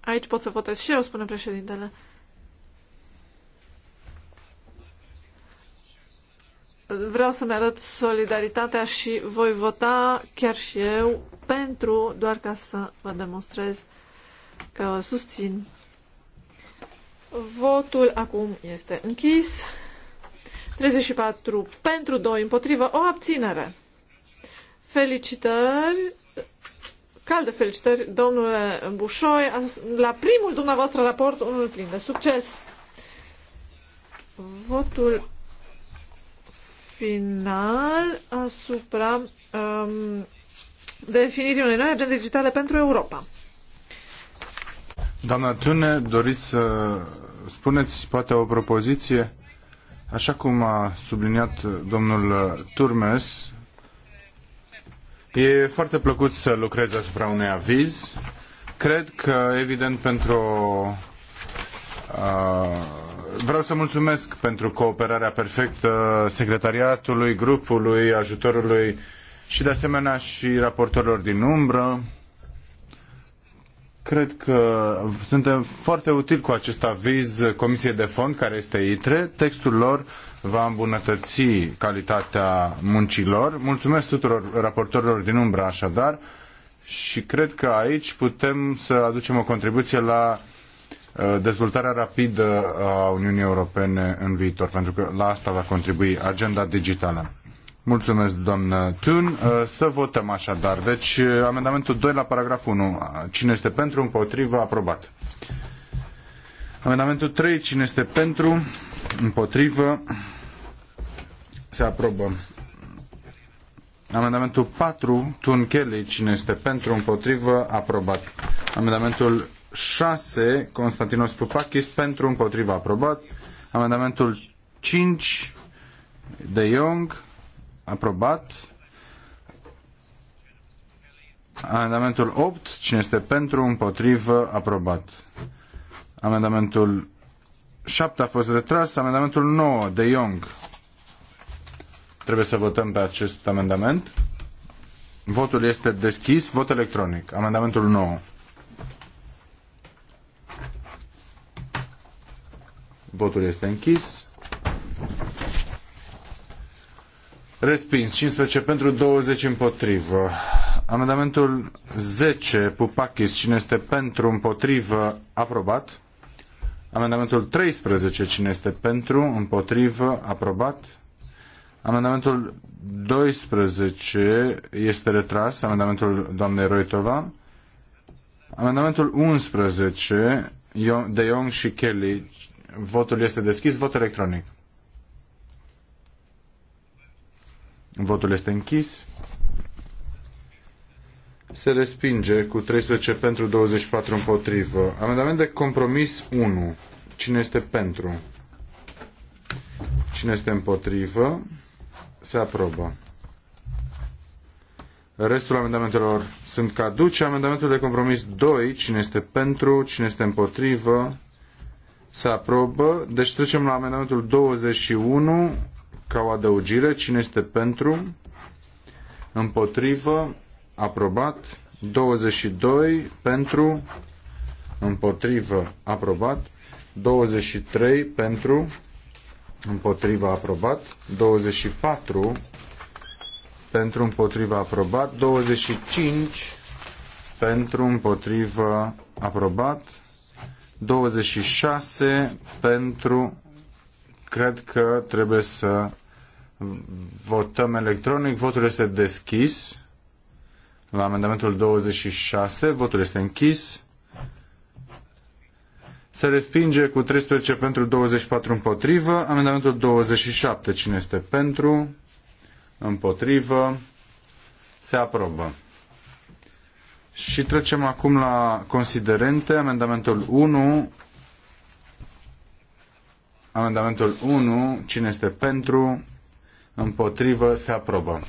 Aici pot să votez și eu, spune președintele. Vreau să-mi arăt solidaritatea și voi vota chiar și eu pentru, doar ca să vă demonstrez că susțin. Votul acum este închis. 34 pentru 2 împotrivă, o abținere. Felicitări, calde felicitări, domnule Bușoi, la primul dumneavoastră raport, unul plin de succes. Votul final asupra um, definirii unei noi agende digitale pentru Europa. Doamna Tune, doriți să spuneți poate o propoziție? Așa cum a subliniat domnul Turmes, e foarte plăcut să lucrez asupra unui aviz. Cred că, evident, pentru uh, vreau să mulțumesc pentru cooperarea perfectă secretariatului, grupului, ajutorului și de asemenea și raportorilor din umbră. Cred că suntem foarte util cu acest aviz Comisiei de Fond, care este ITRE. Textul lor va îmbunătăți calitatea muncilor. Mulțumesc tuturor raportorilor din umbră, așadar, și cred că aici putem să aducem o contribuție la uh, dezvoltarea rapidă a Uniunii Europene în viitor, pentru că la asta va contribui agenda digitală. Mulțumesc, doamnă Tun. Uh, să votăm așadar. Deci, uh, amendamentul 2 la paragraful 1. Cine este pentru, împotrivă, aprobat. Amendamentul 3. Cine este pentru, împotrivă, se aprobă. Amendamentul 4. Tun Kelly. Cine este pentru, împotrivă, aprobat. Amendamentul 6. Constantinos Pupakis. Pentru, împotrivă, aprobat. Amendamentul 5. De Jong Aprobat. Amendamentul 8. Cine este pentru? Împotrivă. Aprobat. Amendamentul 7 a fost retras. Amendamentul 9 de Young. Trebuie să votăm pe acest amendament. Votul este deschis. Vot electronic. Amendamentul 9. Votul este închis. Respins. 15 pentru, 20 împotrivă. Amendamentul 10, Pupakis. Cine este pentru, împotrivă, aprobat. Amendamentul 13, cine este pentru, împotrivă, aprobat. Amendamentul 12 este retras, amendamentul doamnei Roitova. Amendamentul 11, De Young și Kelly. Votul este deschis, vot electronic. Votul este închis. Se respinge cu 13 pentru 24 împotrivă. Amendament de compromis 1. Cine este pentru? Cine este împotrivă? Se aprobă. Restul amendamentelor sunt caduce. Amendamentul de compromis 2. Cine este pentru? Cine este împotrivă? Se aprobă. Deci trecem la amendamentul 21 ca o adăugire. Cine este pentru? Împotrivă? Aprobat. 22 pentru, împotrivă, aprobat. 23 pentru, împotrivă, aprobat. 24 pentru, împotrivă, aprobat. 25 pentru, împotrivă, aprobat. 26 pentru, cred că trebuie să Votăm electronic. Votul este deschis. La amendamentul 26, votul este închis. Se respinge cu 13 pentru 24 împotrivă. Amendamentul 27, cine este pentru? Împotrivă. Se aprobă. Și trecem acum la considerente. Amendamentul 1. Amendamentul 1. Cine este pentru? împotrivă, se aprobă.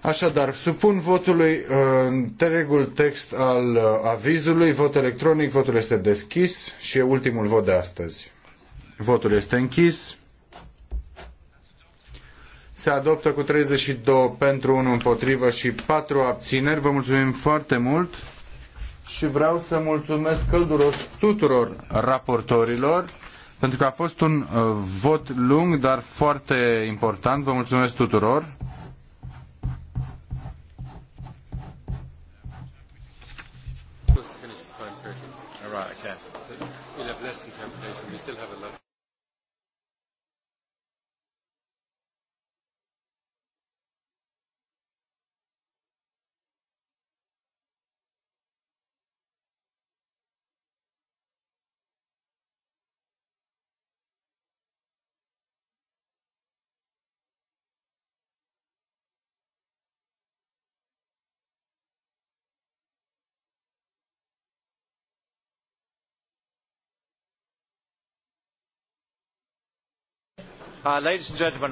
Așadar, supun votului uh, întregul text al uh, avizului, vot electronic, votul este deschis și e ultimul vot de astăzi. Votul este închis. Se adoptă cu 32 pentru, 1 împotrivă și 4 abțineri. Vă mulțumim foarte mult și vreau să mulțumesc călduros tuturor raportorilor pentru că a fost un uh, vot lung, dar foarte important. Vă mulțumesc tuturor.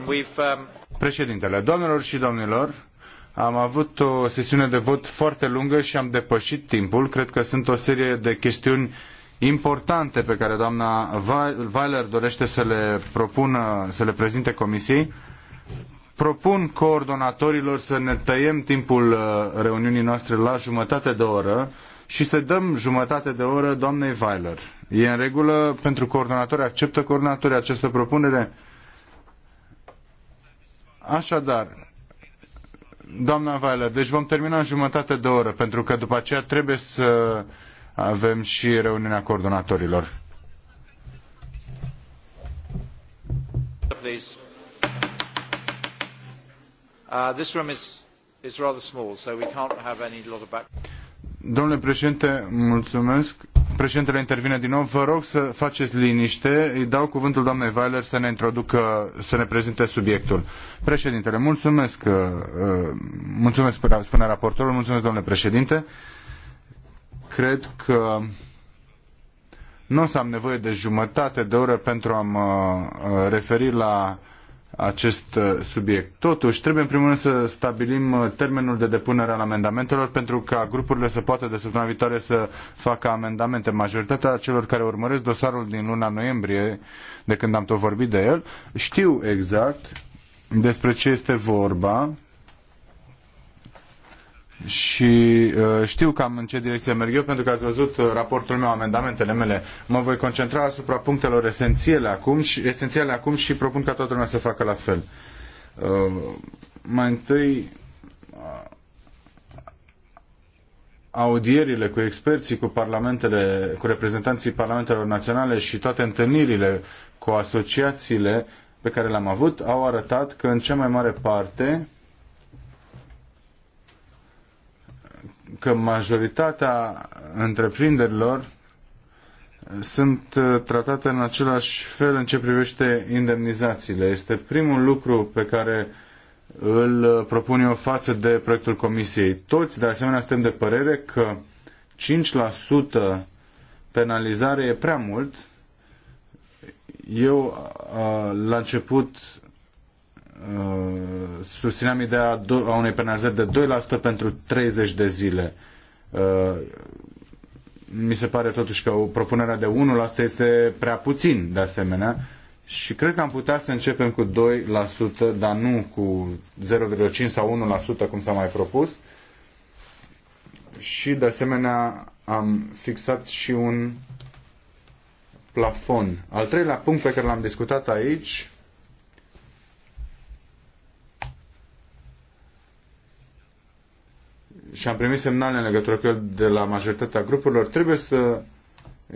Uh, um, doamnelor și domnilor, am avut o sesiune de vot foarte lungă și am depășit timpul. Cred că sunt o serie de chestiuni importante pe care doamna Weiler dorește să le propună, să le prezinte comisiei. Propun coordonatorilor să ne tăiem timpul uh, reuniunii noastre la jumătate de oră și să dăm jumătate de oră doamnei Weiler. E în regulă pentru coordonatori? Acceptă coordonatorii această propunere? Așadar, doamna Weiler, deci vom termina în jumătate de oră, pentru că după aceea trebuie să avem și reuniunea coordonatorilor. Please. Uh, this room is, is rather small, so we can't have any lot of back... Domnule președinte, mulțumesc. Președintele intervine din nou. Vă rog să faceți liniște. Îi dau cuvântul doamnei Weiler să ne introducă, să ne prezinte subiectul. Președintele, mulțumesc, uh, uh, mulțumesc, spune raportorul, mulțumesc, domnule președinte. Cred că nu o să am nevoie de jumătate de oră pentru a mă uh, referi la acest uh, subiect. Totuși, trebuie în primul rând să stabilim uh, termenul de depunere al amendamentelor pentru ca grupurile să poată de săptămâna viitoare să facă amendamente. Majoritatea celor care urmăresc dosarul din luna noiembrie, de când am tot vorbit de el, știu exact despre ce este vorba și uh, știu cam în ce direcție merg eu, pentru că ați văzut uh, raportul meu, amendamentele mele. Mă voi concentra asupra punctelor esențiale acum și, esențiale acum și propun ca toată lumea să facă la fel. Uh, mai întâi, audierile cu experții, cu parlamentele, cu reprezentanții parlamentelor naționale și toate întâlnirile cu asociațiile pe care le-am avut au arătat că în cea mai mare parte că majoritatea întreprinderilor sunt uh, tratate în același fel în ce privește indemnizațiile. Este primul lucru pe care îl uh, propun eu față de proiectul Comisiei. Toți, de asemenea, suntem de părere că 5% penalizare e prea mult. Eu, uh, la început, Uh, susțineam ideea a unei penalizări de 2% pentru 30 de zile. Uh, mi se pare totuși că o propunerea de 1% este prea puțin de asemenea și cred că am putea să începem cu 2%, dar nu cu 0,5 sau 1% cum s-a mai propus. Și de asemenea am fixat și un plafon. Al treilea punct pe care l-am discutat aici și am primit semnale în legătură cu el de la majoritatea grupurilor, trebuie să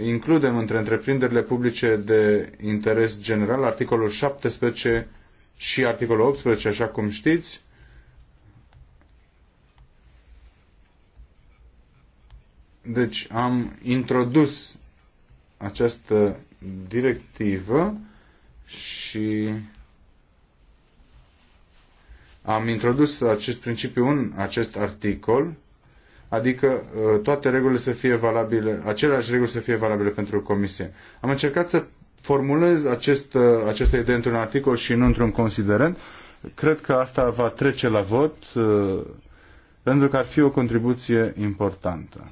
includem între întreprinderile publice de interes general articolul 17 și articolul 18, așa cum știți. Deci am introdus această directivă și am introdus acest principiu în acest articol, adică uh, toate regulile să fie valabile, aceleași reguli să fie valabile pentru Comisie. Am încercat să formulez acest, uh, această idee într-un articol și nu într-un considerent. Cred că asta va trece la vot uh, pentru că ar fi o contribuție importantă.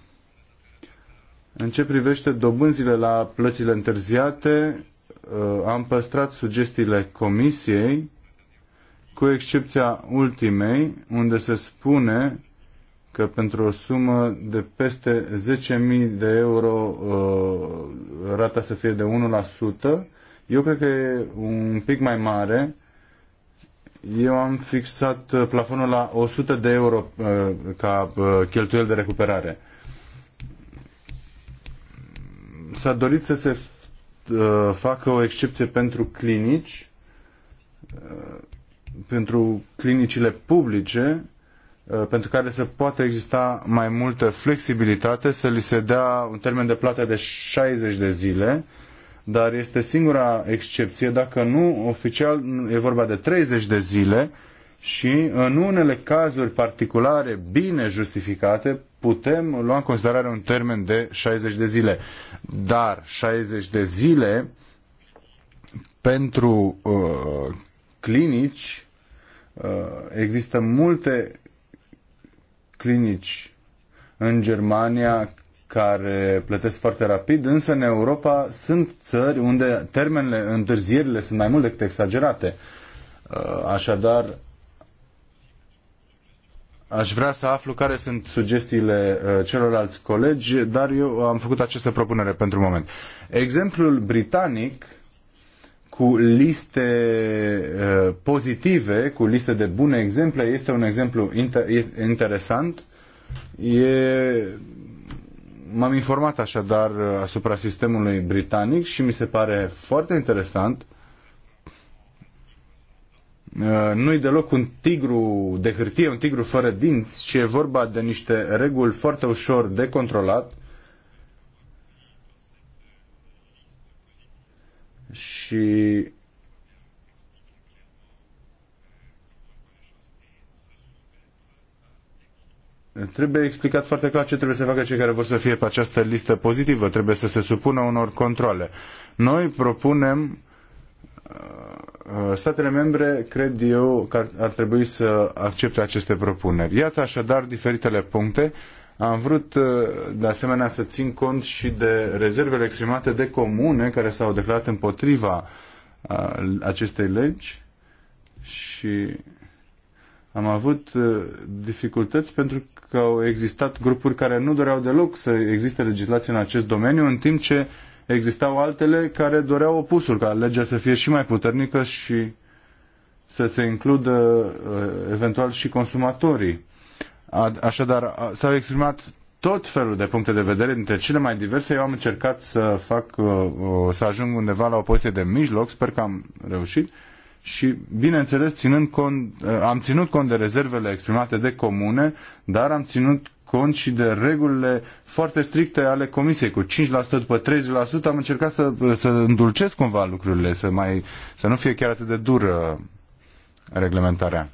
În ce privește dobânzile la plățile întârziate, am păstrat sugestiile Comisiei cu excepția ultimei, unde se spune că pentru o sumă de peste 10.000 de euro uh, rata să fie de 1%, eu cred că e un pic mai mare. Eu am fixat uh, plafonul la 100 de euro uh, ca cheltuiel de recuperare. S-a dorit să se facă o excepție pentru clinici pentru clinicile publice uh, pentru care să poată exista mai multă flexibilitate, să li se dea un termen de plată de 60 de zile, dar este singura excepție, dacă nu oficial e vorba de 30 de zile și în unele cazuri particulare bine justificate putem lua în considerare un termen de 60 de zile. Dar 60 de zile pentru uh, clinici Uh, există multe clinici în Germania care plătesc foarte rapid, însă în Europa sunt țări unde termenele, întârzierile sunt mai mult decât exagerate. Uh, așadar, aș vrea să aflu care sunt sugestiile uh, celorlalți colegi, dar eu am făcut această propunere pentru moment. Exemplul britanic cu liste uh, pozitive, cu liste de bune exemple, este un exemplu inter- interesant. E... M-am informat așadar asupra sistemului britanic și mi se pare foarte interesant. Uh, Nu-i deloc un tigru de hârtie, un tigru fără dinți, ci e vorba de niște reguli foarte ușor de controlat și Trebuie explicat foarte clar ce trebuie să facă cei care vor să fie pe această listă pozitivă. Trebuie să se supună unor controle. Noi propunem uh, statele membre, cred eu, că ar, ar trebui să accepte aceste propuneri. Iată așadar diferitele puncte am vrut uh, de asemenea să țin cont și de rezervele exprimate de comune care s-au declarat împotriva uh, acestei legi și am avut uh, dificultăți pentru că au existat grupuri care nu doreau deloc să existe legislație în acest domeniu, în timp ce existau altele care doreau opusul, ca legea să fie și mai puternică și să se includă eventual și consumatorii. Așadar, s-au exprimat tot felul de puncte de vedere dintre cele mai diverse. Eu am încercat să fac, uh, să ajung undeva la o poziție de mijloc, sper că am reușit și, bineînțeles, ținând cont, uh, am ținut cont de rezervele exprimate de comune, dar am ținut cont și de regulile foarte stricte ale comisiei, cu 5% după 30%, am încercat să, să îndulcesc cumva lucrurile, să, mai, să nu fie chiar atât de dură reglementarea.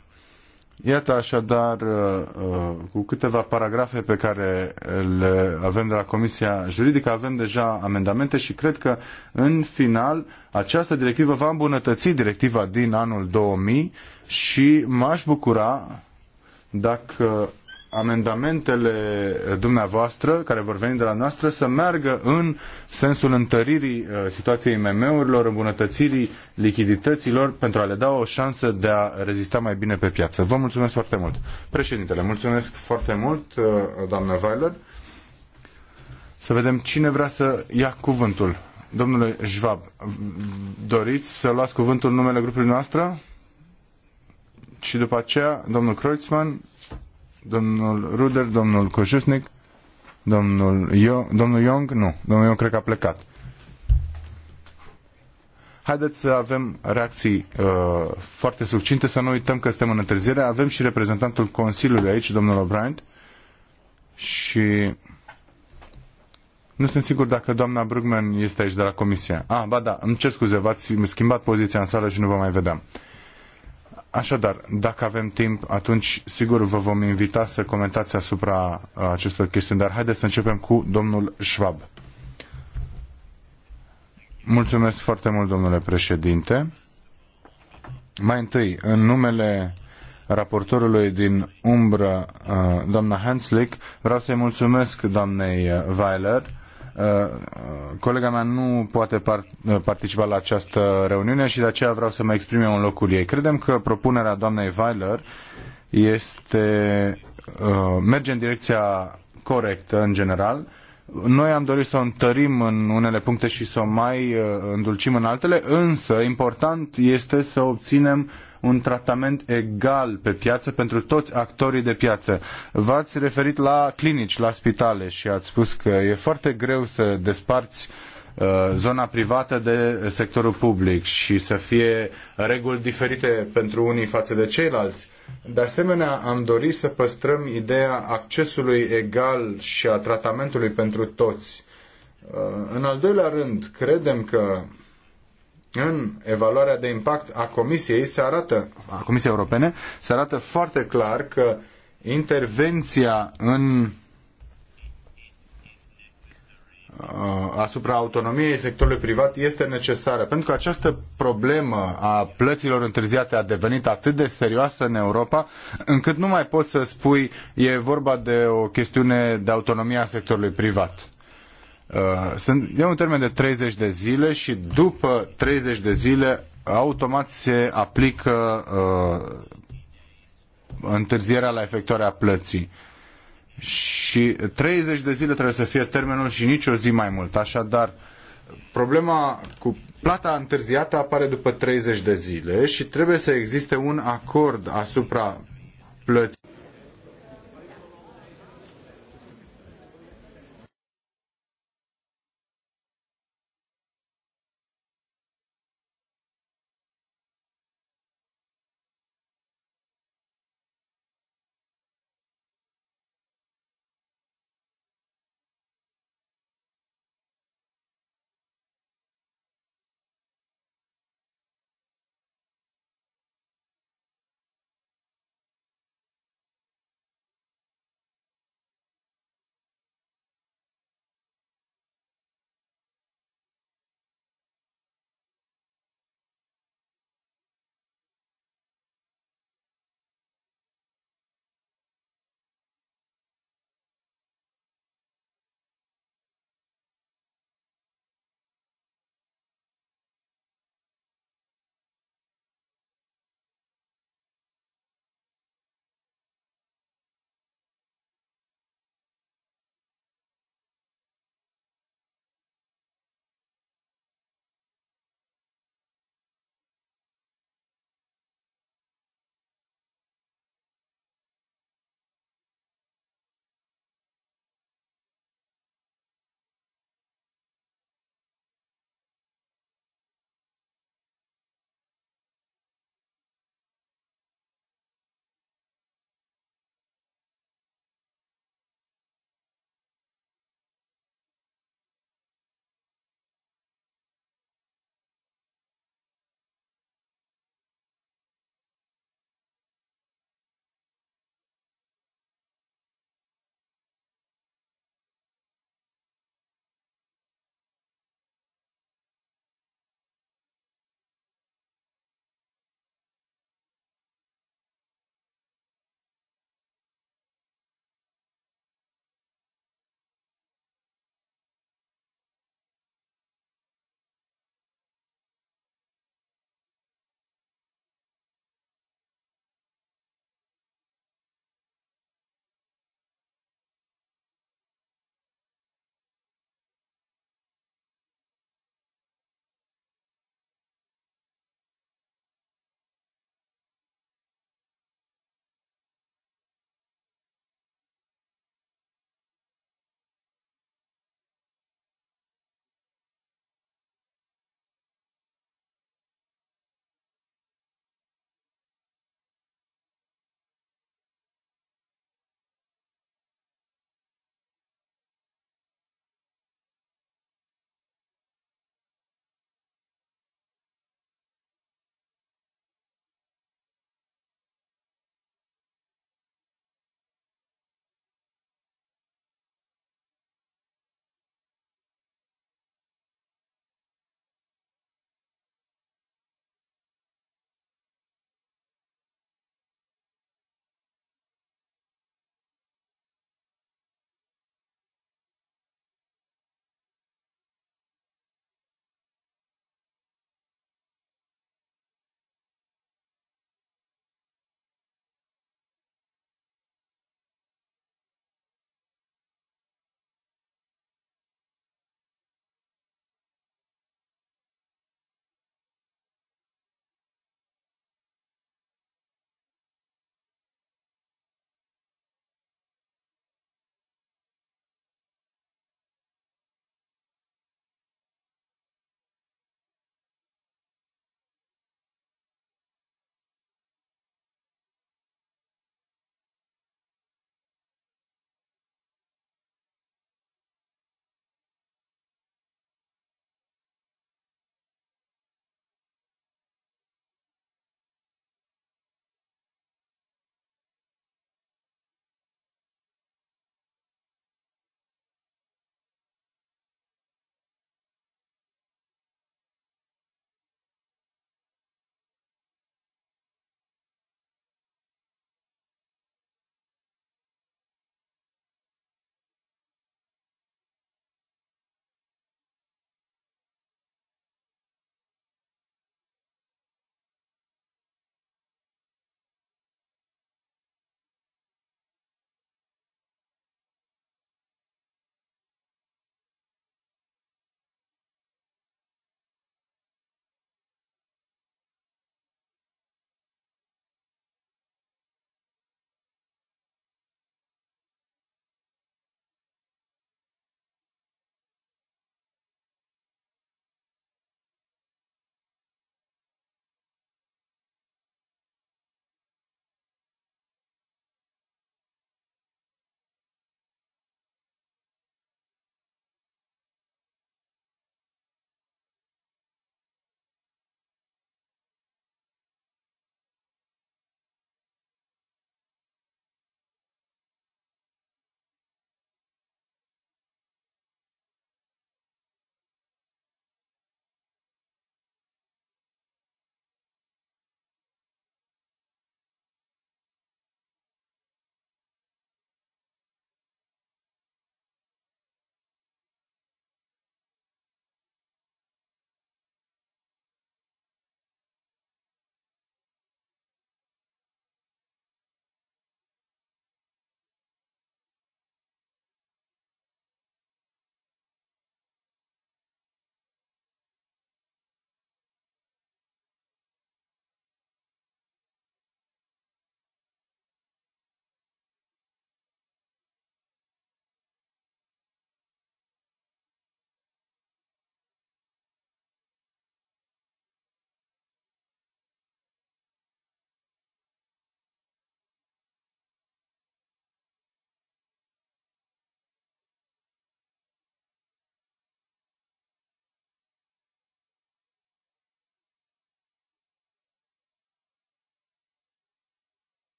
Iată așadar uh, uh, cu câteva paragrafe pe care le avem de la Comisia Juridică, avem deja amendamente și cred că în final această directivă va îmbunătăți directiva din anul 2000 și m-aș bucura dacă amendamentele dumneavoastră, care vor veni de la noastră, să meargă în sensul întăririi uh, situației MM-urilor, îmbunătățirii lichidităților, pentru a le da o șansă de a rezista mai bine pe piață. Vă mulțumesc foarte mult. Președintele, mulțumesc foarte mult, uh, doamnă Weiler. Să vedem cine vrea să ia cuvântul. Domnule Schwab, doriți să luați cuvântul numele grupului noastră? Și după aceea, domnul Kreutzmann, Domnul Ruder, domnul Coșusnic, domnul, Io, domnul Young, nu, domnul Young cred că a plecat. Haideți să avem reacții uh, foarte succinte, să nu uităm că suntem în întârziere. Avem și reprezentantul Consiliului aici, domnul O'Brien, și nu sunt sigur dacă doamna Brugman este aici de la Comisie. Ah, ba da, îmi cer scuze, v-ați schimbat poziția în sală și nu vă mai vedeam. Așadar, dacă avem timp, atunci sigur vă vom invita să comentați asupra uh, acestor chestiuni, dar haideți să începem cu domnul Schwab. Mulțumesc foarte mult, domnule președinte. Mai întâi, în numele raportorului din umbră, uh, doamna Hanslick, vreau să-i mulțumesc doamnei uh, Weiler Uh, uh, colega mea nu poate uh, participa la această reuniune și de aceea vreau să mă exprim eu în locul ei. Credem că propunerea doamnei Weiler este, merge în direcția corectă în general. Noi am dorit să o întărim în unele puncte și să o mai îndulcim în altele, însă important este să obținem uh, un tratament egal pe piață pentru toți actorii de piață. V-ați referit la clinici, la spitale și ați spus că e foarte greu să desparți uh, zona privată de sectorul public și să fie reguli diferite pentru unii față de ceilalți. De asemenea, am dorit să păstrăm ideea accesului egal și a tratamentului pentru toți. Uh, în al doilea rând, credem că în evaluarea de impact a Comisiei se arată, a Comisiei Europene, se arată foarte clar că intervenția în uh, asupra autonomiei sectorului privat este necesară, pentru că această problemă a plăților întârziate a devenit atât de serioasă în Europa, încât nu mai poți să spui e vorba de o chestiune de autonomie a sectorului privat. Uh, sunt, e un termen de 30 de zile și după 30 de zile automat se aplică uh, întârzierea la efectuarea plății. Și 30 de zile trebuie să fie termenul și nici o zi mai mult. Așadar, problema cu plata întârziată apare după 30 de zile și trebuie să existe un acord asupra plății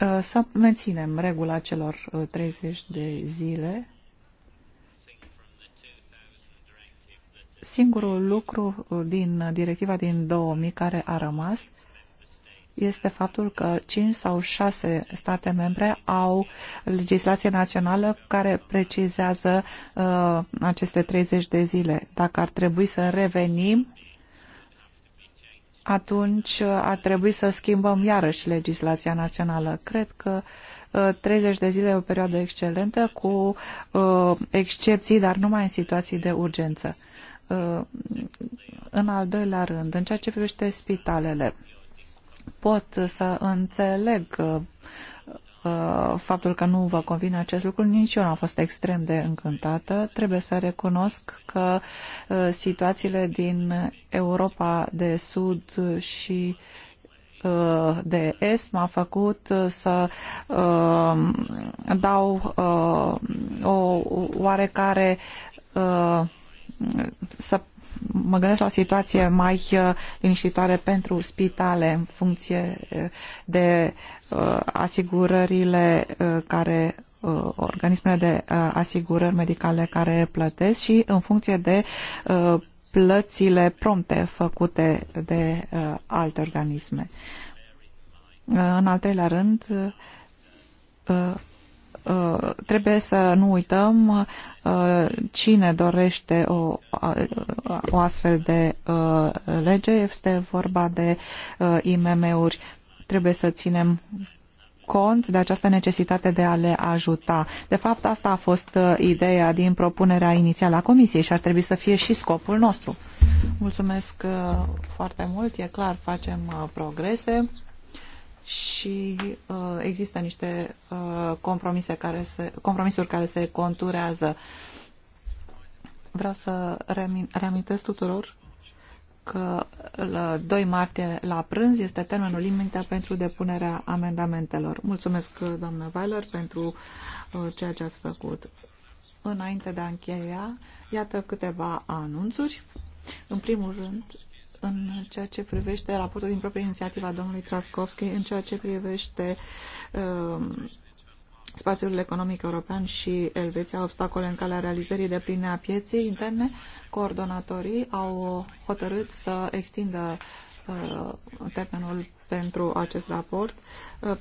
Uh, să menținem regula celor 30 uh, de zile. Singurul lucru uh, din directiva din 2000 care a rămas este faptul că 5 sau 6 state membre au legislație națională care precizează uh, aceste 30 de zile. Dacă ar trebui să revenim atunci uh, ar trebui să schimbăm iarăși legislația națională. Cred că 30 uh, de zile e o perioadă excelentă cu uh, excepții, dar numai în situații de urgență. În al doilea rând, în ceea ce privește spitalele, pot să înțeleg Uh, faptul că nu vă convine acest lucru, nici eu nu am fost extrem de încântată. Trebuie să recunosc că uh, situațiile din Europa de Sud și uh, de Est m-a făcut să dau o oarecare să mă gândesc la o situație mai uh, liniștitoare pentru spitale în funcție uh, de uh, asigurările care organismele de asigurări medicale care plătesc și în funcție de plățile prompte făcute de alte organisme. În al treilea rând, Uh, trebuie să nu uităm uh, cine dorește o, o astfel de uh, lege. Este vorba de IMM-uri. Trebuie să ținem cont de această necesitate de a le ajuta. De fapt, asta a fost ideea din propunerea inițială a Comisiei și ar trebui să fie și scopul nostru. Mulțumesc foarte mult, e clar, facem progrese și uh, există niște uh, compromise care se, compromisuri care se conturează. Vreau să reamintesc tuturor că la 2 martie la prânz este termenul limită pentru depunerea amendamentelor. Mulțumesc, uh, doamnă Weiler, pentru uh, ceea ce ați făcut. Înainte de a încheia, iată câteva anunțuri. În primul rând, în ceea ce privește raportul din proprie inițiativa domnului Traskovski, în ceea ce privește uh, spațiul economic european și Elveția, obstacole în calea realizării de pline a pieței interne, coordonatorii au hotărât să extindă uh, termenul pentru acest raport uh, pe